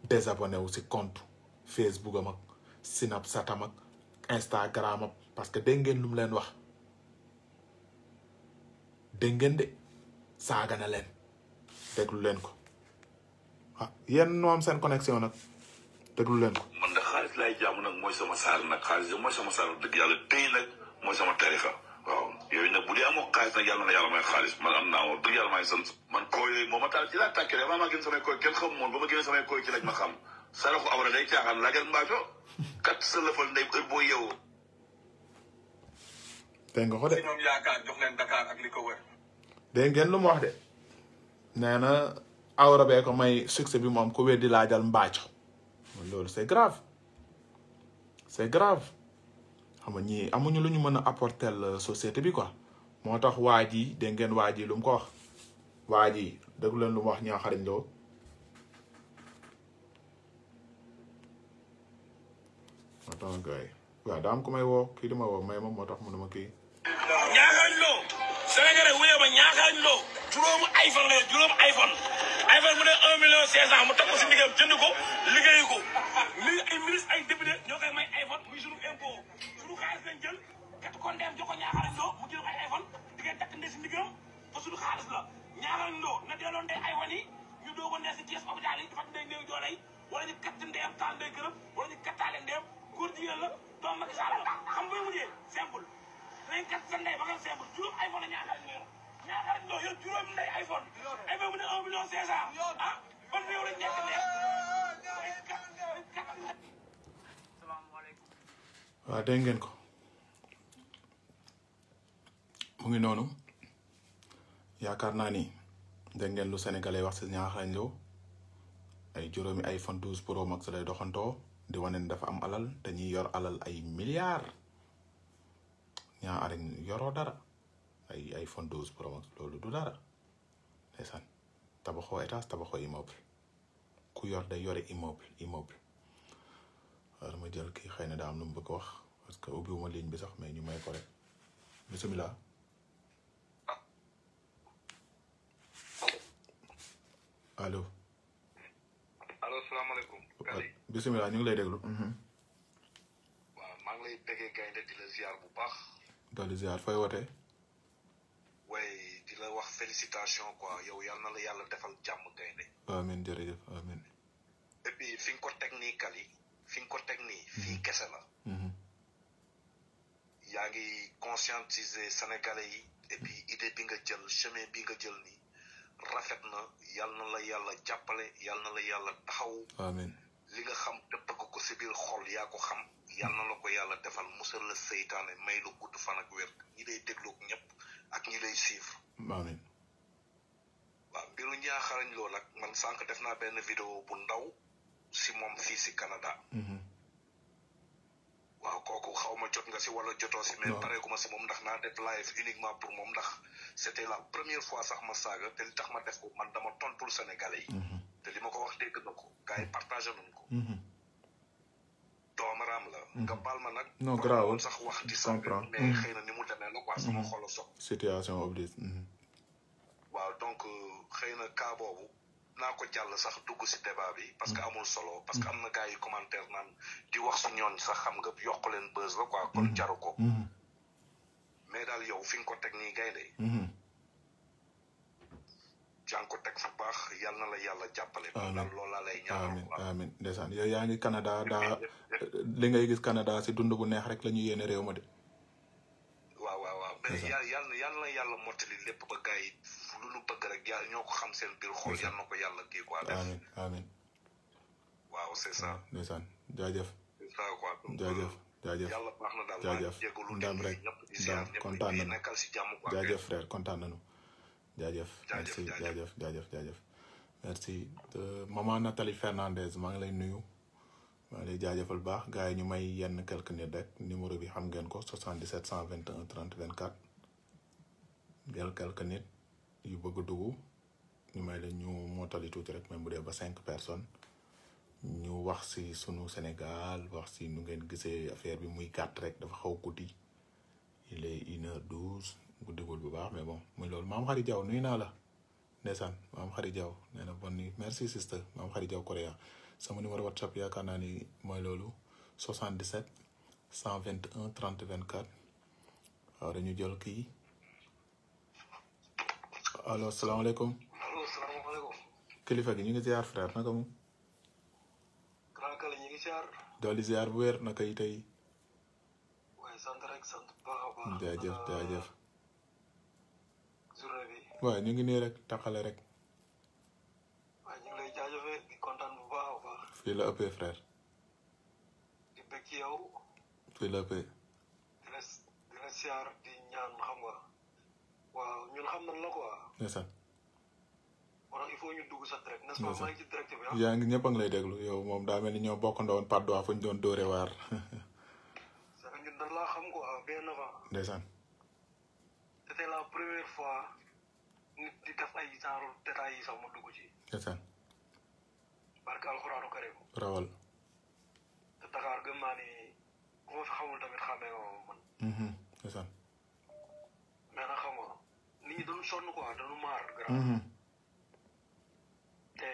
désabonné wu si compte Facebook am ak Snapchat am ak Instagram am parce que dégg ngeen lu mu leen wax dégg ngeen de saaga na leen déglu leen ko ah yéen ñoo am seen connexion nag déglu leen ko. man de xaalis laay jaamu nag mooy sama saal nag xaalis mooy sama saal dëgg yàlla tey nag mooy sama tarixa yooyu nag bu dee amoo xaalis nag yàlla na yàlla may xaalis man am naa woon dëgg yàlla may sant man kooy yooyu moom ma taal ci laa tàkkee rek maa maa gën samay kooy kenn xamu moon ba ma gën samay kooy ci lañ ma xam saraxu awra day caaxaan laajal mbaaco kat sa lëfal ndey heure boo yeewoo dégg nga ko de ñoom yaakaar jox leen Dakar ak li ko wër dégg ngeen lu mu wax de nee na awra bee ko may succès bi moom ku weddi laajal mbaaco loolu c'est grave c'est grave xam nga ñii amuñu lu ñu mën a apporter société bi quoi moo tax waa ji dégg ngeen waa ji lu mu ko wax ji déglu leen lu wax ñaa xarañ moo tax gars waaw daa am may woo kii di ma woo may ma moo loo Sénégalais wuye ma ñaaxaañ loo juróomu iPhone la juróomu iPhone iPhone mu ne un million cinq cent mu teg ko si ndigam jënd ko liggéeyu ko li ay ministre ay député kon dem jox ko ñaaxaar ak mu jël ay iPhone di ngeen takk ndee si loo na iPhone yi ñu doog a ndee si Thiès hôpital yi di faj ndey néew doole yi wala ñu katt ndeyam taal ndey gërëm wala ñu kattaale ndeyam góor jigéen la doom Macky Sall xam nga mujjee simple dinañ katt sa ndey ba nga simple juróom iPhone la ñaaxaar ak loo juróom ndey iPhone iPhone mu ne un million cinq cent ah ban réew lañ nekk nekk waaw dégg ngeen ko mu ngi noonu yaakaar naa ni dégg lu sénégalais wax si Niakhar Ndiob ay juróomi iPhone 12 Pro Max lay doxantoo di wane dafa am alal te ñuy yor alal ay milliar Niakhar yoroo dara ay iPhone 12 Pro loolu du dara ndeysaan tabaxoo étage tabaxoo immeuble ku yor day yore immeuble immeuble war ma jël kii xëy na daa am lu mu bëgg wax parce que ubbiwuma ligne bi sax mais ñu may ko rek bisimilah. allo. allo salaamaaleykum. Kady bisimilah ñu ngi lay déglu. Mhm. waaw maa ngi lay bëggee gaynde di la bu baax. daal di ziar fay wootee. waaye di wax félicitation quoi yow yal na la yàlla defal jàmm gaynde. amiin jërëjëf amiin. et fi nga ko teg nii Kady fi nga ko teg ni mhm. fii kese la. Mhm. yaa ngi conscientiser sénégalais yi. et puis idée bi nga jël chemin bi nga jël nii. rafet na yal na la yàlla jàppale yal la yàlla taxaw amiin li nga xam te bëgg ko si biir xol yaa ko xam yal na la ko yàlla defal musal la seytaane may lu gudd fan ak wér ñi lay dégloog ñëpp ak ñi lay suivre amiin waaw mbiru ñaaxarañ lool ak man sànq def naa benn vidéo bu ndaw si moom fii si Canada mm-hmm. waaw kooku xaw ma jot nga si wala jotoo si mais pareegu ma si moom ndax naa def live uniquement pour moom ndax c' était la première fois sax ma saaga te li tax ma def ko man dama tontul sénégalais yi te li ma ko wax dégg na ko gars yi partagé nañ ko doomaraam la nga baal ma nag non grawul sax wax di saaga mais xëy na ni mu demee la quoi sama xolo sob situation oblige waaw donc xëy na cas boobu naa ko jàll sax dugg si débat bi. parce que mm. amul solo. parce que mm. am na gars yu commentaire naan di wax su ñooñ sax xam nga yokk leen buzz la quoi kon mm. jaru ko. mais daal yow fi nga ko teg nii gaynde jàng ko teg fu baax yal na la yàlla jàppale. amiin loola lay ñaanal waaw amiin ndeysaan yow yaa ngi Canada daa *laughs* li ngay gis Canada si dund bu neex rek la ñu yéene réew ma de. dana yàlla yàlla na yàlla na yàlla mottali lépp ba gars lu lu bëgg rek yàlla ñoo xam seen biir xool yàlla na ko yàlla kii quoi def amiin amiin waaw c'est ça ndeysaan jaajëf c'est ça quoi jaajëf rek ndam kontaan nañu si jàmm kontaan nañu jaajëf merci jaajëf jaajëf jaajëf merci euh, maman Nathalie Fernandez maa ngi lay nuyu les lay bax gaay ñu may yenn numéro bi 77 121 30 24 yu bëgg ñu may ñu même cinq personnes ñu wax si sunu Sénégal wax si nu ngeen affaire bi muy rek dafa xaw il est douze guddigul bu mais bon muy loolu maam xari la ndeysaan maam xari merci sister maam xari coréen sama numéro whatsapp yaakaar naa ni mooy loolu 77 121 30 24 waaw dañu jël kii allo salaamaaleykum. allo salaamaaleykum. kilifa gi ñu ngi ziar frère naka mu. grand ñu ngi ziar. dolli ziar bu wér naka yi tey. bu baax a baax. jaajëf jaajëf. journée ñu ngi nii rek rek. fii la ëppee frère. di bëgg yow. fii la ëppee. di ñaan xam nga waaw ñun xam nañ la ko ndeysaan. wala il faut ñu dugg sax direct n'est-ce pas maa ngi ah. yaa ngi ñëpp a lay déglu yow moom daa mel ni ñoo bokk ndawoon Patte d'Oie fu ñu doon dóore waar. parce *laughs* que ñun dañ laa xam quoi bien avant. la première fois nit di def ay genre yi sax ma dugg ci. ndeysaan. barke alxuraanu karim rawal te Dakar gëm naa ni ku xamul tamit xamee woo man mhm. ndeysaan mais nag xam nit ñi dañu sonn quoi dañu maar grand mhm. te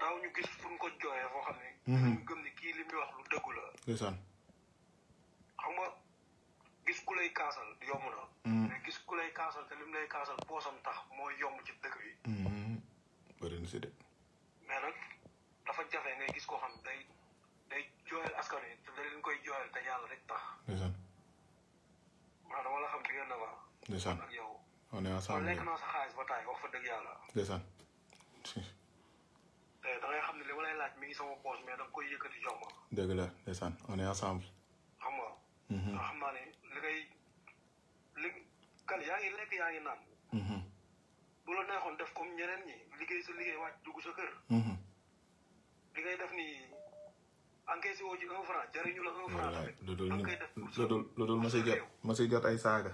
daaw ñu gis fu ñu ko jooyee foo xam ne mhm. wax lu nga gis ku lay kaasal yomb na mais gis ku lay kaasal te lim lay kaasal poosam tax moo yomb ci dëkk bi bëri na si de mais nag dafa jafe ngay gis koo xam day day jooyal askan wi te koy jooyal te yàlla rek tax. ndeysaan. waaw dama la xam bi ngeen defar. ndeysaan ak yow. on est ensemble lekk naa sa xaalis ba taay dëgg yàlla. ndeysaan. te eh, xam ne li ma laaj mi ngi sama poche mais da koy yëkkati jox ma. dëgg la ndeysaan on est xam nga. Mhm. ne li yaa ngi lekk yaa ngi naan. Mhm. la neexoon def comme ñeneen ñi liggéey sa liggéey wàcc dugg sa li ngay def nii encaissé woo ci un franc jariñu la un franc lu dul lu jot mos jot ay saaga.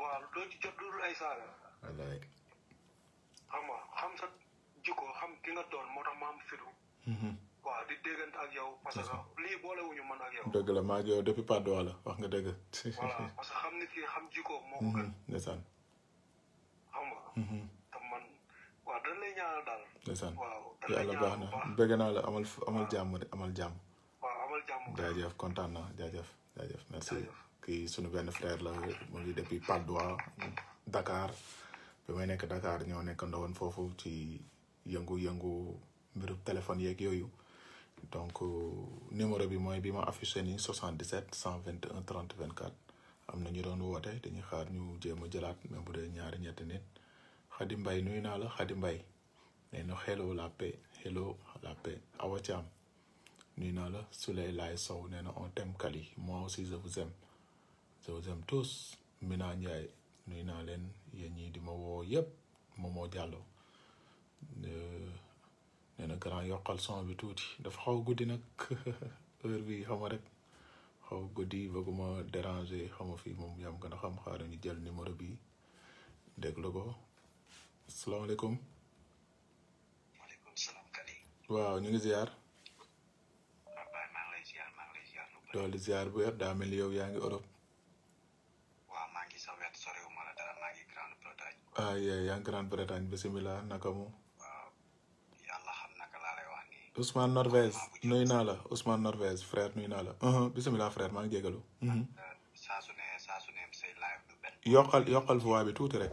waaw doo ci jot dul ay saaga. wallaay. xam nga xam sa jikko xam ki nga doon moo tax ma am fidu. Mhm. waaw di déggante ak yow. parce que mhm. lii boolewuñu man ak yow. depuis Padois la wax nga dëgg. voilà parce que xam nit ki xam jikko moo ko gën. Mhm, ndeysaan. xam nga. dañ lay ñaanal daal ndeysaan yàlla ya, baax na bëgg naa la amal amal jàmm amal jàmm waaw amal jàmm jaajëf kontaan na jaajëf jaajëf merci kii sunu benn frère la mu ngi depuis Patte Dakar bi may nekk Dakar ñoo nekk ndawoon foofu ci yëngu-yëngu mbirub téléphone yeeg ya, yooyu donc numéro bi mooy bi ma affiché 77 121 30 24 am na ñu doon woote dañuy xaar ñu jéem a jëlaat même bu dee ñaari ñetti nit Khady mbay nuy naa la Khady Mbaye nee na la paix hello la paix Awa Thiam naa la Souley Laye Sow nee na on t'aime Kali moi aussi je vous aime je vous aime tous Mina Ndiaye naa leen yéen yi di ma woo yëpp Momo Diallo euh, nee na grand yokkal son bi tuuti dafa xaw guddi nag *laughs* heure bi xam nga rek xaw guddi bëgguma déranger xam nga fii moom yam gën xam xaaral ñu jël numéro bi déglu ko Assalamualaikum. Waalaikumsalam salaam Kady. waaw ñu ngi ziar. waaw Baye lay ziar lay bu Europe. Ya? Ya, ah iya, yaa Grande Bretagne bisimilah naka mu. Eh, yàlla ya xam naka laa lay wax nii. Ousmane norvez nuy naa la Ousmane norvez frère nuy naa la. Uh-huh, bisimilah frère maa ngi jégalu. Mhm. saa su ne saa su live du yokkal yokkal voix bi tuuti rek.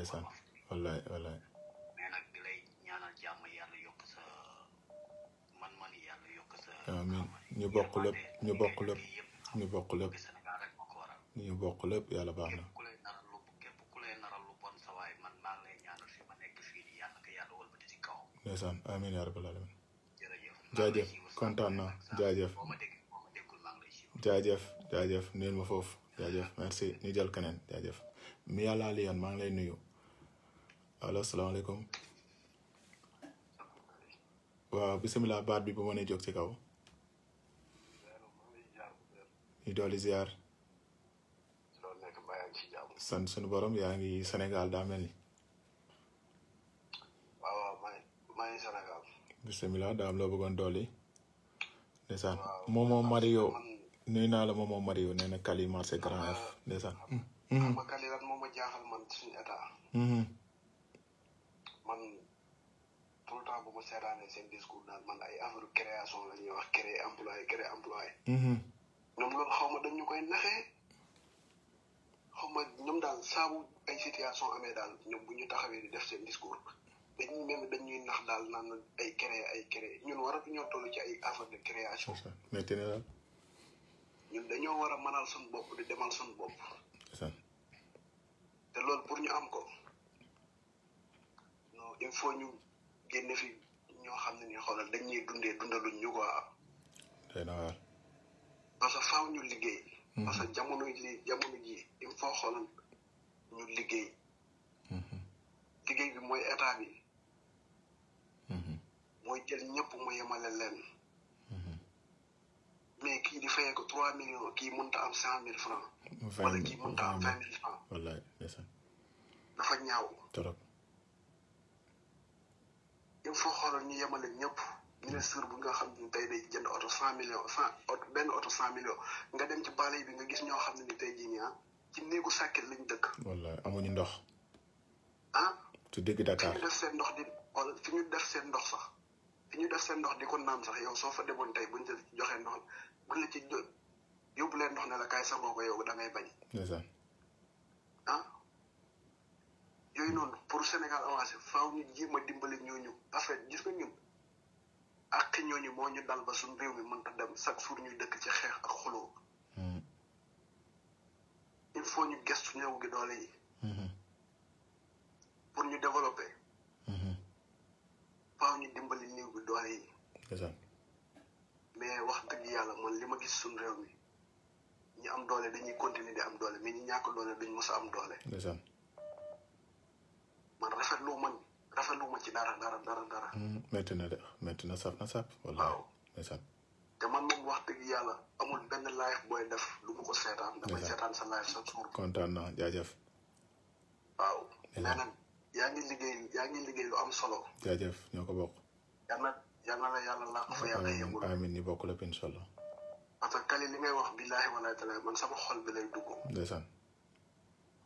ndeysaan wallaay wallaay mais nag ñu bokk lépp ñu bokk lépp ñu bokk lépp ñu bokk lépp yàlla baax na ndeysaan amiin yaa rabbal alamin jaajëf kontaan naa jaajëf jaajëf jaajëf nuyul ma foofu jaajëf merci ñu jël keneen jaajëf mi yàlla maa ngi lay nuyu allo salaamaaleykum waaw bisimilah baat bi bu mënee jóg ci kaw ñu dolli ziar sant sunu borom yaa ngi Sénégal daa mel ni. bisimilah daam loo bëggoon dolli. ndeysaan moomoo Mario nuyu naa la moomoo Mario nee Kali marché Grand F ndeysaan. xam moo ma man tout le temps bu ma seetaanee seen discours daal man ay affaire création la ñuy wax créer employé créer employé. Mm-hmm. ñoom loolu xaw ma dañu koy naxee xaw ma ñoom daal saabu ay situation amee daal ñoom bu ñu taxawee di def seen discours dañuy mel ni nax daal naan ay créer ay créer ñun waratuñoo toll ci ay affaire de création. mais tene daal. ñun dañoo war a mënal suñu bopp di demal suñu bopp. te loolu pour ñu am ko. il faut ñu génn fi ñoo xam ne nii xoolal dañ ñuy dundee dundaluñ ñu quoi. day eh, na waar. parce que faaw ñu liggéey. Mm-hmm. parce que jamono ji jamono ji il faut xoolal ñu liggéey. Mm-hmm. liggéey bi mooy état bi. Mm-hmm. mooy jël ñëpp mu yemale leen. mais kii di fayee ko trois millions kii mënta am cent mille francs. wala kii mënta am vingt mille francs. wallaay dafa ñaaw. trop. il faut xoolal ñu yemale ñëpp ministre bu nga xam ne tey day jënd oto cent millions cent oto benn oto cent millions nga dem ci bale bi nga gis ñoo xam ne ni tey jii nii ah, ci néegu sàkket lañ dëkk. walla amuñu ndox. ah. su dëgg ñu def seen ndox sax fi def seen ndox di ko naan sax yow soo fa demoon tey buñ la ci joxee ndox buñ la ci yóbbu leen ndox ne la kaay sa boo ko yow da ah. yooyu noonu pour Sénégal avancé faaw ñu jéem a dimbali ñooñu parce que gis nga ñun ak ñooñu moo ñu dal ba suñ réew mi mën ta dem chaque jour ñuy dëkk ci xeex ak xuloo hmm. il faut ñu gestu ñëw gi doole yi hmm. pour ñu développé hmm. faaw ñu dimbali néew bi doole yi mais wax dëgg yàlla man li ma gis suñ réew mi ñi am doole dañuy continuer di am doole mais ñi ñàkk doole duñ mos a am doole man rafetlu man rafetlu ma ci dara dara dara dara. métti mm, na de métti na saf na saf. waaw ndeysaan. te man moom wax dëgg yàlla amul benn live booy def lu mu ko seetaan. damay seetaan sa live sa suur. kontaan naa jaajëf. waaw. leneen yaa ngi liggéey yaa ngi liggéey lu am solo. jaajëf ñoo ko bokk. yal na yal na la yàlla làq fa yàlla yëngul. amiin ñu bokk la incha allah. parce que kali li ngay wax billaahi walaay talaay man sama xol bi lay dugg.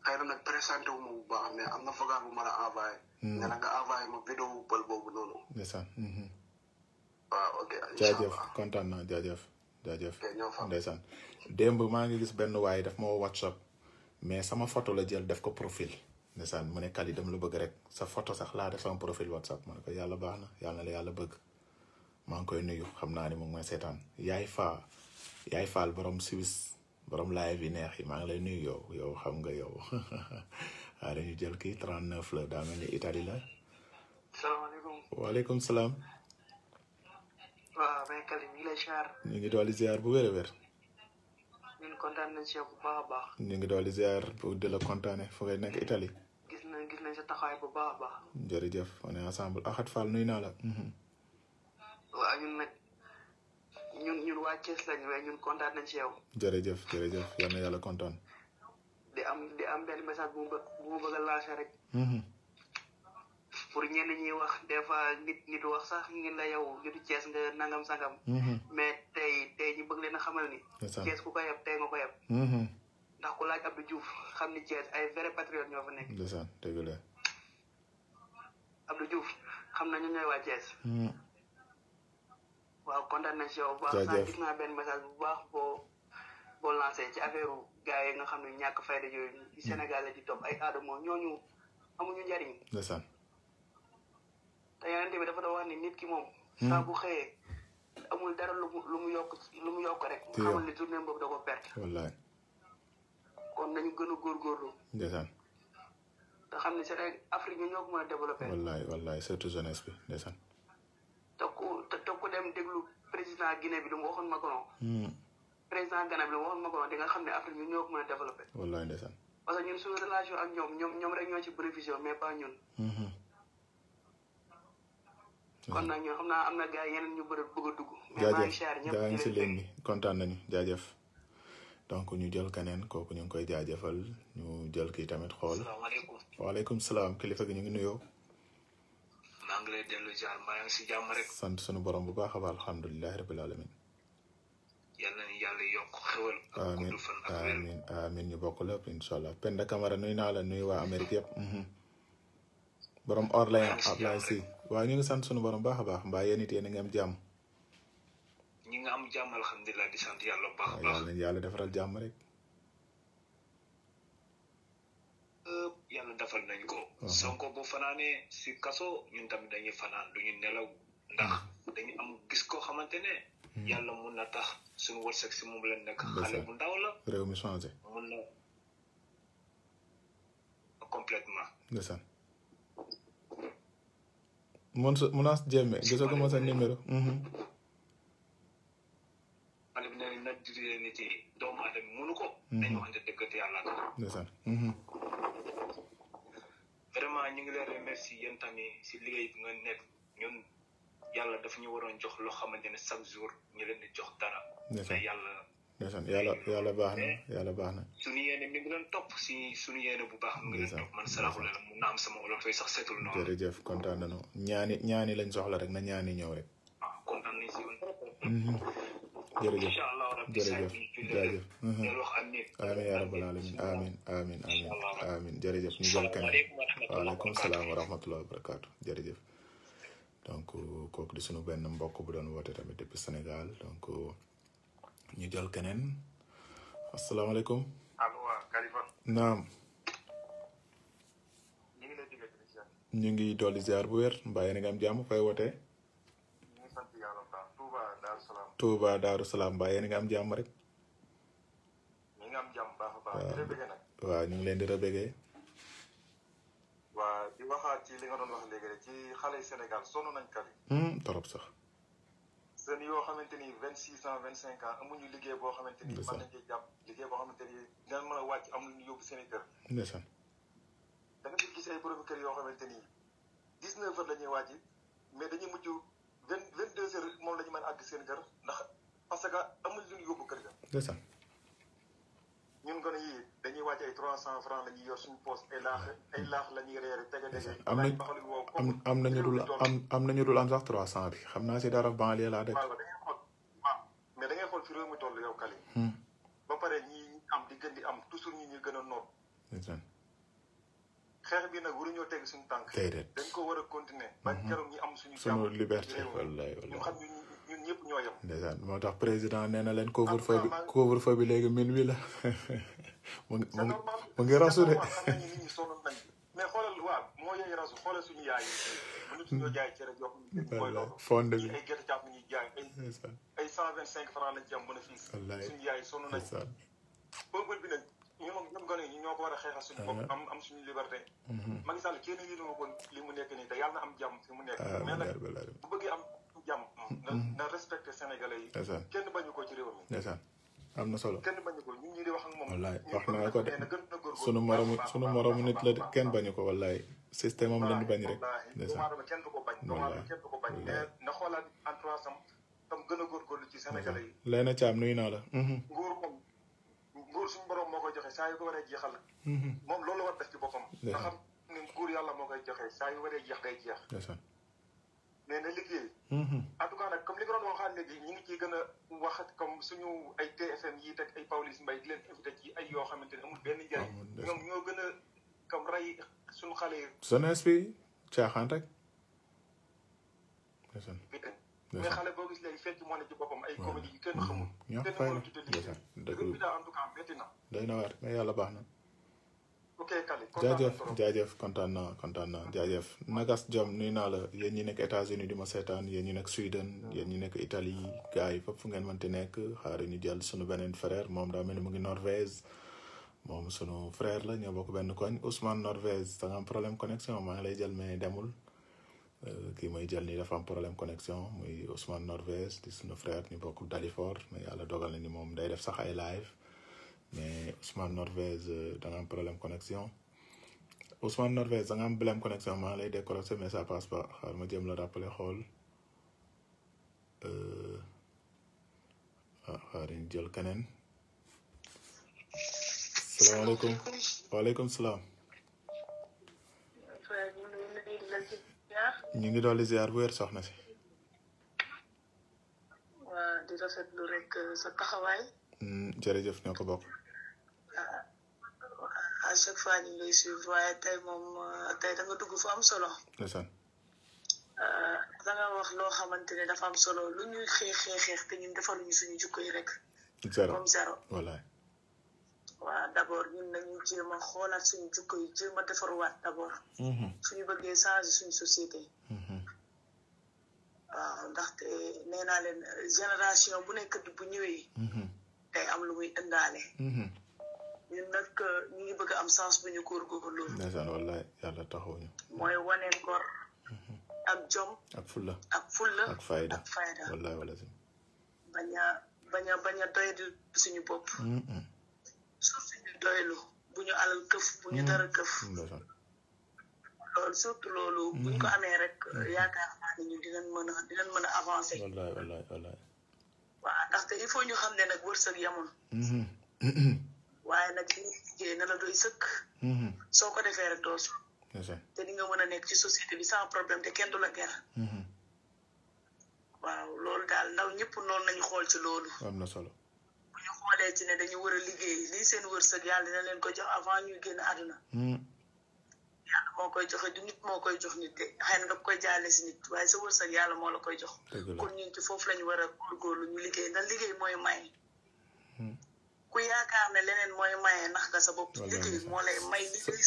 xëy na nag mais am na vocal bu hmm. hmm. kontaan naa jaajëf. jaajëf ndeysaan maa ngi gis benn waay def ma woo whatsapp mais sama photo la jël def ko profil. ndeysaan mu ne Kali dama la bëgg rek sa photo sax laa def sama profil whatsapp ma ne ko yàlla baax na yàlla na la yàlla bëgg maa ngi koy nuyu xam naa ne moom mooy seetaan yaay faa yaay faal borom Suisse. borom live yi neex yi maa ngi lay nuyu yow yow xam nga yow *laughs* waaw dañu jël kii 39 la daa mel ni la. salaamaaleykum salaam. waaw mais ngi lay ziar. bu wér a wér. ñun kontaan nañ si yow bu baax a baax. ñu ngi doon ziar pour di la a baax. jërëjëf on est ensemble Axat Fall nuyu ñun ñun waa Thiès lañ waaye ñun kontaan nañ ci yow. jërëjëf jërëjëf yal na yàlla kontaan. di am di am benn message bu mu bëgg bu mu rek. Mm-hmm. pour ñenn ñi wax des fois nit nit wax sax ñu ngi la yow nitu Thiès nga nangam sangam. Mm-hmm. mais tey tey ñu bëgg leen a xamal ni. Thiès ku ko yeb tey nga ko yeb. Mm-hmm. ndax ku laaj Abdou juuf xam ni Thiès ay vrai patriote ñoo fa nekk. ndeysaan dëgg la. Abdou Diouf xam na ñun ñooy waa Thiès. waaw kontaan gis naa benn message bu baax boo boo lancé ci affaire gars yi nga xam ne ñàkk fayda yooyu ci hmm. Sénégal di top ay aadama ñooñu amuñu njariñ ndeysaan te yeneen bi dafa doon wax ni nit ki moom hmm. saa bu xëyee amul dara lu lu mu yokk lu mu yokk rek xamal ni journée boobu da ko perte wallaay kon nañu gën a góorgóorlu ndeysaan te xam ne c'est Afrique ñu ñoo ko mën a développé wallaay wallaay surtout jeunesse bi ndeysaan te ku te ku dem déglu président Guinée bi lu mu waxoon hmm. président Ghana bi lu mu waxoon Macron di nga xam ne Afrique ñun ñoo ko mën a développé. wallaahi ndeysaan. parce que ñun suñu ak ñoom ñoom ñoom rek ñoo ci bénéficié mais pas ñun. Hmm. kon nag xam naa am na gars yeneen ñu bëri bëgg a dugg. mais maa ngi cher ñëpp si leen bi kontaan nañu jaajëf. donc ñu jël keneen kooku ñu ngi koy jaajëfal ñu jël kii tamit xool. salaamaaleykum salaam kilifa gi ñu ngi nuyoo. maa ngi lay dellu sant sunu borom bu baax a baax alhamdulilah rabil alamin. yal nañu yàlla yokk xewal. ak gudd ñu bokk lépp incha allah Penda Camara nuyu naa la nuyu waa Amérique yëpp. Mhm. borom or la a ablaye si waaw ñu ngi sant sunu borom baax a baax mbaa yéen it yéen a ngi am jàmm. ñi nga am jàmm alhamdulilah di sant yàlla bu baax a baax. yàlla defaral jàmm yëpp yàlla defal nañ ko sonko bu fanaanee si kaso ñun tamit dañuy fanaan duñu nelaw ndax hmm. dañu am gis koo xamante ne hmm. yàlla mun na tax suñu wërsëg si mu la nekk xale bu ndaw la réew mi changé mun na complètement ndeysaan mon sa munaas jéeme gisoo ko sa numéro xale bi ne na diree nit yi doomu aadama munu ko dañu hmm. waxante dëggante vraiment ñu ngi leen remercier yéen tamit si liggéey bi nga nekk ñun yàlla daf ñu waroon jox loo xamante ne chaque jour ñu leen di jox dara. te yàlla. ndeysaan yàlla yàlla baax na eh? yàlla baax na. suñu yéene mi ngi doon topp si suñu yéene bu baax. mi ngi doon topp man salaahu alayhi mun naa am sama wolof yi sax setul noonu. jërëjëf kontaan nañu ñaani ñaani lañ soxla rek na ñaani ñëw rek. Ah, jërëjëf jërëjëf jaajëf amiin yaa rabbal alamin amiin amiin Amin, Amin, jërëjëf ñu jël kan waaleykum salaam wa rahmatullahi wa barakatu jërëjëf donc kooku di sunu benn mbokk bu doon woote tamit depuis Sénégal donc ñu jël keneen asalaamaaleykum allo Khalifa naam ñu ngi dolli ziar bu wér er. mbaa yéen am jàmm fay wootee Touba daru salam baye ni nga am jam rek. ni nga am jàmm baax a nak wa ñu ngi leen di rëbëgee. wa di waxaat ci li nga don wax léegi ci xalé yi Sénégal sonn nañ kali. torop sax. sen yo xamanteni ni ans vingt ans amuñu liggéey bo xamanteni man nañ ci jàpp liggéey bo xamanteni ni dinañ mën a wàcc am lu ñu yóbbu seen kër. ndeysaan. da nga ci gis ay borom kër yoo xamante ni dix neuf heures la ñuy mais dañuy muccu vingt deux heures moom la ñu mën a àgg seen ndax parce que amul lu ñu yóbbu kër ga. c'est ça. ñun gone yi la la am nañ am am nañu dul am am nañu dul am sax trois cent bi xam naa si dara banlieue laa dëkk. waaw da xol xool waaw mais da toll yow Kaly. Hmm. ba pare ñi am di di am toujours ñi ñu gën a noot. xeex bi nag waruñoo teg suñu tànk. déedéet dañ ko war a mhm. suñu. liberté wallaay wallaay ñu xam ñoo yem. moo tax président nee na leen couvre-feu bi couvre-feu bi léegi la. *laughs* mu ngi mu ngi rasu de. fond bi ay ñoom ñoom gone yi ñoo ko war a ah. mm-hmm. kenn ko li mu nekk na am jàmm fi mu nekk. Ah, mais nag bu na mm-hmm. bañu ko ci réew mi. ndeysaan am na solo. kenn bañu ko ñun ñii wax na ko de sunu moromu nit la de kenn bañu ko wallaay. système am lañu bañ rek. ndeysaan wallaay ko bañ. wallaay kenn du ko bañ mais na xoolaat en trois sam tam a yi. Léna Thiam nuyu naa la. Mm-hmm. nguur suñu borom moo koy joxe saa yu ko waree jeexal la mhm. moom loolu la war def ci boppam nga xam yàlla moo koy joxe saa yu waree jeex day jeex mais na liggéey mhm. en tout cas nag comme li ko doon waxaat léegi ñu ngi ciy gën a wax comme suñu ay TFM yi teg ay Pawlish mbay di leen invité ci ay yoo xamante ne amul benn njëriñ ñoom ñoo gën a comme rey suñu xale yi jeunesse bi rek mais xale boo yàlla baax na. ok Kale jaajëf jaajëf kontaan naa kontaan naa jaajëf nagas jom nuyu naa la yéen ñi nekk États-Unis di ma seetaan yéen ñi nekk Sweden mm-hmm. yéen ñi nekk Italie gars yi fépp fu ngeen man mënti nekk xaari ñu jël sunu beneen frère moom daa mel ni mu ngi Norvège moom sunu frère la ñoo bokk benn koñ Ousmane Norvège da nga am problème connexion maa ngi lay jël mais demul. Euh, kii mooy jël nii dafa am problème connexion muy Ousmane Norvège di suñu frère ñu bokk Dalifort mais yàlla dogal na ni moom day def sax ay live mais Ousmane Norvège euh, da un am problème connexion Ousmane Norvège da nga am problème connexion maa lay décroché mais ça passe pas xaar ma jëm la rappeler xool euh, ah xaar ñu jël keneen. salaamaaleykum waaleykum salaam. ñu ngi dolli ziar bu wér soxna si. waa di rafetlu rek euh, sa taxawaay. Mm, jërëjëf ñoo ko bokk. à chaque fois ñu ngi lay suivre waaye tey moom euh, tey da nga dugg fu am solo. ndeysaan. Euh, da nga wax loo xamante ne dafa am solo lu ñuy xeex xeex xeex te ñun suñu jukko rek. zéro comme waaw d' abord ñun nañu jéem a xoolaat suñu jukko yi jéem a defaruwaat d' abord. Mm-hmm. suñu bëggee changer suñu société. Mm-hmm. waaw naa leen génération bu nekk bu ñëwee. Mm-hmm. day am lu muy ëndaale. ñun nag euh, ñu ngi bëgg am sens bu ñu góorgóorlu. ndeysaan wallaay yàlla taxawuñu. mooy wane ngor. ak jom. ak fulla ak fulla ak fayda ak fayda wallaay suñu bopp. doylu bu ñu alal këf bu ñu dara këf mm, loolu surtout loolu bu ko mm. amee rek mm. yaakaar naa ne ñu dinañ mën a avancé mën a avancer wallaay il faut ñu xam ne nag wërsëg yamul mm-hmm. Mm-hmm. waaye nag li ñuy liggéey na la sëkk mm-hmm. soo ko defee rek doo sonn te di nga mën a nekk ci société bi sans problème te kenn du la ger waaw loolu daal ndaw ñëpp noonu nañu xool ci loolu am solo xoolee ci ne dañu war a liggéey lii seen wërsëg yàlla dina leen ko jox avant ñuy génn a hmm. yàlla moo koy joxe du koy jox nit de xëy na nga koy jaale nit waaye sa wërsëg yàlla moo la koy jox kon ñun ci foofu lañu war a góorgóorlu ñu liggéey ndax liggéey mooy may hmm. ku yaakaar ne leneen mooy maye nax nga sa bopp liggéey moo lay may li lay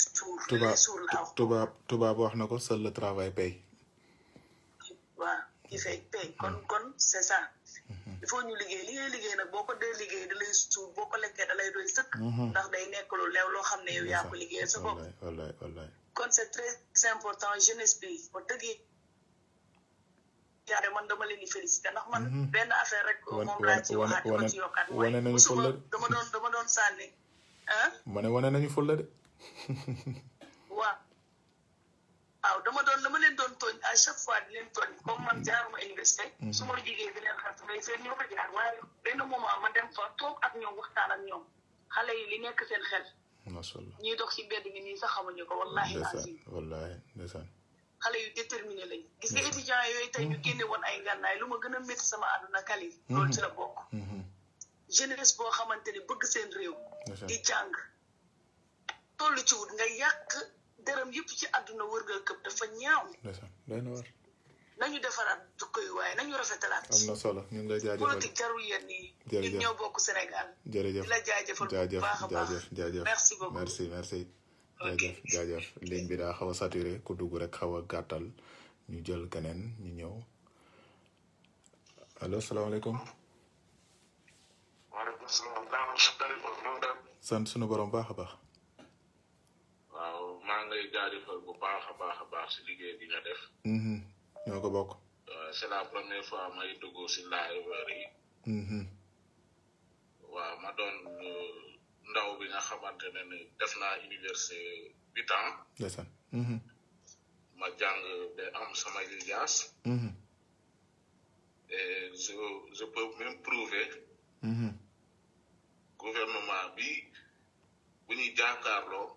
suur lay tubaab tubaab wax na ko seul le travail paye waaw ki fay paye hmm. kon c'est ça il faut ñu liggéey li ngay liggéey nag boo ko dee da lay suur boo ko lekkee da lay doy sëkk mhm. ndax day nekk lu leew loo xam ne yow yaa liggéey liggéeyal sa bopp wallaay wallaay c'est très important jeunesse bi ba dëgg yaare man dama leen di félicité ndax man mhm. benn affaire rek moom laa ci waxaat ko ci nañu fulla de dama doon dama doon sànni ah ma ne wane nañu fulla de *laughs* waaw dama doon dama leen doon tooñ à chaque fois di leen tooñ comme man jaaruma université. Mhm. su ma jigéen di leen xas mais seen ñoo ko jaar waaye benn moment ma dem fa toog ak ñoom waxtaan ak ñoom xale yi li nekk seen xel. macha allah ñuy dox ci mbedd mi nii sax xamuñu ko wallaahi. xale yu déterminé lañ. gis nga étudiants yooyu tey ñu mhm. génne ay ngànnaay lu ma gën a métti sama àdduna kali. Mhm. loolu ci la bokk. jeunesse boo xamante ni bëgg seen réew. di jàng toll ci wut nga yàq. dërëm yëpp ci àdduna wërgal këpp dafa ñaaw. day na war nañu defaraat jukko waaye nañu rafetalaat. am na solo ñu ngi lay jaajëfal politique jarul yenn yi. jërëjëf ñun ñoo Sénégal. la jaajëfal baax a baax jaajëf merci beaucoup merci merci. bi daa xaw a saturé ku dugg rek xaw a gàttal ñu jël keneen ñu ñëw allo salaamaaleykum. waaleykum salaam. sant sunu borom baax a baax. lay jaajëfal baax a baax a baax si liggéey bi nga def. Mm-hmm. ñoo ko bokk. Euh, c'est la première fois may dugg si live yi. Mm-hmm. waaw ma doon euh, ndaw bi nga xamante ne ni def université huit ans. ndeysaan. Mm-hmm. ma jàng ba am sama lijaas. et je je peux même prouver. gouvernement bi bu ñuy jàkkaarloo.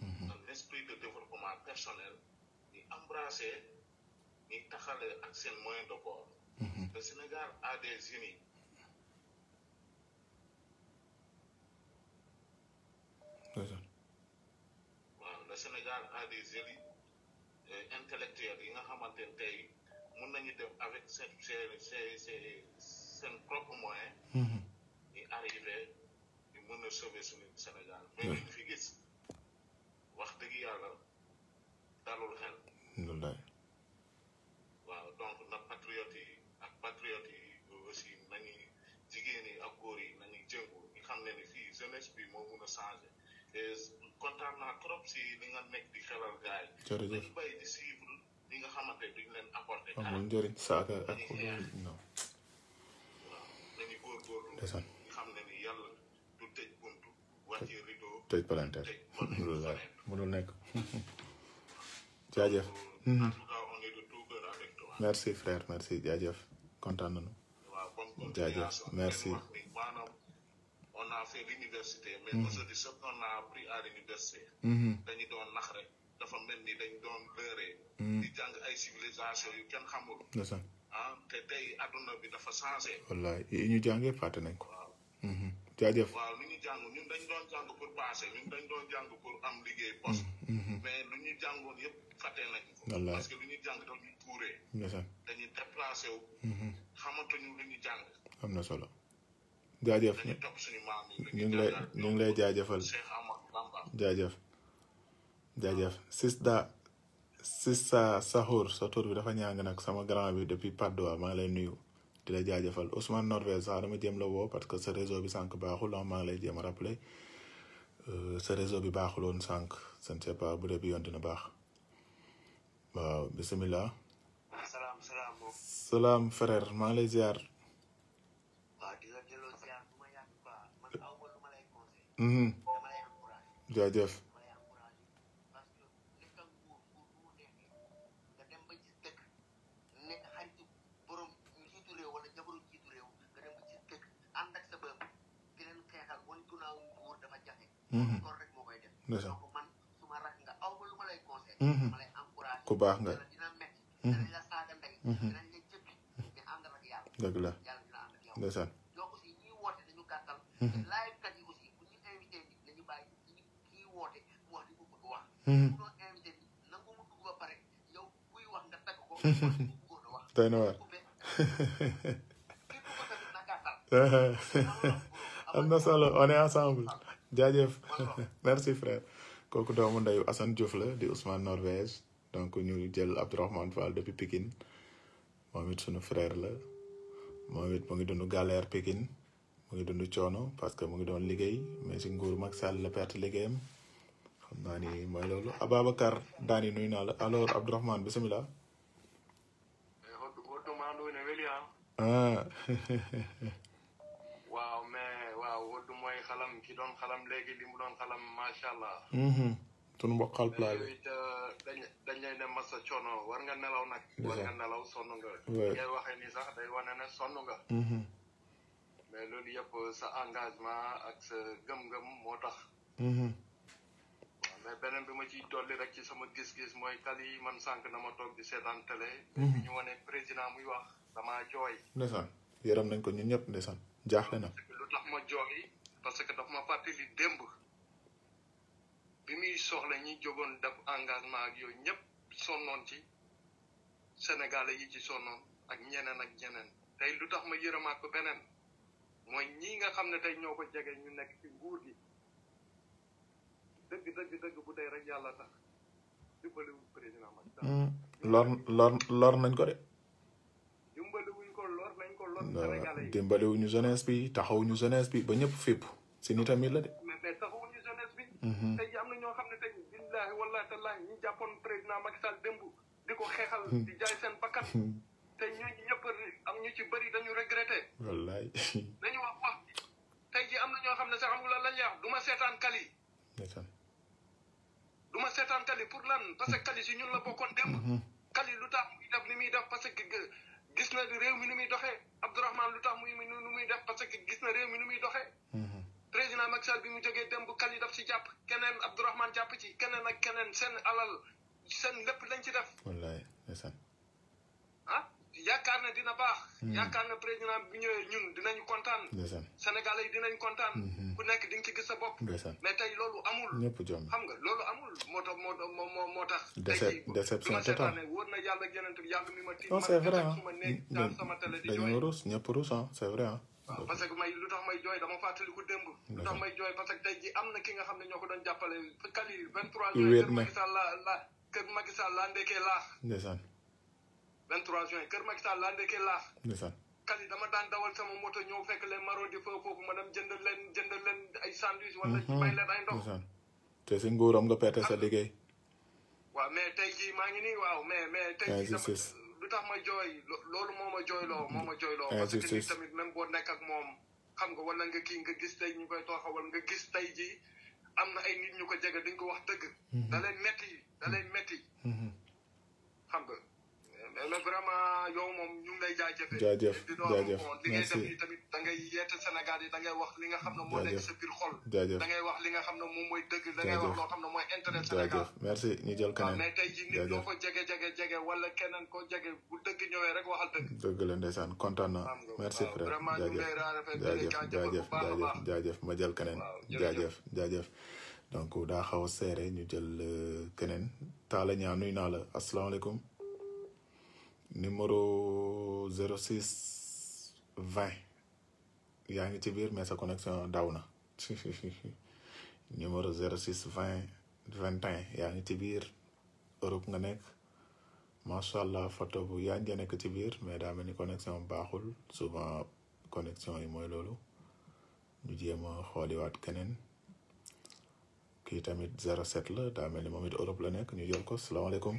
Mhm. dans l'esprit de développement personnel, et embrasser, ni taxaler ak seen moyens de bord. Mhm. Le Sénégal a des unis. le Sénégal a des élites euh, intellectuels yi nga xamante ne tey qui, nañu avec ses propres moyens, propre moyen. et arrivé ñu le sauver le Sénégal mais liñ wax dëgg yàlla dalul xel. wallaay. waaw donc na patriote yi ak patriote yi aussi nañuy jigéen yi ak góor yi nañuy jëngu ñu xam ne ni fii jeunesse bi moo mun a changé et kontaan trop si li nga nekk di xelal gars yi. jërëjëf dañu di suivre li nga xamante duñ leen apporté. amul njëriñ saaka ak non. waaw dañuy góorgóorlu. ñu xam ne yàlla du tëj buntu. tëj palanteer mënul nekk nekk *laughs* jaajëf mhm. merci frère merci jaajëf kontaan nañu merci on a mhm. à l'université mhm. dañu doon nax dafa mel ni doon lëree di jàng ay civilisation yu kenn xamul ah te tey adduna bi dafa changé wallaay yi ñu jàngee fàtte nañ ko Jadi, waaw lu ñu jàng ñun dañ doon jàng pour passé ñun dañ doon jàng pour am liggéey poste mm-hmm, mm-hmm. mais lu ñu jàngoon yëpp fàtte nañ ko parce que lu ñu jàng daf ñu tuuree dañuy déplacé wu mm-hmm. xamatuñu lu ñu jàng am na solo ñu ngi lay ñu ngi lay sista sista sahur sa tur bi dafa ñàng sama grand bi depuis padua maa lay nuyu la jaajëfal Ousmane Norvège sax dama jéem la woo parce que sa réseau bi sànq baaxul ah maa lay jéem a rappelé euh, sa réseau bi baaxuloon woon sànq je ne sais pas bu dee bi yoon dina baax waaw bisimilah. salaam frère maa lay ziar. góor mhm. rek moo koy def donc man su ma rak nga aw ma lu ma lay conseil mhm. ma lay encouragé ku baax nga dina metti mhm. dinañ la saaga ndey dinañ la jëppi mais àndal ak yàlla dëgg la yàlla dina ànd ak yow ndeysaan donc aussi ñuy woote dañu gàttal live kat yi aussi bu ñu invité nit dañu bàyyi ñi kii woote mu wax li mu bëgg wax bu doon invité nit nangu mu dugg ba pare yow buy wax nga tagg ko góor a wax tey na waar *laughs* *laughs* am na solo on est ensemble jaajëf *laughs* merci frère kooku doomu ndeyu Assane Diouf la di Ousmane Norvège donc ñu jël Abdourahmane Fall depuis Pikine moom it sunu frère la moom it mu ngi dund galère Pikine moo ngi dund coono parce que mu ngi doon liggéey mais si nguur Macky Sall la perte liggéeyam xam naa ni mooy loolu Ababacar daani nuyu naa la alors bi bisimilah. Eh, ah. *laughs* ci doon xalam léegi li mu doon xalam macha allah. Mhm. sunu mbokk alpulaar bi dañ lay ne masa coono war nga nelaw nag. war nga nelaw sonn nga. ngay waxee ni sax day wane ne sonn nga. Mhm. mais loolu yëpp sa engagement ak sa gëm-gëm moo tax. Mhm. mais beneen bi ma ciy rek ci sama gis-gis mooy kali man sànq na ma toog di seetaan tele bi ñu wane président muy wax damaa jooy. ndeysaan yaram nañ ko ñun ñëpp ndeysaan jaaxle na. lu ma jooy. parce que dafa ma fàttali démb bi muy soxla ñi jógoon def engagement ak yooyu ñëpp sonnoon ci sénégalais yi ci sonnoon ak ñeneen ak ñeneen tey lu tax ma yërëmaat ko beneen mooy ñi nga xam ne tey ñoo ko jege ñu nekk ci nguur gi dëgg dëgg dëgg bu dee rek yàlla tax dimbaliwul président Macky Sall hmm, lor lor lor nañ ko de dimbaliwuñu jeunesse bi taxawuñu jeunesse bi ba ñëpp fépp si ni tamit la de. mais taxawuñu jeunesse bi. Mhm. tey am na ñoo xam ne tey billaahi wallaahi tallaahi ñu jàppoon président Macky Sall démb di ko xeexal. Hmm. di jaay seen bakkan. Hmm. tey ñooñu ñëpp ci bëri dañu regretté. wallaay. dañu *laughs* ji am na ñoo xam ne sax amul lan la du seetaan kali. du ma seetaan kali pour lan parce kali si ñun la bokkoon démb. Mhm. kali lu tax muy def li muy def gis na réew mi nu muy doxee Abdourahmane lu tax muy nu muy def parce que gis na réew mi nu muy doxee. président Macky Sall bi mu jógee démb kan daf ci jàpp keneen abdourahman jàpp ci keneen ak keneen seen alal seen lépp lañ ci def. wallaay ndeysaan. yaakaar na dina baax. Hmm. yaakaar président bi ñëwee ñun dinañ kontaan. Sénégalais yi dinañ kontaan. Hmm. ku nekk di nga gis sa bopp. mais tey loolu amul. ñëpp jom xam nga loolu amul moo tax moo moo moo tax. décep déception totale tey wóor na yàlla yeneen yàlla mi ma. tiim non c' est vrai ah dañoo ruus ñëpp ruus parce que may lu tax may jooy dama fàttali ku démb. lu tax may jooy parce que tey ji am na ki nga xam ne ñoo ko doon jàppale kali 23 juin. wér na kër Macky Sall la kër 23 juin Kër Macky Sall laa ndekkee laaf. kali dama daan dawal sama moto ñëw fekk leen maroon di foofu foofu ma dem jëndal leen jëndal leen ay sandwich. wala mhm. may leen ay ndox. te si nguur am nga perte sa liggéey. waaw mais tey jii maa ngi nii waaw mais mais tey ah, jii dama lu tax ma jooy loolu moo ma jooyloo moo ma jooyloo ah, parce que nit tamit même boo nekk ak moom xam nga wala nga kii nga gis tey ñu koy tooxawal nga gis tey jii am na ay nit ñu ko jege dañ ko wax dëgg mhm. da leen metti da leen mhm. nga la vraiment yow moom ñu ngi lay jaajëfee. jaajëf jaajëf li da ngay yeete Sénégal yi da ngay wax li nga xam ne moo sa biir xol. da ngay wax li nga xam ne moom mooy da ngay wax loo xam ne mooy Sénégal. jaajëf merci ñu jël keneen mais tey ji nit ñoo ko jege jege wala ko bu rek waxal la merci frère ma jël donc xaw ñu jël euh, la numéro 06 20 yaa ngi ci biir mais sa connexion daw na numéro 06 20 21 yaa ngi ci biir Europe nga nekk macha allah photo bu yaa ngi nekk ci biir mais daa mel ni connexion baaxul souvent connexion yi mooy loolu ñu jéem a xooliwaat keneen kii tamit 07 la daa mel ni moom it Europe la nekk ñu jël ko salaamaaleykum.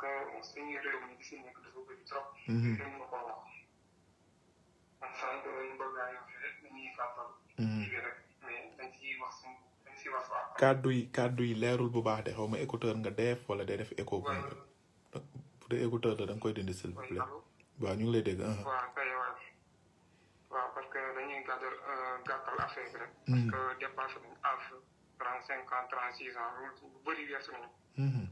que suñuy réew mi kàddu yi leerul bu baax de xaw ma écouteur nga def wala day def écho. waaw bu écouteur da nga koy dindi s'il vous plaît. waaw ñu lay dégg. Uh-huh. waaw kay parce que dañuy gàttal euh, gàttal affaire bi rek. parce mhm. six ans lu bëri weesu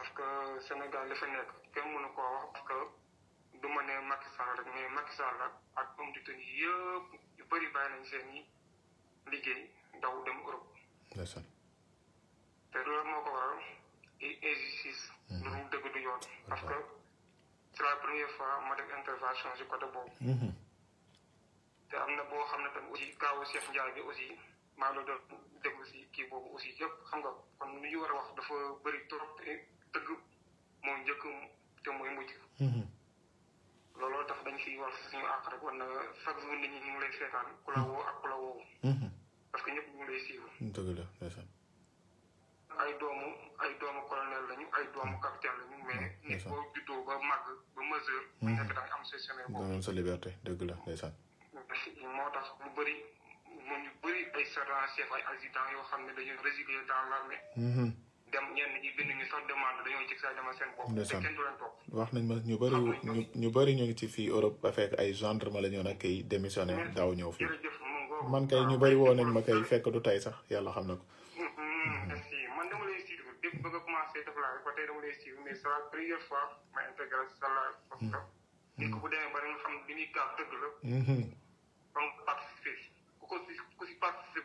parce que Sénégal li fi nekk kenn mënu koo wax parce que du ma ne Macky Sall rek mais Macky Sall ak homme de tenue yëpp yu bari bàyyi nañ seen i liggéey daw dem Europe. te loolu moo ko waral i lu dul dëgg du yoon. parce que c'est la première fois ma def intervention si côté boobu. Mhm. te am na boo xam ne tam aussi kaawu Cheikh Ndiaye bi aussi maa ngi doon déglu si kii boobu aussi yëpp xam nga kon lu ñu war a wax dafa bëri trop. tëgg moom njëkk te mooy mujj. Mhm. looloo tax dañ ciy war suñu àq rek war na chaque jour nit ñi ñu lay seetaan ku woo ak ku la mhm. parce que ñëpp ñu ngi lay dëgg la ndeysaan. ay doomu ay doomu colonel lañu ay doomu mhm. capitaine lañu mais. nit boo juddoo ba màgg ba majeur. bu nekk da am sa chemin boobu. da sa liberté dëgg la ndeysaan. moo tax lu bëri mu ñu bëri ay sergent chef ay adjudant yoo xam ne dañuy résider dans l'armée. dem ñenn ñi bind ñu sax demande dañoo jig saa demal seen bopp te kenn du wax nañ ma ñu bëri ñu bëri ñu ngi ci fii Europe ba ay gendarme la ñoo nag kay démissionné daaw ñëw fii man kay ñu bëri woo nañ ma kay fekk du tey sax yàlla xam na mm-hmm, mm-hmm. merci man dama lay suivre dép bëgg a def laa ba tey dama lay suivre mais c'est première fois ma intégré ko bu nga xam la mm-hmm. donc participer ko participer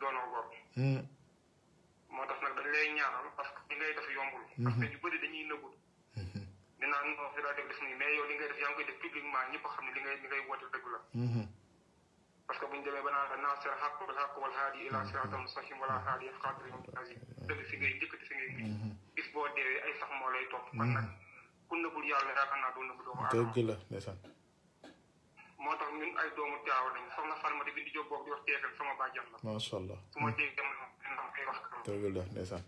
gor moo tax nag dañ lay ñaanal parce que li ngay def yombul. Mhm. parce que ñu bëri dañuy nëbbu. Mhm. dinaa noo fi laa def def nii mais yow li ngay def yaa mhm. parce que bu demee ba naan naasir xaq wal xaq wal haadi ila siraatal mustaqim wala haadi xaadir muntasi dëgg fi ngay njëkk fi ngay mujj. bis boo deewee sax moo lay topp. ku nëbbul yàlla yaakaar naa doo nëbbu doomu aadama. dëgg la moo tax ñun ay doomu Tiwaawan lañ soxna Falma di bind Jóob boobu di wax TFM sama bàjjan la. macha allah su ma dégg dama dama koy wax. dafa am moo tax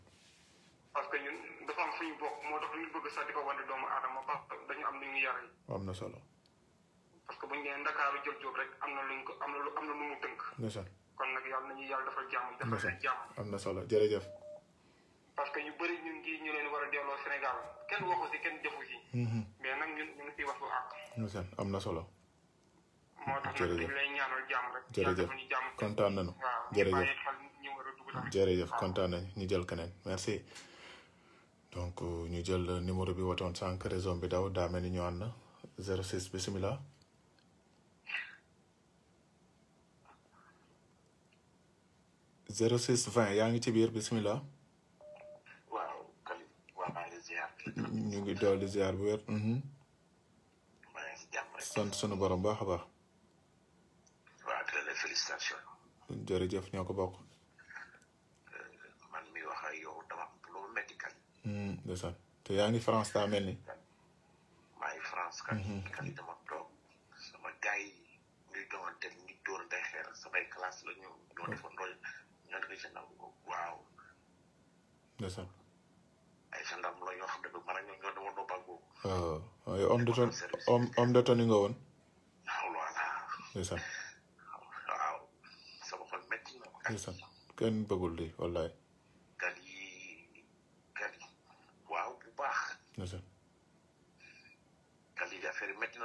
ñu bëgg sax ko wane doomu aadama parce que am lu ñu yaree. am na solo. parce que bu ñu Ndakaaru jël rek am na luñ ko am lu am na lu mu tënk. ndeysaan kon nag yàlla nañu yàlla defal jàmm. defal seen jàmm am na solo jërëjëf. parce que ñu bëri ñun ngi ñu leen war a delloo Sénégal kenn waxu si kenn jëfu si. Mm-hmm. mais nag ñun ñu ngi siy wax lu àq. am na solo jërëjëf jërëjëf kontaan nañu jërëjëf jërëjëf kontaan nañu ñu jël keneen merci donc euh, ñu jël euh, numéro bi watoon sànq réseau bi daw daa ni ñu ànd 06 bisimilah. zéro six vingt yaa ngi ci biir bisimilah. ñu ngi dool di ziar bu wér. Mhm. sunu borom baax a baax. félicitation jërëjëf ñoo ko bokk eh, man mi wax ak yow dama lu metti kan hmm, ndeysaan te yaa ngi France daa mel ni maa ngi France kan hmm, hmm. kan dama toog sama gars yi ñuy doonante ñu dóor day xeer samay classe la ñu ñoo defoon loolu ñoo def ci ndaw waaw ndeysaan ay gendarme la ñoo xam ne man ak ñoom ñoo demoon doo bàggoo waaw homme de homme de nga woon ndeysaan kenn bëggul lii wallaay. gan yi gan yi waaw na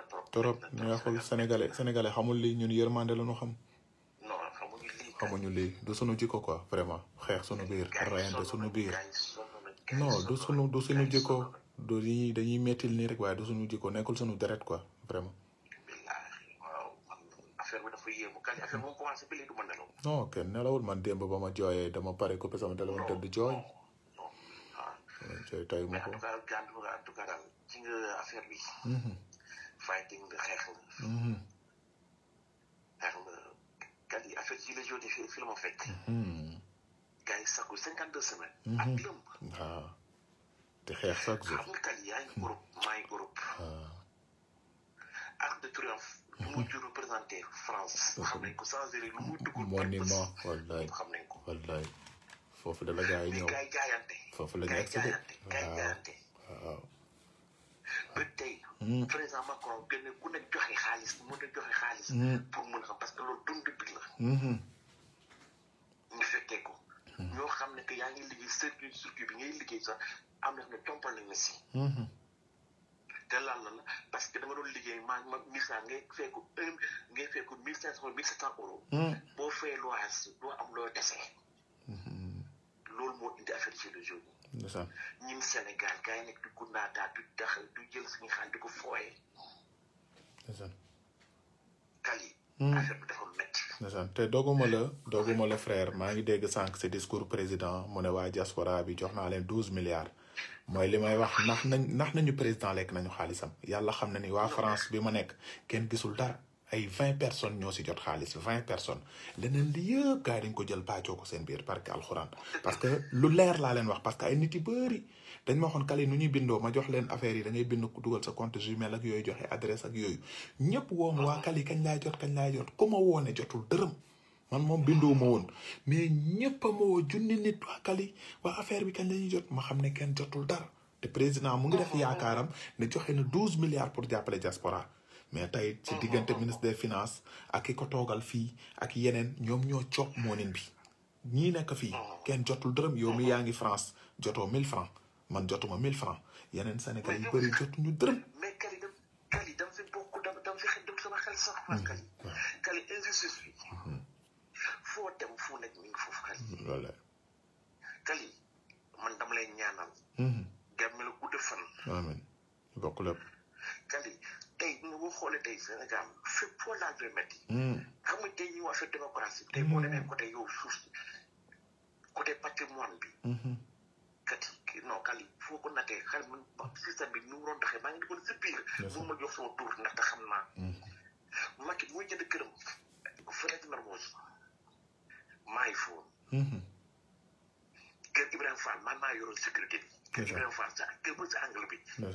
trop. trop neexul sénégalais sénégalais xamul lii ñun yërmande la ñu xam. non xamuñu lii. du sunu jikko quoi vraiment xeex sunu biir. rayante sunu biir. non du sunu du sunu jikko du dañuy dañuy méttil nii rek waaye du sunu jikko nekkul sunu deret quoi vraiment. affaire boo commencé ba léegi du ma nelaw. non kenn nelawul man démb ba ma jooyee dama pare coupé sama téléphone te di joy non non jooy tey ma ko en tout cas en tout cas daal ci nga affaire bi. fighting nga xeex nga. xeex nga kat yi affaire yi la jooy fii fii la ma fekk. gars yi sakku cinquante deux semaines. ak lëmb. waaw te xeex chaque jour. xam nga kat yaa ngi groupe maa arc de triomphe. mujj mhm. représenté France. Mhm. xam nañ ko changé lu mu dugg. monument wallaay foofu dala gaa yi jaayante. foofu la gaa yi jaayante gaa jaayante. waaw ba tey. Hmm. président Macron gën ku ne joxe xaalis mën a joxe xaalis. Hmm. pour mën xam parce que loolu dund bi la. Hmm. ñu fekkee ko. ñoo xam ne que yaa ngi liggéey circuit bi ngay liggéey sax am ne tompal nañ la si. dalal la parce que dama doon liggéey maa ma misaal ngay fekku un ngay fekku mille cinq cent mille hmm. boo fayee loyer am loo dese. Hmm. loolu moo indi affaire ci le jour. Sénégal gars nekk di guddaataa du du jël suñu xaalis di ko fooyee. kali. Hmm. affaire bi te dogguma la frère maa ngi dégg sànq sa discours président mu ne waa diaspora bi jox naa leen douze milliards. moy limay wax nax nañ ndax nañu président lek nañu xaalisam yàlla xam na ni waa France bima nek ken gisul dar ay 20 personnes ñoo ci jot xaalis 20 personnes leneen li yëpp gars dañ ko jël bàccoo ko seen biir parce que alxuraan parce que lu leer la leen wax parce que ay nit yi beuri dañ ma waxoon kali nu ñuy bindo ma jox leen affaire yi da ngay bind duggal sa compte Gmail ak yoy joxe adresse ak yoy ñëpp woom wa kali kañ laay jot kañ laay jot kuma ma woone jotul deureum man moom binduwuma woon mais ñëpp a ma woo junni nit waa Kali waa affaire bi kañ lañuy jot ma xam ne kenn jotul dara te président mu ngi def yaakaaram ne joxe na douze milliards pour jàppale diaspora mais tey ci diggante ministre des finance ak ki ko toogal fii ak yeneen ñoom ñoo coop moonin bi ñii nekk fii oh. kenn jotul dërëm yow mi yaa ngi France jotoo mille francs man jotuma mille francs yeneen Sénégal yu bëri jotuñu dërëm. mais foo dem fu nekk mi foofu kali kali man dama lay ñaanal gàmmi mhm. la gudda fan amiin bokk lépp kali tey ñu ko xoolee tey Sénégal fépp foo laal bi métti mhm. xam nga tey ñu wax sa démocratie tey boo demee mhm. côté yow suuf si côté patrimoine bi kat yi non kali foo ko Mm-hmm. maa yoroon sécurité bi. kër Ibrahima Fall sa kër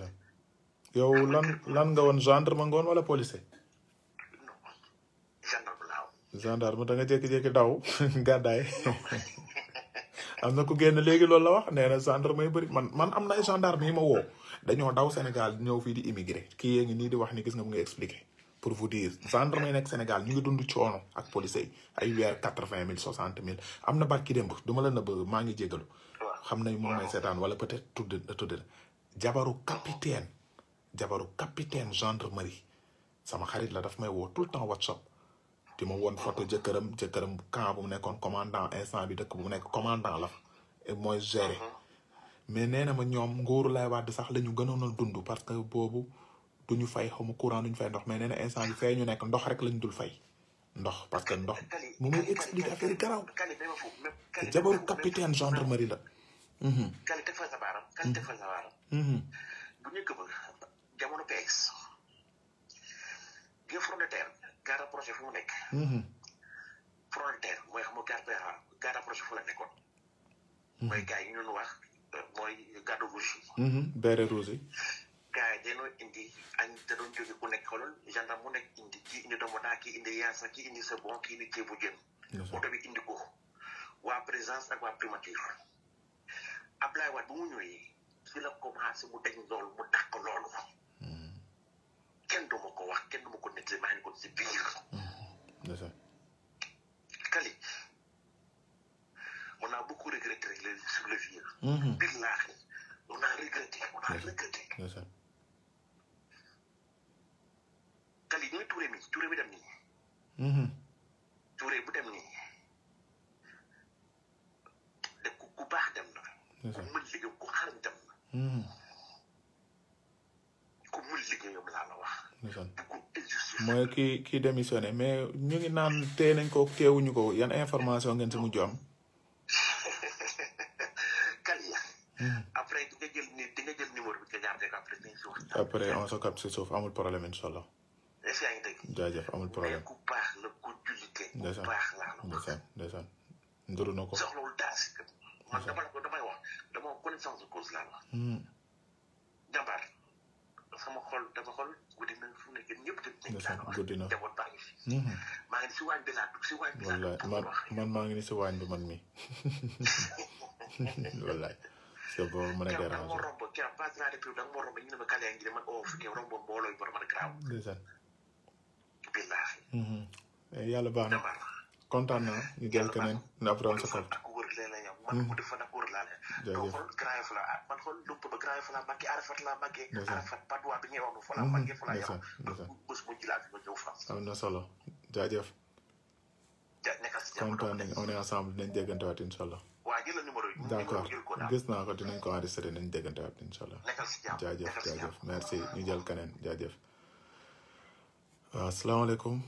yow lan lan nga woon gendarme nga woon wala policier. gendarme laa woon. gendarme da nga jékki-jékki daw *laughs* gàddaay. *laughs* am na ku génn léegi loolu la wax nee na gendarme yu bëri man man am na ay gendarme yi ma woo dañoo daw Sénégal ñëw fii di immigré kii yee nii di wax ni gis nga mu ngi expliqué. pour vous dire gendarme yi nekk Sénégal ñu ngi dund coono ak police ay weer quatre-vingt mille soixante mille am na barki démb du ma la nëbb maa ngi jégalu. xam nañ moom may seetaan wala peut-être tudd tudd jabaru capitaine jabaru capitaine gendarmerie sama xarit la daf may woo tout le temps WhatsApp. di ma woon photo jëkkëram jëkkëram camp bu nekkoon commandant instant bi dëkk bu mu nekk commandant la fa mooy gérer mhm. mais nee na ma ñoom nguuru lay waat sax la ñu a du ñu fay xamu courant du ñu fay ndox mais nee instant bi ñu nekk ndox rek lañ dul fay ndox parce que ndox mu may expliquer affaire yi garaaw te jabaru capitaine gendarmerie la. kali teg fa fu nekk front de bere rouge gars yi dañoo indi añ da doon jóge ku nekk xoolal gendarme mu nekk indi kii indi domoda kii indi yaasa kii indi sabon kii indi ceebu jën oto bi indi ko waa présence ak waa primature Ablaye Wade bu mu ñëwee fi la commencé mu dañ loolu mu dàq loolu hmm. kenn du ko wax kenn du ko nettali ko si biir hmm. kali on a beaucoup regretté sur le vieux. Hmm. Billahi, on a regretté, on a regretté. kali ñooy Touré mi Touré mi dem nii. Mhm. Touré bu dem nii mhm. la wax. mooy kii kii démissionné mais ñu ngi naan tee nañ ko teewuñu ko yan information ngeen si mujj am. *laughs* Mhm. après après. amul problème incha allah. est-ce que yaa ngi dégg. jaajëf amul problème mais ku baax la ku jullite. ku baax la la bëgg ndeysaan ndeysaan nduru na ko. soxlawul daas man dama la ko damay wax dama connaissance de cause laa wax. jàmbaar sama xol dama xol guddi na fu nekk ñëpp dem nañ laa wax guddi na demoon baa ngi fi. maa ngi si waañ bi laa dugg si waañ bi laa dugg. wallaay man man maa ngi ni si waañ bi man mi wallaay. sëñ bi mën a gërëm. keroog maa ngi romb keroog pas de la république da nga ma ma kale ngi ne man fi ne romb mbooloo yi e borom man garaaw. billaahi. Mhm. Eh, yàlla baax na kontaan naa ñu jël keneen ñu après on se capte. man guddi mhm. fan ak wóor laa leen. donc xool Grand Yoff laa ah, man xool lu ba Grand Yoff laa màggee Arafat laa màggee. Arafat Padois bi ñuy wax fa laa mhm. bi ma ñëw fa. am na solo jaajëf. ja nekkal ensemble dinañ déggantewaat incha allah. waa jël la naa ko dinañ ko enregistré dinañ déggantewaat incha allah. nekkal si jàmm jaajëf jaajëf merci ñu jël keneen jaajëf. waaw salaamaaleykum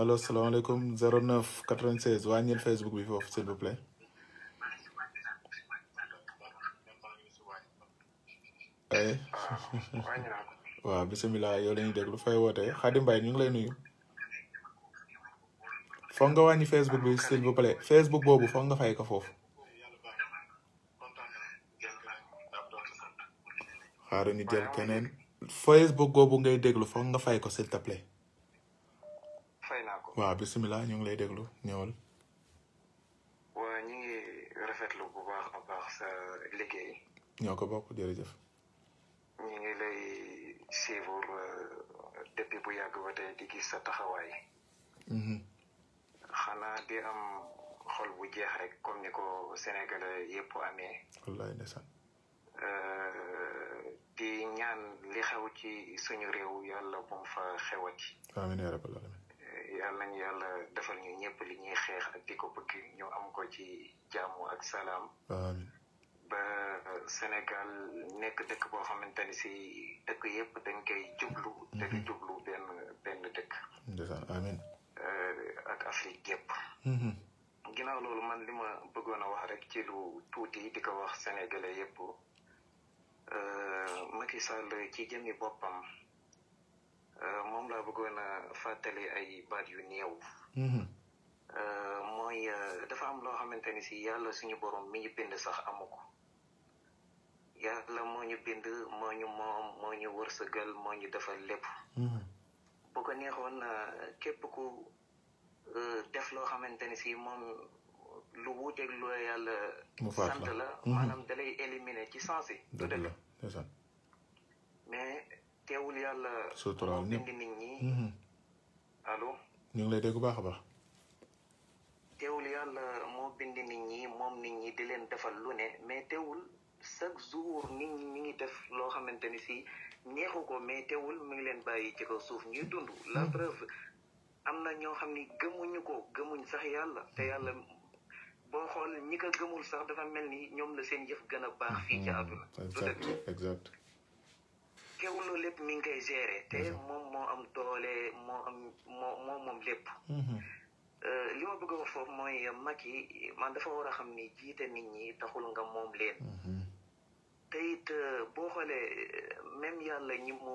allo salaamaaleykum 09 96 wàññil Facebook bi foofu s'il vous plaît eh. ay *laughs* waaw bisimilah yow la ñuy déglu fay wootee Xadi Mbaye ñu ngi lay nuyu foog nga wàññi Facebook bi s'il vous Facebook boobu foog nga fay ko foofu xaaru ñu jël keneen Facebook goobu ngay déglu foog nga fay ko s'il fay naa ko waaw bisimilah ñu ngi lay déglu ñëwal. waa ñu ngi rafetlu bu baax a baax sa liggéey. ñoo ko bokk jërëjëf. ñu ngi lay suivre euh, depuis bu yàgg ba tey di gis sa taxawaay. Mhm. xanaa di am xol bu jeex rek comme ni ko sénégalais yëpp amee. wallaay Euh, di ñaan li xew ci suñu réew yàlla bu mu fa xewati. amiin yaa rabbal euh, yàlla nañu defal ñu ñëpp li ñuy xeex ak di ko bëgg ñu am ko ci jàmm ak salaam. ba Sénégal nekk dëkk boo xamante ni si dëkk yëpp dañ koy jublu. Mhm. da jublu benn benn dëkk. ndeysaan euh, ak Afrique yëpp. Mhm. ginnaaw loolu man li ma bëggoon a wax rek ci lu tuuti di ko wax sénégalais yëpp. Euh, Macky Sall ci jëmmi boppam euh, moom la bëggoon a fàttali ay baat yu néew. Mhm. Euh, mooy dafa am loo xamante ni si yàlla suñu borom mi ñu bind sax amu ko yàlla moo ñu bind moo ñu moom moo ñu wërsëgal moo ñu defal lépp. Mhm. bu ko neexoon képp ku def loo xamante si moom. lu wuuteeg lu yàlla. mu faat la sant la. Mhm. maanaam da lay éliminer ci sens yi. dëgg mais teewul yàlla. suturaal ñëpp nit ñi. Mhm. moo bind nit ñi moom nit ñi di leen defal lu ne mais teewul chaque jour nit ñi ngi def loo xamante ni si neexu ko mais teewul mu ngi leen bàyyi ci kaw suuf ñuy dund. la mhm. preuve am na ñoo ni gëmuñu ko gëmuñ sax yàlla te yàlla boo xool ñi ko gëmul sax dafa mel ni ñoom la seen yëf gën a baax fii ci mhm. àdduna exact exact teew loolu lépp mi ngi koy gérer te mhm. moom moo am doole moo am moo moom moom lépp mhm. euh, li ma bëgg foofu mooy mag yi man dafa war a xam ni jiite nit ñi taxul nga moom leen te it euh, boo xoolee euh, même yàlla ñi mu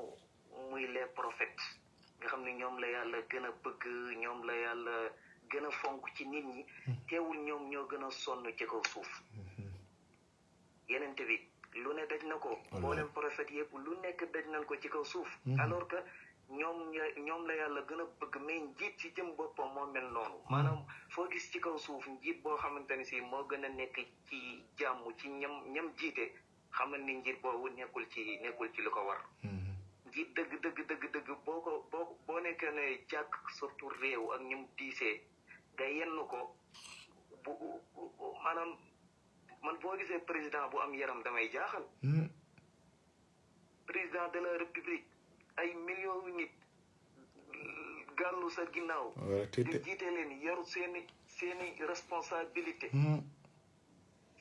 muy les prophètes nga xam ne ñoom la yàlla gën a bëgg ñoom la yàlla gën a fonk ci nit ñi hmm. teewul ñoom ñoo gën a sonn ci kaw suuf hmm. yenente bi lu ne daj na ko mboolem prophète yëpp lu nekk daj nañ ko ci kaw suuf hmm. alors que ñoom la yàlla gën a bëgg mais njiit ci jëm boppam moo mel noonu maanaam foo gis ci kaw suuf njiit boo xamante ni si moo gën a nekk ci jàmm ci ñam ñam jiite xamal ni njiit wu nekkul ci nekkul ci lu ko war njiit dëgg dëgg dëgg boo ko boo boo nekkee ne jàkk surtout réew ak ñum diisee nga yenn ko bu maanaam man boo gisee président bu am yaram damay jaaxal. Hmm. président de la république ay millions yu nit gàllu sa ginnaaw. di jiite leen yaru seeni seeni responsabilité. Hmm.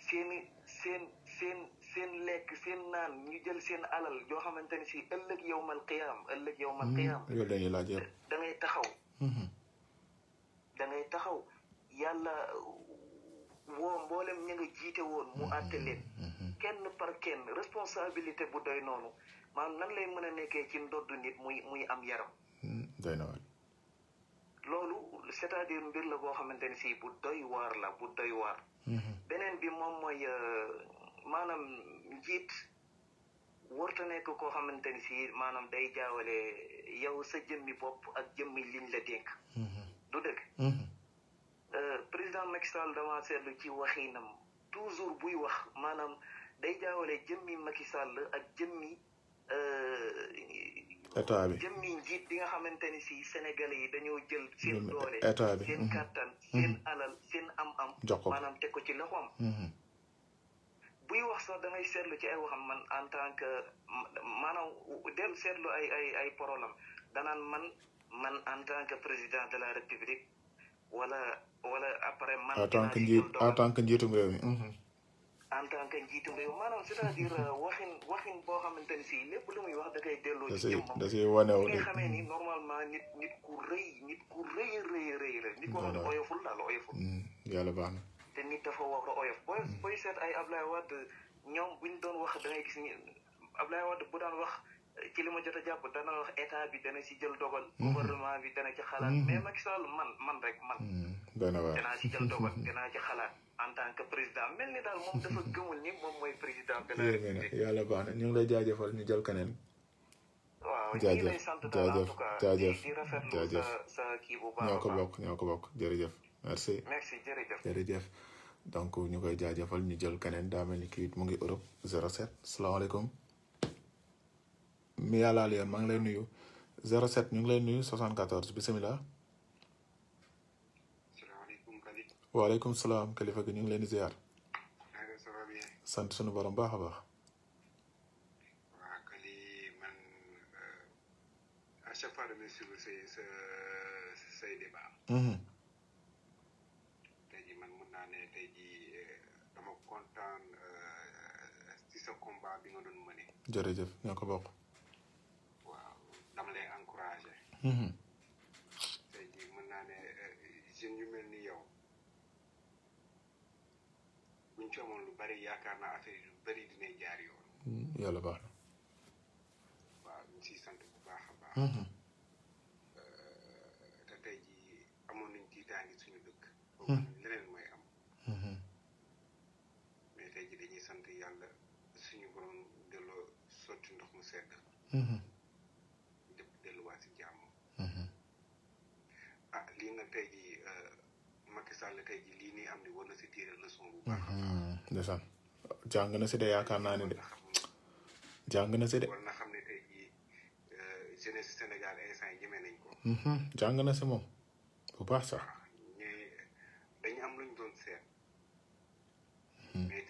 seeni seen seen seen lekk seen naan ñu jël seen alal yoo xamante ne si ëllëg yowmal qiyaam ëllëg yowmal hmm. qiyaam. da ngay taxaw. da ngay taxaw yàlla uh, woo mboolem ña nga jiite woon mu àtte mm-hmm. Mm-hmm. kenn par kenn responsabilité bu doy noonu maanaam nan lay mën a nekkee ci ndodd nit muy muy am yaram mm-hmm. doy na waar loolu c'est-à-dire mbir la boo xamante ne si bu doy waar la bu doy waar beneen bi moom mooy euh, maanaam jiit warta nekk koo xamante ne si maanaam day jaawale yow sa jëmmi bopp ak jëmmi liñ la dénk du dëgg. Mhm. Euh, président Macky Sall dama seetlu ci waxinam toujours buy wax maanaam day jaawale jëmmi Macky Sall ak jëmmi. Euh, état bi jëmmi njiit bi nga xamante ni si Sénégalais yi dañoo jël. seen doole seen mhm. kàttan mhm. seen alal seen am-am. jox ko maanaam teg ko ci loxoom. buy wax sax da ngay seetlu ci ay waxam man en tant que maanaam dem seetlu ay ay ay problème man. man en tant que président de la république wala wala après. man en tant que njiit en tant que njiitum mhm. en tant que njiitum réew maanaam c'est-à-dire *laughs* euh, waxin boo xamante ni si lépp lu wax da koy delloo. ci jëmmam da ciy wane wu nga xamee ni mm. normalement nit baax na. te nit dafa war a oyof booy mm. booy seet ay Ablaye Wade ñoom buñ doon wax da ngay gis ni Ablaye Wade bu wax. ci li ma jot a jàpp état bi dana ci jël dogal. Mhm. gouvernement bi dana ci xalaat. Mhm. mais Macky Sall man man rek man. Mhm. dana wax dana ci jël dogal *laughs* dana ci xalaat. en tant que président melni dal mom dafa gëmul ni mom moy président de la République. yalla baax na ñu lay jaajeufal ñu jël keneen. waaw ñu ngi lay sant daal en tout cas jaajëf jaajëf jaajëf sa kii bu baax ñoo ko bokk ñoo ko bokk jërëjëf. merci merci jërëjëf jërëjëf. donc ñu koy jaajëfal ñu jël keneen daa mel ni kii mu ngi Europe 07 salaamaaleykum. mi yàlla aliya maa ngi lay nuyu 07 ñu ngi lay nuyu 74 bisimilah. waaleykum salaam kalifa gi ñu ngi leen di ziar. sant sunu borom baax a baax. Euh, mhm. tey jii man mun naa ne tey euh, dama kontaan euh, ci sa ñoo ko bokk. tey jii mën naa ne jeunes yu mel ni yow buñ ci amoon lu bari yaakaar naa affaire lu bari dinay jaar yoon. yàlla baax na. waaw ñu si sant bu baax a baax. te tey jii amoon nañ tiitaangi suñu dëkk. leneen mooy am. mais tey ji dañuy sant yàlla suñu borom delloo sotti ndox mu sedd. tey jii eh, Macky Sall tey jii lii nii am ni war na si leçon bu baax. Hmm, ndeysaan jàng na si de yaakaar naa ne de jàng na si de. war na xam ne eh, jeunesse Sénégal instant nañ ko. Hmm, na bu baax sax. Ah, dañu am luñ doon hmm. mais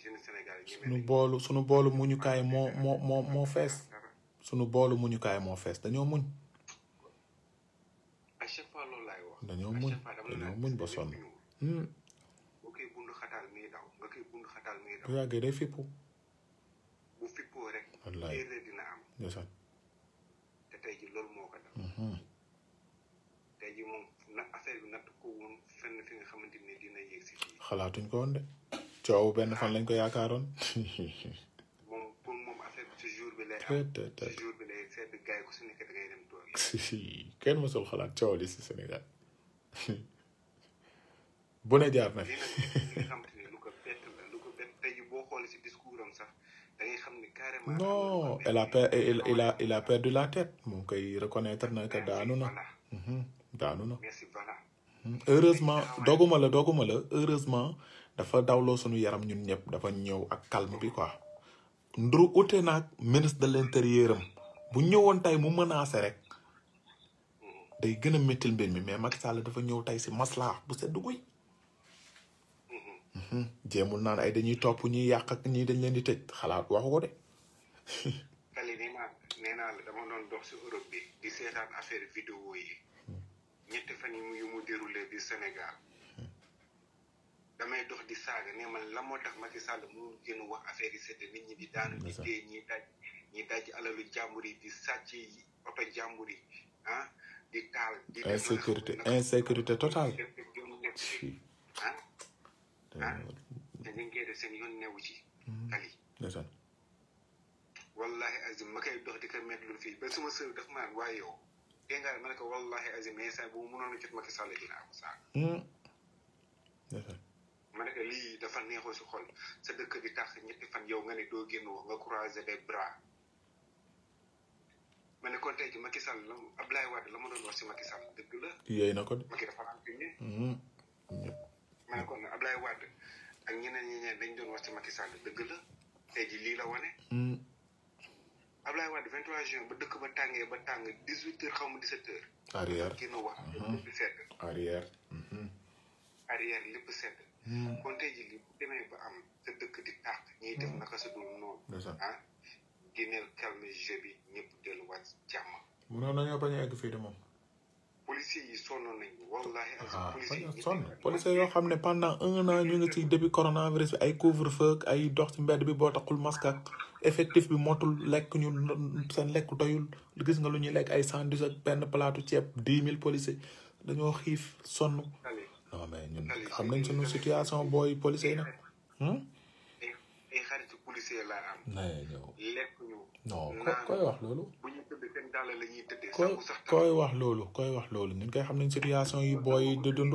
jeunesse Sénégal nañ ko. sunu sunu boolu muñukaay moo moo moo sunu dañoo muñ dañoo muñ ba sonn. Hmm. bu yàggee day fippu. tey ji loolu moo hmm. ji moom na nga xamante xalaatuñ ko woon de coow benn fan lañ ko yaakaaroon. *laughs* moom pour moom xalaat coow li si Sénégal. *laughs* bu ne jaar na. nga boo xoolee si discours sax xam ni carrément. non il a il a il a perdu la tête moom koy reconnaître na que daanu na. Mhm, daanu na. Mhm, heureusement doguma la doguma la heureusement dafa dawloo suñu yaram ñun ñëpp dafa ñëw ak calme bi quoi. nduru ute naag ministre de l' intérieur am bu ñëwoon tey mu menacé rek. day gën a méttil mbir mi mais Macky Sall dafa ñëw tey si maslaa bu sedd guy. Mm-hmm. Mm-hmm. jéemul naan ay dañuy topp ñuy yàq ñii dañ leen di tëj xalaat waxu *laughs* nee naa dama doon dox si Europe affaire vidéo yi mm-hmm. ñetti bi Sénégal damay dox di saaga ne man la moo tax Macky Sall mu gën a wax affaire yi sedd nit ñi di daanu di dee ñi daj ñi daj alalu jàmbur yi di sàcc yi oto jàmbur yi ah. di taal di insécurité insécurité totale ah te ñu ngi koy def seen yoon ci mhm. tali wallahi azim ma koy dox di ko mettre fii ba suma sër dafa ma naan waaye yow dégg nga ma ne ko wallahi azim mais saa bu mu mënoon a jot Macky Sall dinaa ko hmm. saag ma ne ko lii dafa neexoo si xol sa dëkk bi tax ñetti fan yow nga ne doo génn wax nga croiser les bras ma ne kon tey ji Macky Sall la Abdoulaye Wade la ma doon wax si Macky Sall dëgg la. yooyu na ko de Macky dafa renseigné. Hmm. ma ne kon nag Abdoulaye Wade ak ñeneen ñi ñeneen dañ doon wax si Macky Sall dëgg la tey ji lii la wane. Hmm. Abdoulaye Wade 23 juin ba dëkk ba tàngee ba tàng 18 heures xaw 17 heures. arrière génn wax. Hmm. lépp sedd. arrière. arrière lépp sedd. kon tey ji lii bu ba am sa dëkk di tàq ñiy def naka sa dul noonu. ah. génneel calme jeu bi ñëpp delluwaat jàmm. mënoon nañoo bañ a egg fii de moom. policiers yi ah, yoo xam ne pendant un an ñu ngi ci début coronavirus bi ay couvre-feu ay dox ci mbedd bi boo taxul masque ak effectif bi motul lekk ñu seen lekk doyul gis nga lu ñuy lekk ay cent dix ak benn palaatu ceeb dix mille policiers dañoo xiif sonn. non mais ñun xam nañ sunu situation booy policiers yi nag. Hmm? policier laa am. lekk ñu. koy wax loolu. bu ñu tëdd koy wax loolu koy wax loolu ñun koy xam nañ situation yi booy du dund.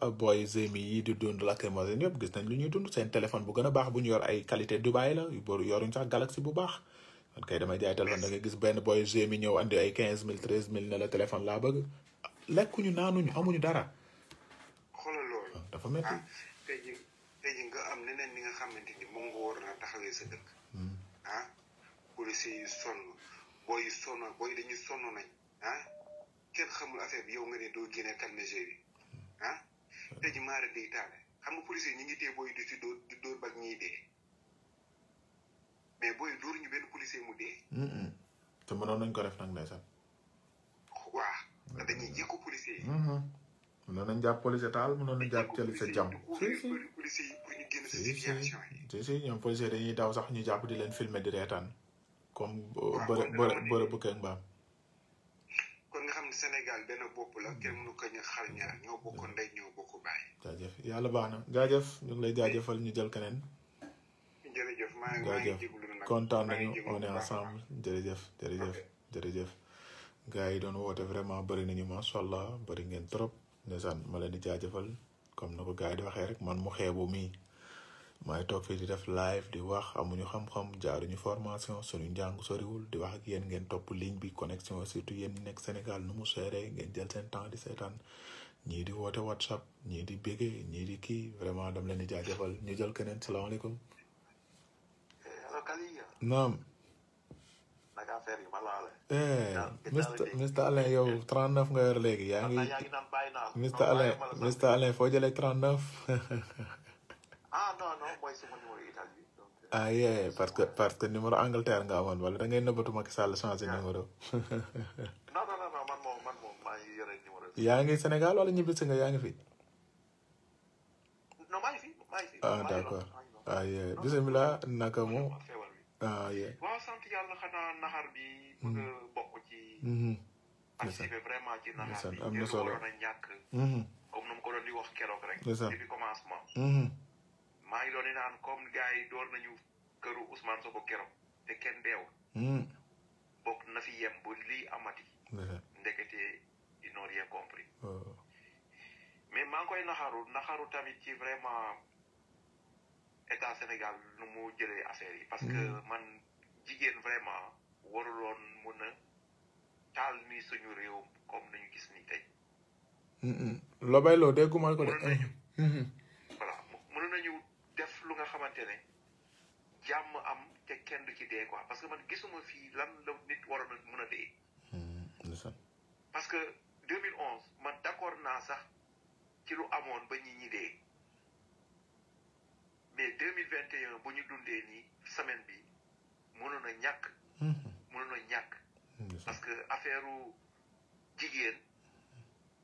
Ah, booy zemi yi du di dund lacrymogène yëpp gis nañ lu ñuy dund seen téléphone bu gën a baax bu ñu yor ay qualité Dubaï la yoruñ sax Galaxy bu baax. man kay damay jaay téléphone da nga gis benn booy zemi ñëw andi ay quinze mille treize mille ne la téléphone laa bëgg. lekkuñu naanuñu amuñu dara. dafa métti. Ah, tey ji nga am neneen ni nga xamante ni moom nga war na taxawee sa dëkk hmm. ah policiers yu sonn booy yu sonn booy dañu sonn nañ ah kenn xamul affaire bi yow nga ne doo génne calmejé bi ah tey ji maara day taale xam nga policiers yi ñu ngi téye booy du ci di dóor bag ñiy mais booy dóor ñu benn policier mu dee te mënoon nañ ko def nag ndeysaan waa dañuy jékku policiers yi mënoon nañ jàpp police taal mënoon nañ jàpp police sa jàmm. si si si si ñoom police dañuy daw sax ñu jàpp di leen filmer di reetaan comme ah, bëre bu kër mbaam. kon mm-hmm. ko ñu xar ñaar mm-hmm. ñoo bokk ndey yàlla baax na jaajëf ñu ngi lay jaajëfal ñu jël keneen. jërëjëf maa ngi maa nañu on ensemble jërëjëf jërëjëf jërëjëf. gars yi doon woote vraiment bëri nañu macha allah bëri ngeen trop. ndeysaan ma leen di jaajëfal comme na ko gars yi di waxee rek man mu xeebu mii maay toog fii di def live di wax amuñu xam-xam jaaruñu formation suñu njàng soriwul di wax ak yéen ngeen topp ligne bi connexion surtout yéen ñi nekk Sénégal nu mu seeree ngeen jël seen temps di seetaan ñii di woote WhatsApp ñii di bégee ñii di kii vraiment dam leen di jaajëfal ñu jël keneen salaamaaleykum. naam. ma laale eh Mr Alain yow 39 nga yor léegi yaa ngi Mr Alain Mr Alain foo jëlee 39 ah non non mooy sama ya. numéro *laughs* Italie ya, ah yeah parce que parce que numéro Angleterre nga amoon wala da ngay nëbbatu Macky Sall changé numéro non non non man moom man moom maa yore numéro yaa ngi Sénégal wala ñibbisi nga yaa ngi fi non fi fi ah d'accord ah yeah bismillah nakamu ah yéen. waaw sant yàlla xanaa naxar bi. bëgg mm-hmm. bokk ci. Mm-hmm. participer vraiment ci naxar bi. am na solo waroon a ñàkk. Mm-hmm. comme nu mu ko doon di wax keroog rek. depuis commencement. maa ngi doon di naan comme gars yi door nañu këru Ousmane Sonko keroog te kenn deewul. bokk na fi yem bu lii amati. ndekete ils n'ont rien compris. Oh. mais maa koy naxaru tamit ci vraiment. état Sénégal nu mu jëlee affaire yi. parce que mm. man jigéen vraiment waruloon mun a taal ni suñu réew comme nañu gis nii tey. lobay loo dégguma ko de. *laughs* Mm-hmm. voilà mën nañu def lu nga xamante ne jàmm am te kenn du ci dee quoi parce que man gisuma fii lan la nit waroon a mun a dee. Mm-hmm. parce que 2011 man d'accord naa sax ci lu amoon ba ñi dee. mais deux mille vingt et un bu ñu dundee nii semaine bi mënoon a ñàkk. Mhm. mënoon a ñàkk. Mm, parce que affaire jigéen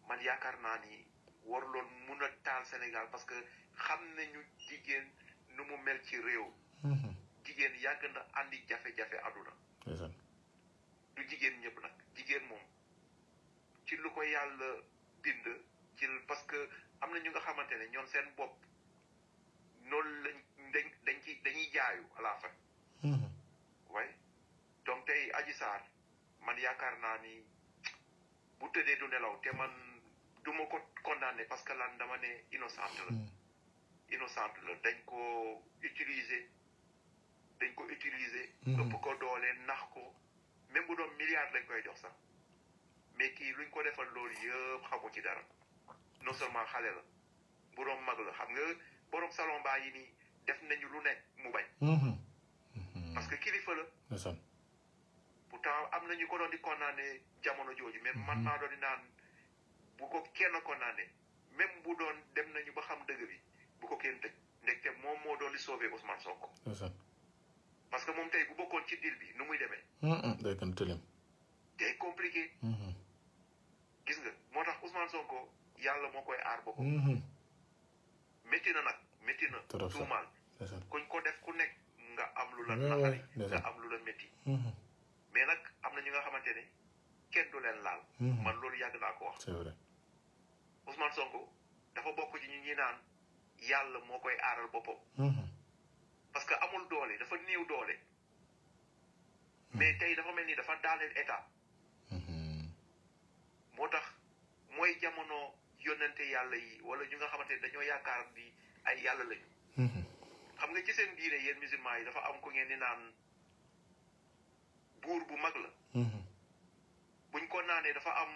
man yaakaar naa ni waruloon mun a taal Sénégal parce que xam nañu jigéen nu mu mel ci réew. Mhm. jigéen yàgg na andi jafe-jafe àdduna. du jigéen ñëpp nag jigéen moom ci lu ko yàlla bind ci parce que am na ñu nga xamante ne ñoom seen bopp. noonu lañ dañ dañ ci dañuy jaayu à la fin. waaye donc tey Adji Sarr man yaakaar naa ni bu tëddee du nelaw te man du ma ko condamné parce que lan dama ne innocente la. Hmm. innocente la dañ ko utilisé dañ ko utiliser. Hmm. ëpp ko doole nax ko même bu doon milliard lañ koy jox sax mais kii luñ ko defal loolu yëpp xamu ci dara non seulement xale la doon mag la xam borom salon baa yi nii def nañu lu ne mu bañ. Mhm. Mhm. parce que kilifa la. pourtant am na ñu ko doon di condamné jamono jooju. mais man mhm. maa doon di naan bu ko kenn condamné même bu doon dem nañu ba xam dëgg bi bu ko kenn tëj ndekte moom moo doon li sauvé Ousmane Sonko. parce que moom tey bu bokkoon ci deal bi nu muy demee. day gën tëlim. day compliqué. gis nga moo tax Ousmane Sonko yàlla moo koy aar boppam. métti na nag métti na tuumaal ko def ku nekk nga am lu la naxari nga am lu la métti mm-hmm. mais nag am na ñi nga xamante ne kenn du leen laal mm-hmm. man loolu yàgg naa ko wax c'est vrai Ousmane Sonko dafa bokku ci ñu ñi yàlla moo koy aaral boppam mm-hmm. parce que amul doole dafa néew doole mais tey dafa mel ni dafa daaneel état moo tax mooy jamono yónnante yàlla yi wala ñu nga xamante ne dañoo yaakaar ni ay yàlla lañu. Mhm. xam nga ci seen diine yéen musulman yi dafa am ku ngeen di naan buur bu mag la. Mhm. buñ ko naanee dafa am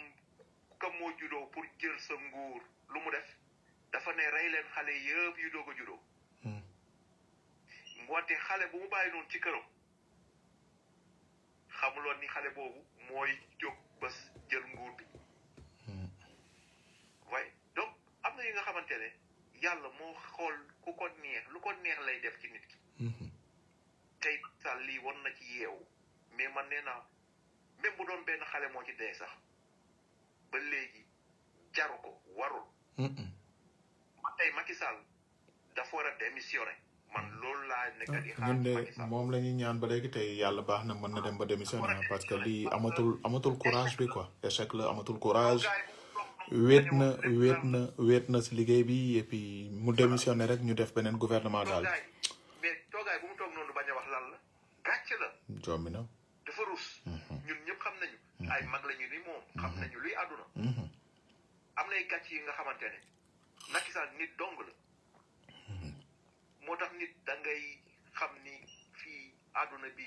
kam moo juddoo pour jël sa nguur lu mu def dafa ne rey leen xale yëpp yu doog a juddoo. Mhm. wante xale bu mu bàyyi noonu ci këram xamuloon ni xale boobu mooy jóg bés jël nguur bi. lii nga xamante ne yàlla moo xool ku ko neex lu ko neex lay def ci nit ki mhm. tey sal lii war na ci yeewu mais man nee naa même bu doon benn xale moo ci dee sax ba léegi jaru ko warul mhm. ma tey Macky Sall dafa war a démissionner man loolu laa nekk di ah, xaar moom la ñuy ñaan ba léegi tey yàlla baax na mën na dem ba ah, démissionner parce que lii amatul amatul courage bi quoi échec amatul courage wéet na weet na wéet na si liggéey bi et puis mu démissionné rek ñu def beneen gouvernement daal. mais toogaay bu mu toog noonu bañ a wax lan la gàcce la. jombi na. dafa rus. Mhm. ñun ñëpp xam nañu. Mhm. ay mag lañu ni moom. xam mhm. nañu luy àdduna. am nay gàcce yi nga xamante ne Macky Sall nit dong la. moo tax nit da xam ni fii àdduna bi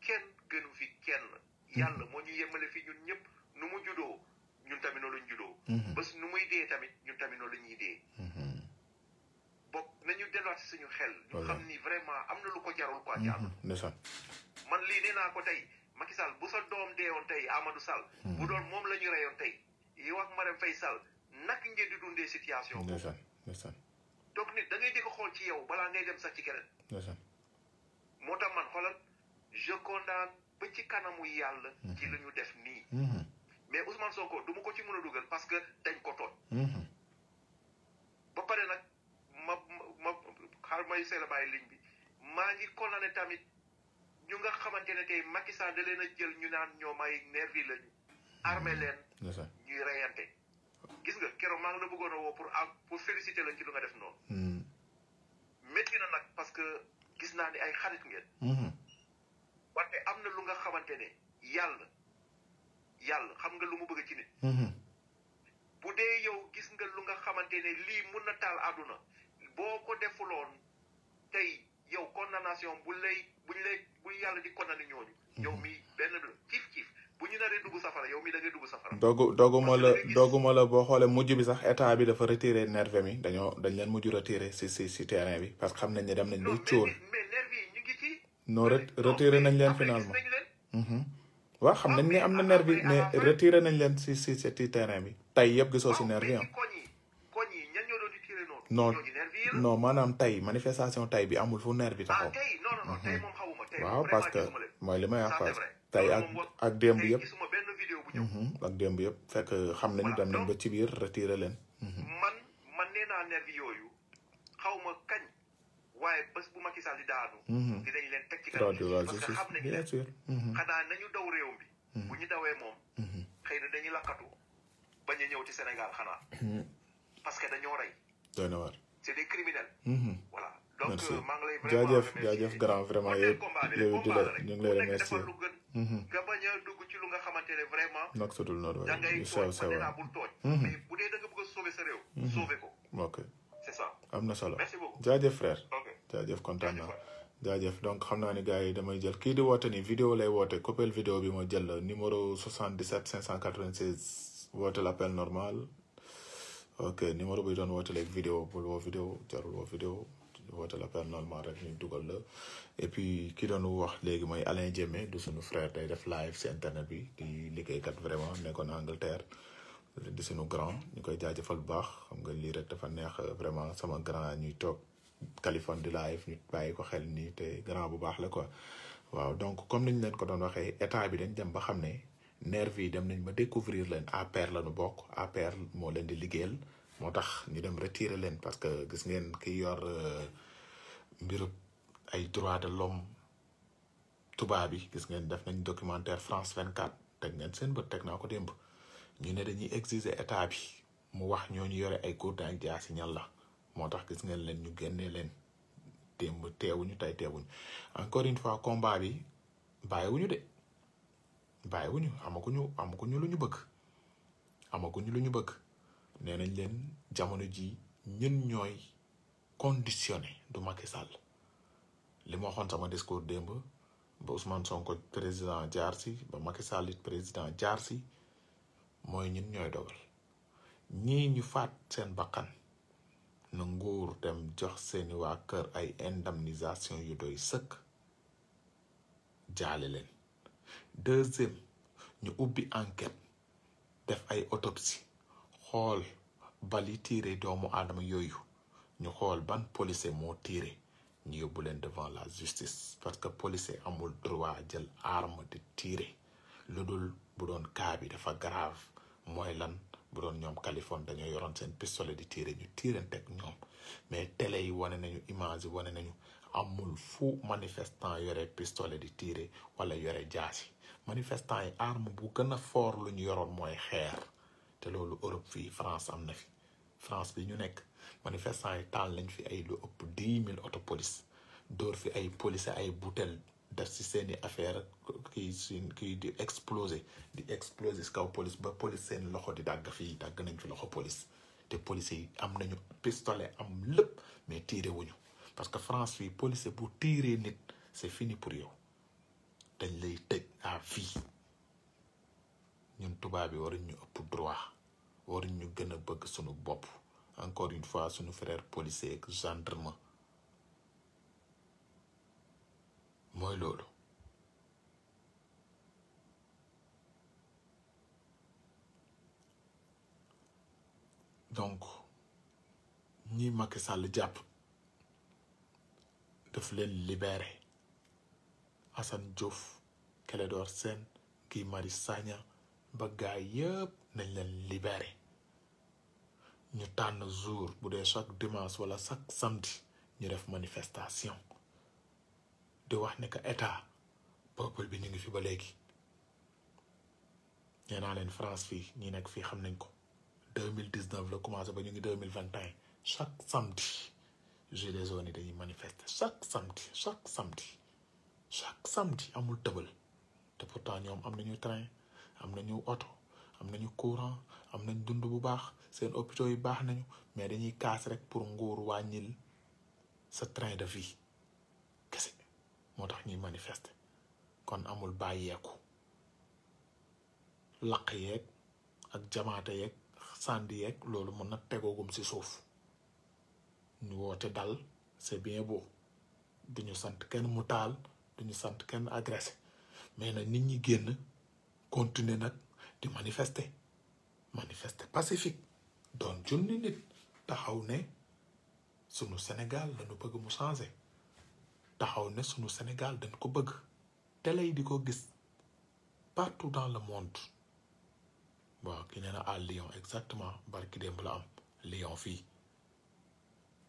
kenn gënu fi kenn. yàlla moo ñu yemale fi ñun ñëpp nu mu juddoo. ñun tamit noonu lañ juddoo. Mhm. bés nu muy dee tamit ñun tamit noonu la ñuy dee. Mhm. bokk nañu delluwaat suñu xel. ñu xam ni vraiment am na lu ko jarul quoi. jaarul mhm. man lii nee naa ko tey Macky Sall bu sa doom deewoon tey Amadou Sall. bu doon moom la ñu reyoon tey yow ak Marème fay Sall nak ngeen di dundee situation. ndeysaan ndeysaan. donc nit da ngay di ko xool ci yow balaa ngay dem sax ci keneen. moo tax man xoolal je condamne ba ci kanamu yàlla. ci li ñu def nii. mais Ousmane Sonko du ma ko ci mën a dugal parce que dañ ko tooñ. Mhm. ba pare nag ma ma xaar may seel a bàyyi bi maa ngi condamné tamit ñu nga xamante ne tey Macky Sall da leen a jël ñu naan ñoo may nervi lañu. armé leen. ñuy reyante. gis nga keroo maa ngi la bëggoon a woo pour ah, pour féliciter la ci lu nga def noonu. métti mhm. na nag parce que gis naa ne ay xarit ngeen. Mhm. wante am na lu nga xamante ne yàlla. yàlla xam nga lu mu bëgg ci mm-hmm. bu dee yow gis nga lu nga xamante ne lii mun na taal àdduna boo ko defuloon tey yow condamnation bu lay bu yàlla di condamné ñooñu mm-hmm. yow mi benn kiif bu ñu naree dugg safara yow mi da ngay dugg safara doogu dooguma la dooguma la boo xoole mujj bi sax état bi dafa retiré nerve mi dañoo dañ leen mujj retiré si si si terrain bi parce que xam nañ ne dem nañ bay cóol mais nerve yi ñu ngi ci non retiré nañ leen finalement mm-hmm. waaw xam nañ ne am na nervi yi mais retiré nañ leen si si si terrain bi tey yëpp gisoo si nervi yi ah. non non maanaam tey manifestation tey bi amul fu nervi taxaw. Ah, waaw parce que mooy li may wax tey ak ak démb yëpp. Mhm, ak démb yëpp fekk xam nañu dem nañ ba ci biir retire leen. Mhm. man waaye bés bu Macky Sall di daanu. Mhm. dinañ leen teg ci kanam parce que xam nañ leen mhm. xanaa nañu daw réew mi. Mhm. bu ñu dawee moom. xëy na dañuy lakkatu bañ a ñëw ci Sénégal xanaa. parce que dañoo rey. doy na waar c'est des criminels. voilà donc euh, maa ngi lay. vraiment jaajëf jaajëf grand vraiment yow yow di la ñu ngi lay remercier. nga bañ a dugg ci lu nga xamante ne vraiment. nag sotul noonu waaye da ngay tooñ mën naa bul tooñ. mais bu dee da nga bëgg a sauver sa réew. sauver ko. c'est ça am na solo merci beaucoup jaajëf frère jaajëf kontaan naa jaajëf donc xam naa ne gars yi damay jël kii di woote ni vidéo lay woote coppel vidéo bi ma jël numéro 77 596 woote l'appel normal ok numéro bi doon woote léegi vidéo bul woo vidéo jarul woo vidéo woote l'appel normal rek ñu dugal la et puis ki doon wax léegi mooy Alain Diémé du suñu frère day def live si internet bi di liggéeykat vraiment nekkoon Angleterre di suñu grand ñu koy jaajëfal bu baax xam nga lii rek dafa neex euh, vraiment sama grand ñuy toog Kaliphone de live ñu bàyyi ko xel ni te grand bu baax la quoi waaw donc comme niñ leen ko doon waxee état bi dañ dem ba xam ne nervi yi dem nañ ma découvrir leen APR la ñu bokk APR moo leen di liggéeyal moo tax ñu dem retirer leen parce que gis ngeen ki yor euh, mbirub ay droit de l'homme tubaab bi gis ngeen def nañ documentaire France 24 teg ngeen seen bët teg naa ko démb ñu ne dañuy exiger état bi mu wax ñoo ñu yore ay kurta ak jaasi ñan la moo tax gis ngeen leen ñu génne leen démb teewuñu tey teewuñu encore une fois combat bi bàyyiwuñu de bàyyiwuñu amaguñu amaguñu lu ñu bëgg amaguñu lu ñu bëgg nee nañ leen jamono ji ñun ñooy conditionné du Macky Sall li ma waxoon sama discours démb ba Ousmane Sonko président jaar si ba Macky Sall président jaar si mooy ñun ñooy dogal ñii ñu faat seen bakkan na nguur dem jox seeni waa kër ay indemnisation yu doy sëkk jaale leen deuxième ñu ubbi enquête def ay autopsie xool bali tiire doomu aadama yooyu ñu xool ban policier moo tiire ñu yóbbu leen devant la justice parce que policier amul droit jël arme de tiire lu dul bu doon cas bi dafa grave mooy lan bu doon ñoom Californie dañoo yoroon seen pistolet di tiire ñu tiirante ak ñoom mais télé yi wane nañu image yi wane nañu amul fu manifestant yore pistolet di tiire wala yore jaasi manifestant yi arme bu gën a foor lu ñu yoroon mooy xeer te loolu Europe fii France am na fi France bi ñu nekk manifestant yi taal nañ fi ay lu ëpp dix mille auto police dóor fi ay police ay butel def si seeni affaire kiy suñ kiy di explosé di explosé si kaw police ba police seen loxo di dàgg fii dàgg nañ fi loxo police te police yi am nañu pistolet am lépp mais tiré wuñu parce que France fii police bu tirer nit c'est fini pour yow dañ lay tëj à vie ñun tubaab yi waruñ ñu ëpp droit waruñ ñu gën a bëgg suñu bopp encore une fois suñu frère policier ak gendarme mooy loolu donc ñi Macky Sall jàpp daf leen libéré Assane Diouf Clédor Sène Guy Marius Sagna ba gaa yëpp nañ leen libéré ñu tànn jour bu dee chaque dimanche wala chaque samedi ñu def manifestation di wax ne que état peuple bi ñu ngi fi ba léegi nee naa leen France fii ñi nekk fii xam nañ ko deux mille dix neuf la commencé ba ñu ngi deux mille vingt et un chaque samedi gilets jaunes yi dañuy manifester chaque samedi chaque samedi chaque samedi amul tëbal te pourtant ñoom am nañu train am na ñu oto am nañu courant am nañ dund bu baax seen hôpitaux yi baax nañu mais dañuy kaas rek pour nguur wàññil sa train de vie. moo ñi manifester kon amul bàyyeeku laq yeeg ak jamaata yek sàndi yeeg loolu mën na ci suuf ñu wote dal c'est bien beau duñu sante kenn mu taal duñu sante kenn agressé mais nag nit ñi genn continuer nak di manifester manifester pacifique don junni nit taxaw ne sunu Sénégal lañu bëgg mu changer taxaw ne suñu Sénégal dañ ko bëgg télé yi di ko gis partout dans le monde waaw ki nee na à Lyon exactement barki démb la am Lyon fii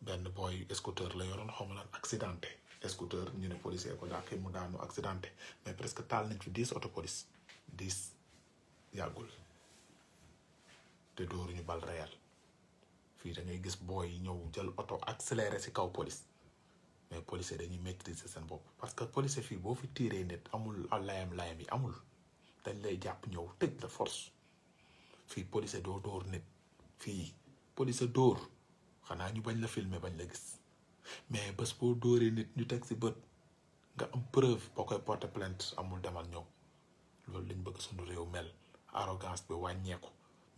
benn booy scooter la yoroon xaw ma lan accidenté scooter ñu ne policier ko dàqi mu daanu accidenté mais presque taal nañ fi dix auto police dix yàggul te dóoruñu bal réel fii da ngay gis booy ñëw jël oto accéléré ci kaw police mais policier dañuy maîtriser seen bopp parce que policier fii boo fi tiiree nit amul layam layam yi amul dañ lay jàpp ñëw tëj la force fii policier doo dóor nit fii policier dóor xanaa ñu bañ la filmer bañ la gis mais bés boo dóoree nit ñu teg si bët nga am preuve boo koy porter plainte amul demal ñëw loolu lañ bëgg suñu réew mel arrogance bi wàññeeku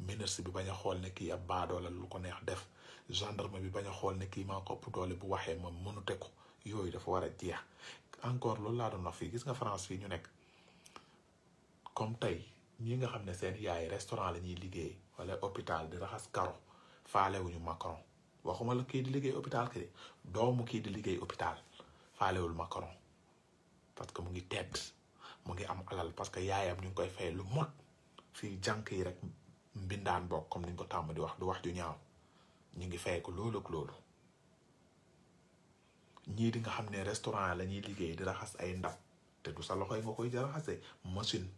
ministre bi bañ a xool ne kii ab baadoola lu ko neex def gendarme bi bañ a xool ne kii maa kopp doole bu waxee ma mënute ko yooyu dafa war a jeex encore loolu laa doon wax fii gis nga France fii ñu nekk comme tey ñi nga xam ne seen yaay restaurant la ñuy liggéey wala hôpital di raxas karo faalewuñu Macron waxuma la kii di liggéey hôpital kii doomu kii di liggéey hôpital faalewul Macron parce que mu ngi tedd mu ngi am alal parce que yaayam ñu ngi koy fay lu mot fii jànk yi rek mbindaan bokk comme niñ ko tàmm di wax du wax ju ñaaw ñu ngi fay ko loolu ak loolu ñii di nga xam ne restaurant la ñuy liggéey di raxas ay ndab te du sa loxoy nga koy raxasee machine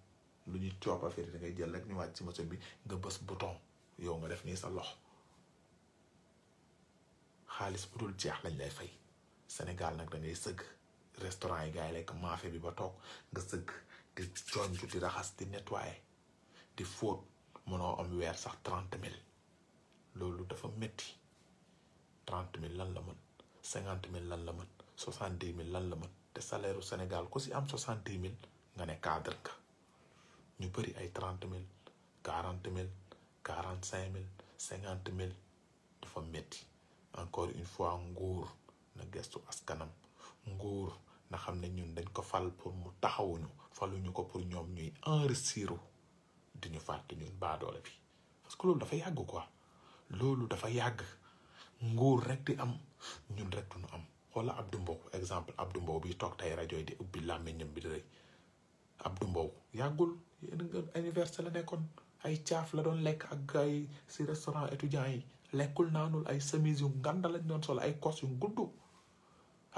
lu ñu coppa firi da ngay jël rek ñu wàcc ci machine bi nga bës bouton yow nga def nii sa lox xaalis bu dul jeex lañ lay fay Sénégal nag da sëgg restaurant yi gars yi lekk maafe bi ba toog nga sëgg di jonju di raxas di nettoyer di fóot mënoo am weer sax trente mille loolu dafa metti trent mille lan la mën cinquante mille lan la mën soixante dix mille lan la mën te salaire Sénégal ku si am soixante dix mille nga ne cadre nga ñu bëri ay trente mille quarante mille quarante cinq mille cinquante mille dafa métti encore une fois nguur na gestu askanam nguur na xam ne ñun dañ ko fal pour mu taxawuñu faluñu ko pour ñoom ñuy enrichir di ñu fàtte ñun baadoole bi parce que loolu dafa yàgg quoi loolu dafa yàgg nguur rek di am. ñun rek du ñu am xoola Abdou Mbow exemple Abdou Mbow bi toog tey rajo yi di ubbi làmmiñam bi di rëy Abdou Mbow yàggul yéen nga anniversaire la nekkoon ay caaf la doon lekk ak ay si restaurant étudiants yi lekkul naanul ay chemise yu nganda lañ doon sol ay kos yu gudd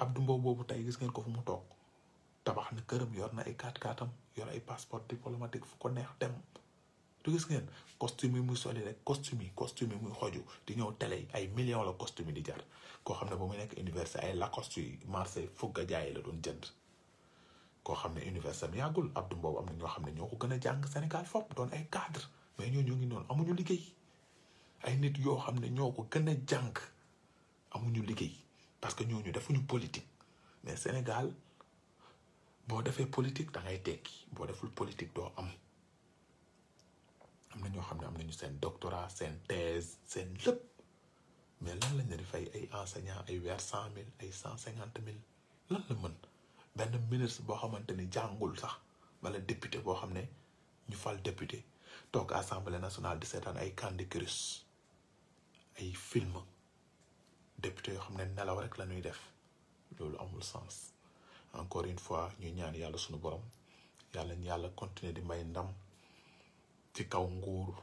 Abdou Mbow boobu tey gis ngeen ko fu mu toog tabax na këram yoor na ay kaat kaatam yor ay passeport diplomatique fu ko neex dem te gis ngeen costume yi muy soli rek costume yi costume yi muy xoju di ñëw télé yi ay millions la costume yi di jar koo xam ne ba muy nekk université ay Lacoste yi marché fugg a jaay la doon jënd koo xam ne université am yàggul Abdou Mbow am na ñoo xam ne ñoo ko gën a jàng Sénégal fop doon ay cadre mais ñoo ñu ngi noonu amuñu liggéey ay nit yoo xam ne ñoo ko gën a jàng amuñu liggéey parce que ñooñu defuñu politique mais Sénégal boo defee politique da ngay tekki boo deful politique doo am am na ñoo xam ne am nañu seen doctorat seen thèse seen lépp mais lan lañ leen di fay ay enseignant ay weer cent mille ay cent cinquante mille lan la mën benn ministre boo xamante ni jàngul sax wala député boo xam ne ñu fal député toog assemblée nationale di seetaan ay Candy Crush ay film député yoo xam ne nelaw rek la ñuy def loolu amul sens encore une fois ñuy ñaan yàlla suñu borom yàlla ñu yàlla continuer di may ndam. ci kaw nguur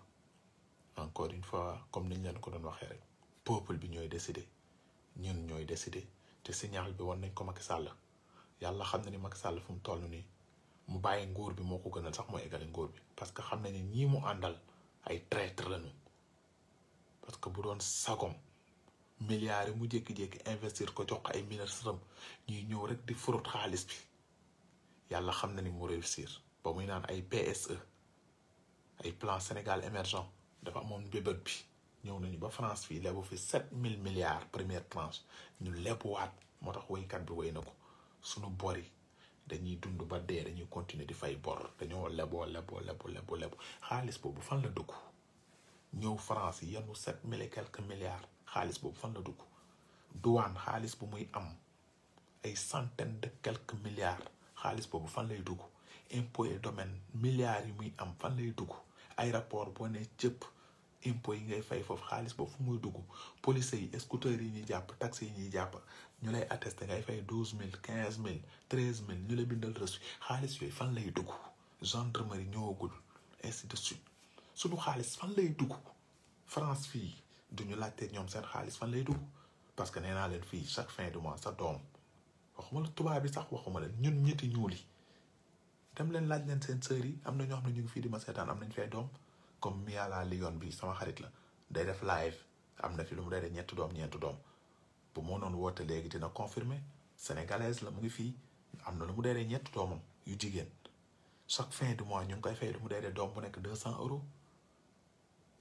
encore une fois comme niñ leen ko doon waxee rek peuple bi ñooy décider ñun ñooy décider te signal bi wan nañ ko Macky sàll yàlla xam na ni Macky sàll fu mu toll nii mu bàyyi nguur bi moo ko gënal sax moo égale nguur bi parce que xam na ni ñii mu àndal ay traître lañu parce que bu doon sagom milliare yi mu jékki-jékki investir ko jox ay ministre am ñuy ñëw rek di furut xaalis bi yàlla xam na ni mu réussir ba muy naan ay PSE ay plan Sénégal émergent dafa mon bébët bi ñëw nañu ba France fii lebu fi milliards première tranche ñu bi suñu bori dañuy dund ba dé dañuy continuer di fay bor fan la France sept quelques milliards bobu fan la dugg douane xaalis bu muy am ay de quelques milliards xaalis bobu fan lay dugg impôt et domaine milliards yi muy am fan lay aéroport boo ne cëpp impôt yi ngay fay foofu xaalis boobu fu muy dugg police yi scooter yi ñuy jàpp taxi yi ñuy jàpp ñu lay attesté ngay fay douze mille quinze mille treize mille ñu lay bindal reçu xaalis yooyu fan lay dugg gendarmerie ñëwagul ainsi de suite suñu xaalis fan lay dugg France fii duñu laajte ñoom seen xaalis fan lay dugg parce que nee naa leen fii chaque fin du mois sa doom waxuma la tubaab bi sax waxuma la ñun ñetti ñuul yi dem leen laaj leen seen sœurs yi am na ñoo ñu ngi fii di ma seetaan am nañ fay doom comme Mia la Lion bi sama xarit la day def live am na fi lu mu dee ñetti doom ñeenti doom bu moo noonu woote léegi dina confirmer sénégalaise la mu ngi fii am na lu mu dee ñetti doomam yu jigéen chaque fin du mois ñu ngi koy fay lu mu dee doom bu nekk deux cent euros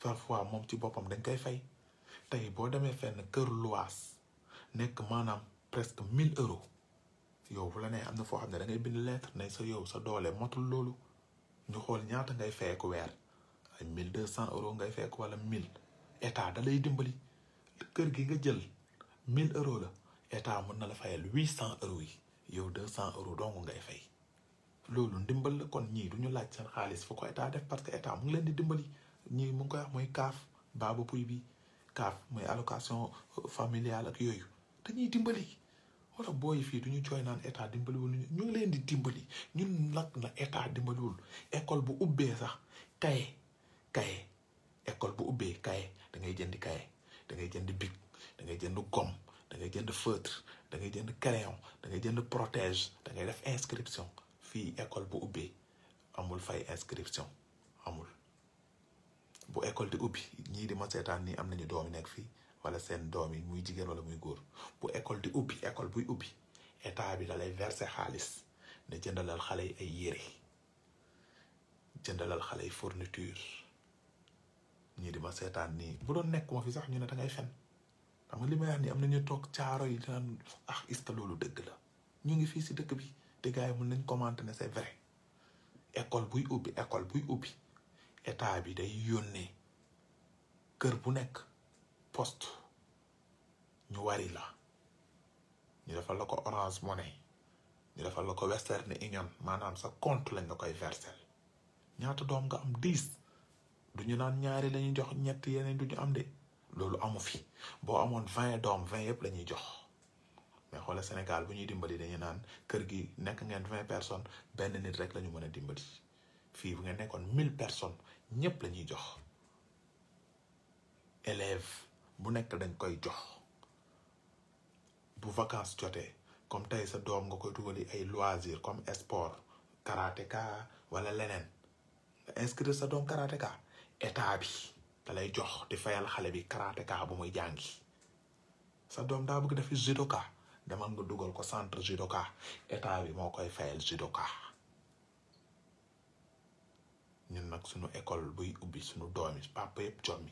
parfois moom ci boppam dañ koy fay tey boo demee fenn kër luwaas nekk maanaam presque mille euros. yow bu la nee am na foo xam ne dangay ngay bind lettre ne sa yow sa doole matul loolu ñu xool ñaata ngay fekk weer ay mille deux cent euros ngay fekk wala mille état da lay dimbali kër gi nga jël mille euros la état mën na la fayal huit cent euros yi yow deux cent euros dong ngay fay loolu ndimbal la kon ñii du ñu laaj seen xaalis fu ko état def parce que état mu ngi leen di dimbali ñii mu ngi koy wax mooy kaaf baaba puy bi kaaf mooy allocation familiale ak yooyu dañuy wala booy fii du ñu jooy naan état dimbaliwul ñu ngi leen di dimbali ñun nag na état dimbaliwul école bu ubbee sax kaye kaye école bu ubbee kaye da ngay jënd kaye da ngay jënd bic da ngay jënd gomme dangay jënd feutre da ngay jënd crayon da ngay jënd protège da ngay def inscription fii école bu ubbee amul fay inscription amul bu école di ubbi ñii di ma seetaan nii am nañu doomi nekk fii. wala seen doom yi muy jigéen wala muy góor bu école di ubbi école buy ubbi état bi da lay xaalis ne jëndalal xale yi ay yére jëndalal xale yi fourniture ñii di seetaan nii bu doon nekk ma fi sax ñu ne da ngay xam nga li may am na toog caaro yi daan ah est la ñu ngi fii si dëkk bi te yi mën nañ commenter ne c'est vrai école buy ubbi école buy ubbi état bi day yónnee kër bu nekk. poste ñu wari la ñu defal la ko Orange Money ñu defal la ko ne Union maanaam sa compte lañ la koy verser ñaata doom nga am dix du ñu naan ñaari lañuy jox ñett yeneen du ñu am de loolu amu fi boo amoon vingt doom vingt yëpp lañuy jox mais xoole Sénégal bu ñuy dimbali dañu naan kër gi nekk ngeen vingt personnes benn nit rek lañu mën a dimbali fii bu ngeen nekkoon mille personnes ñëpp lañuy jox élèves bu nekk dañ koy jox bu vacances jotee comme tey sa doom nga koy dugali ay loisir comme sport ka wala leneen nga sa doom karatéka état bi da lay jox di fayal xale bi karatéka bu muy jàngi sa doom daa bëgg dafi judoka demal nga dugal ko centre judoka état bi moo koy fayal judoka ñun nag sunu école buy ubbi sunu doom yi papa yëpp jommi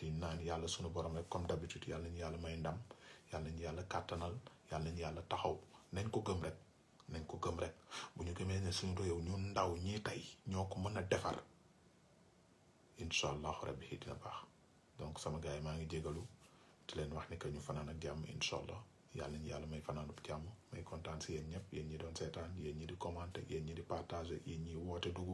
di naan yàlla suñu borom rek comme d'habitude yàlla ñu yàlla may ndam yàlla ñu yàlla kàttanal yàlla nañu yàlla taxaw nañ ko gëm rek nañ ko gëm rek bu ñu gëmee ne suñu réew ñu ndaw ñii tey ñoo ko mën a defar incha allahu rabbi dina baax donc sama gaay yi maa ngi jégalu di leen wax ni que ñu fanaan ak jàmm incha yàlla ñu yàlla may fanaanub jàmm may kontaan si yéen ñëpp yéen ñi doon seetaan yéen ñi di commenté yéen ñi di partagé yéen ñi woote dugg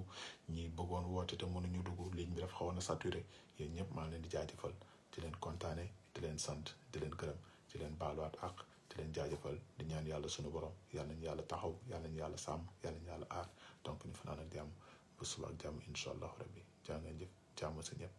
ñi bëggoon woote te mënuñu dugg ligne bi dafa xawoon a saturé yéen ñëpp maa ngi leen di jaajëfal di leen kontaane di leen sant di leen gërëm di leen baaluwaat ak di leen jaajëfal di ñaan yàlla suñu borom yàlla ñu yàlla taxaw yàlla ñu yàlla sàmm yàlla ñu yàlla aar donc ñu fanaan ak jàmm bu suba ak jàmm incha allahu rabbi jaa ngeen jëf jàmm si ñëpp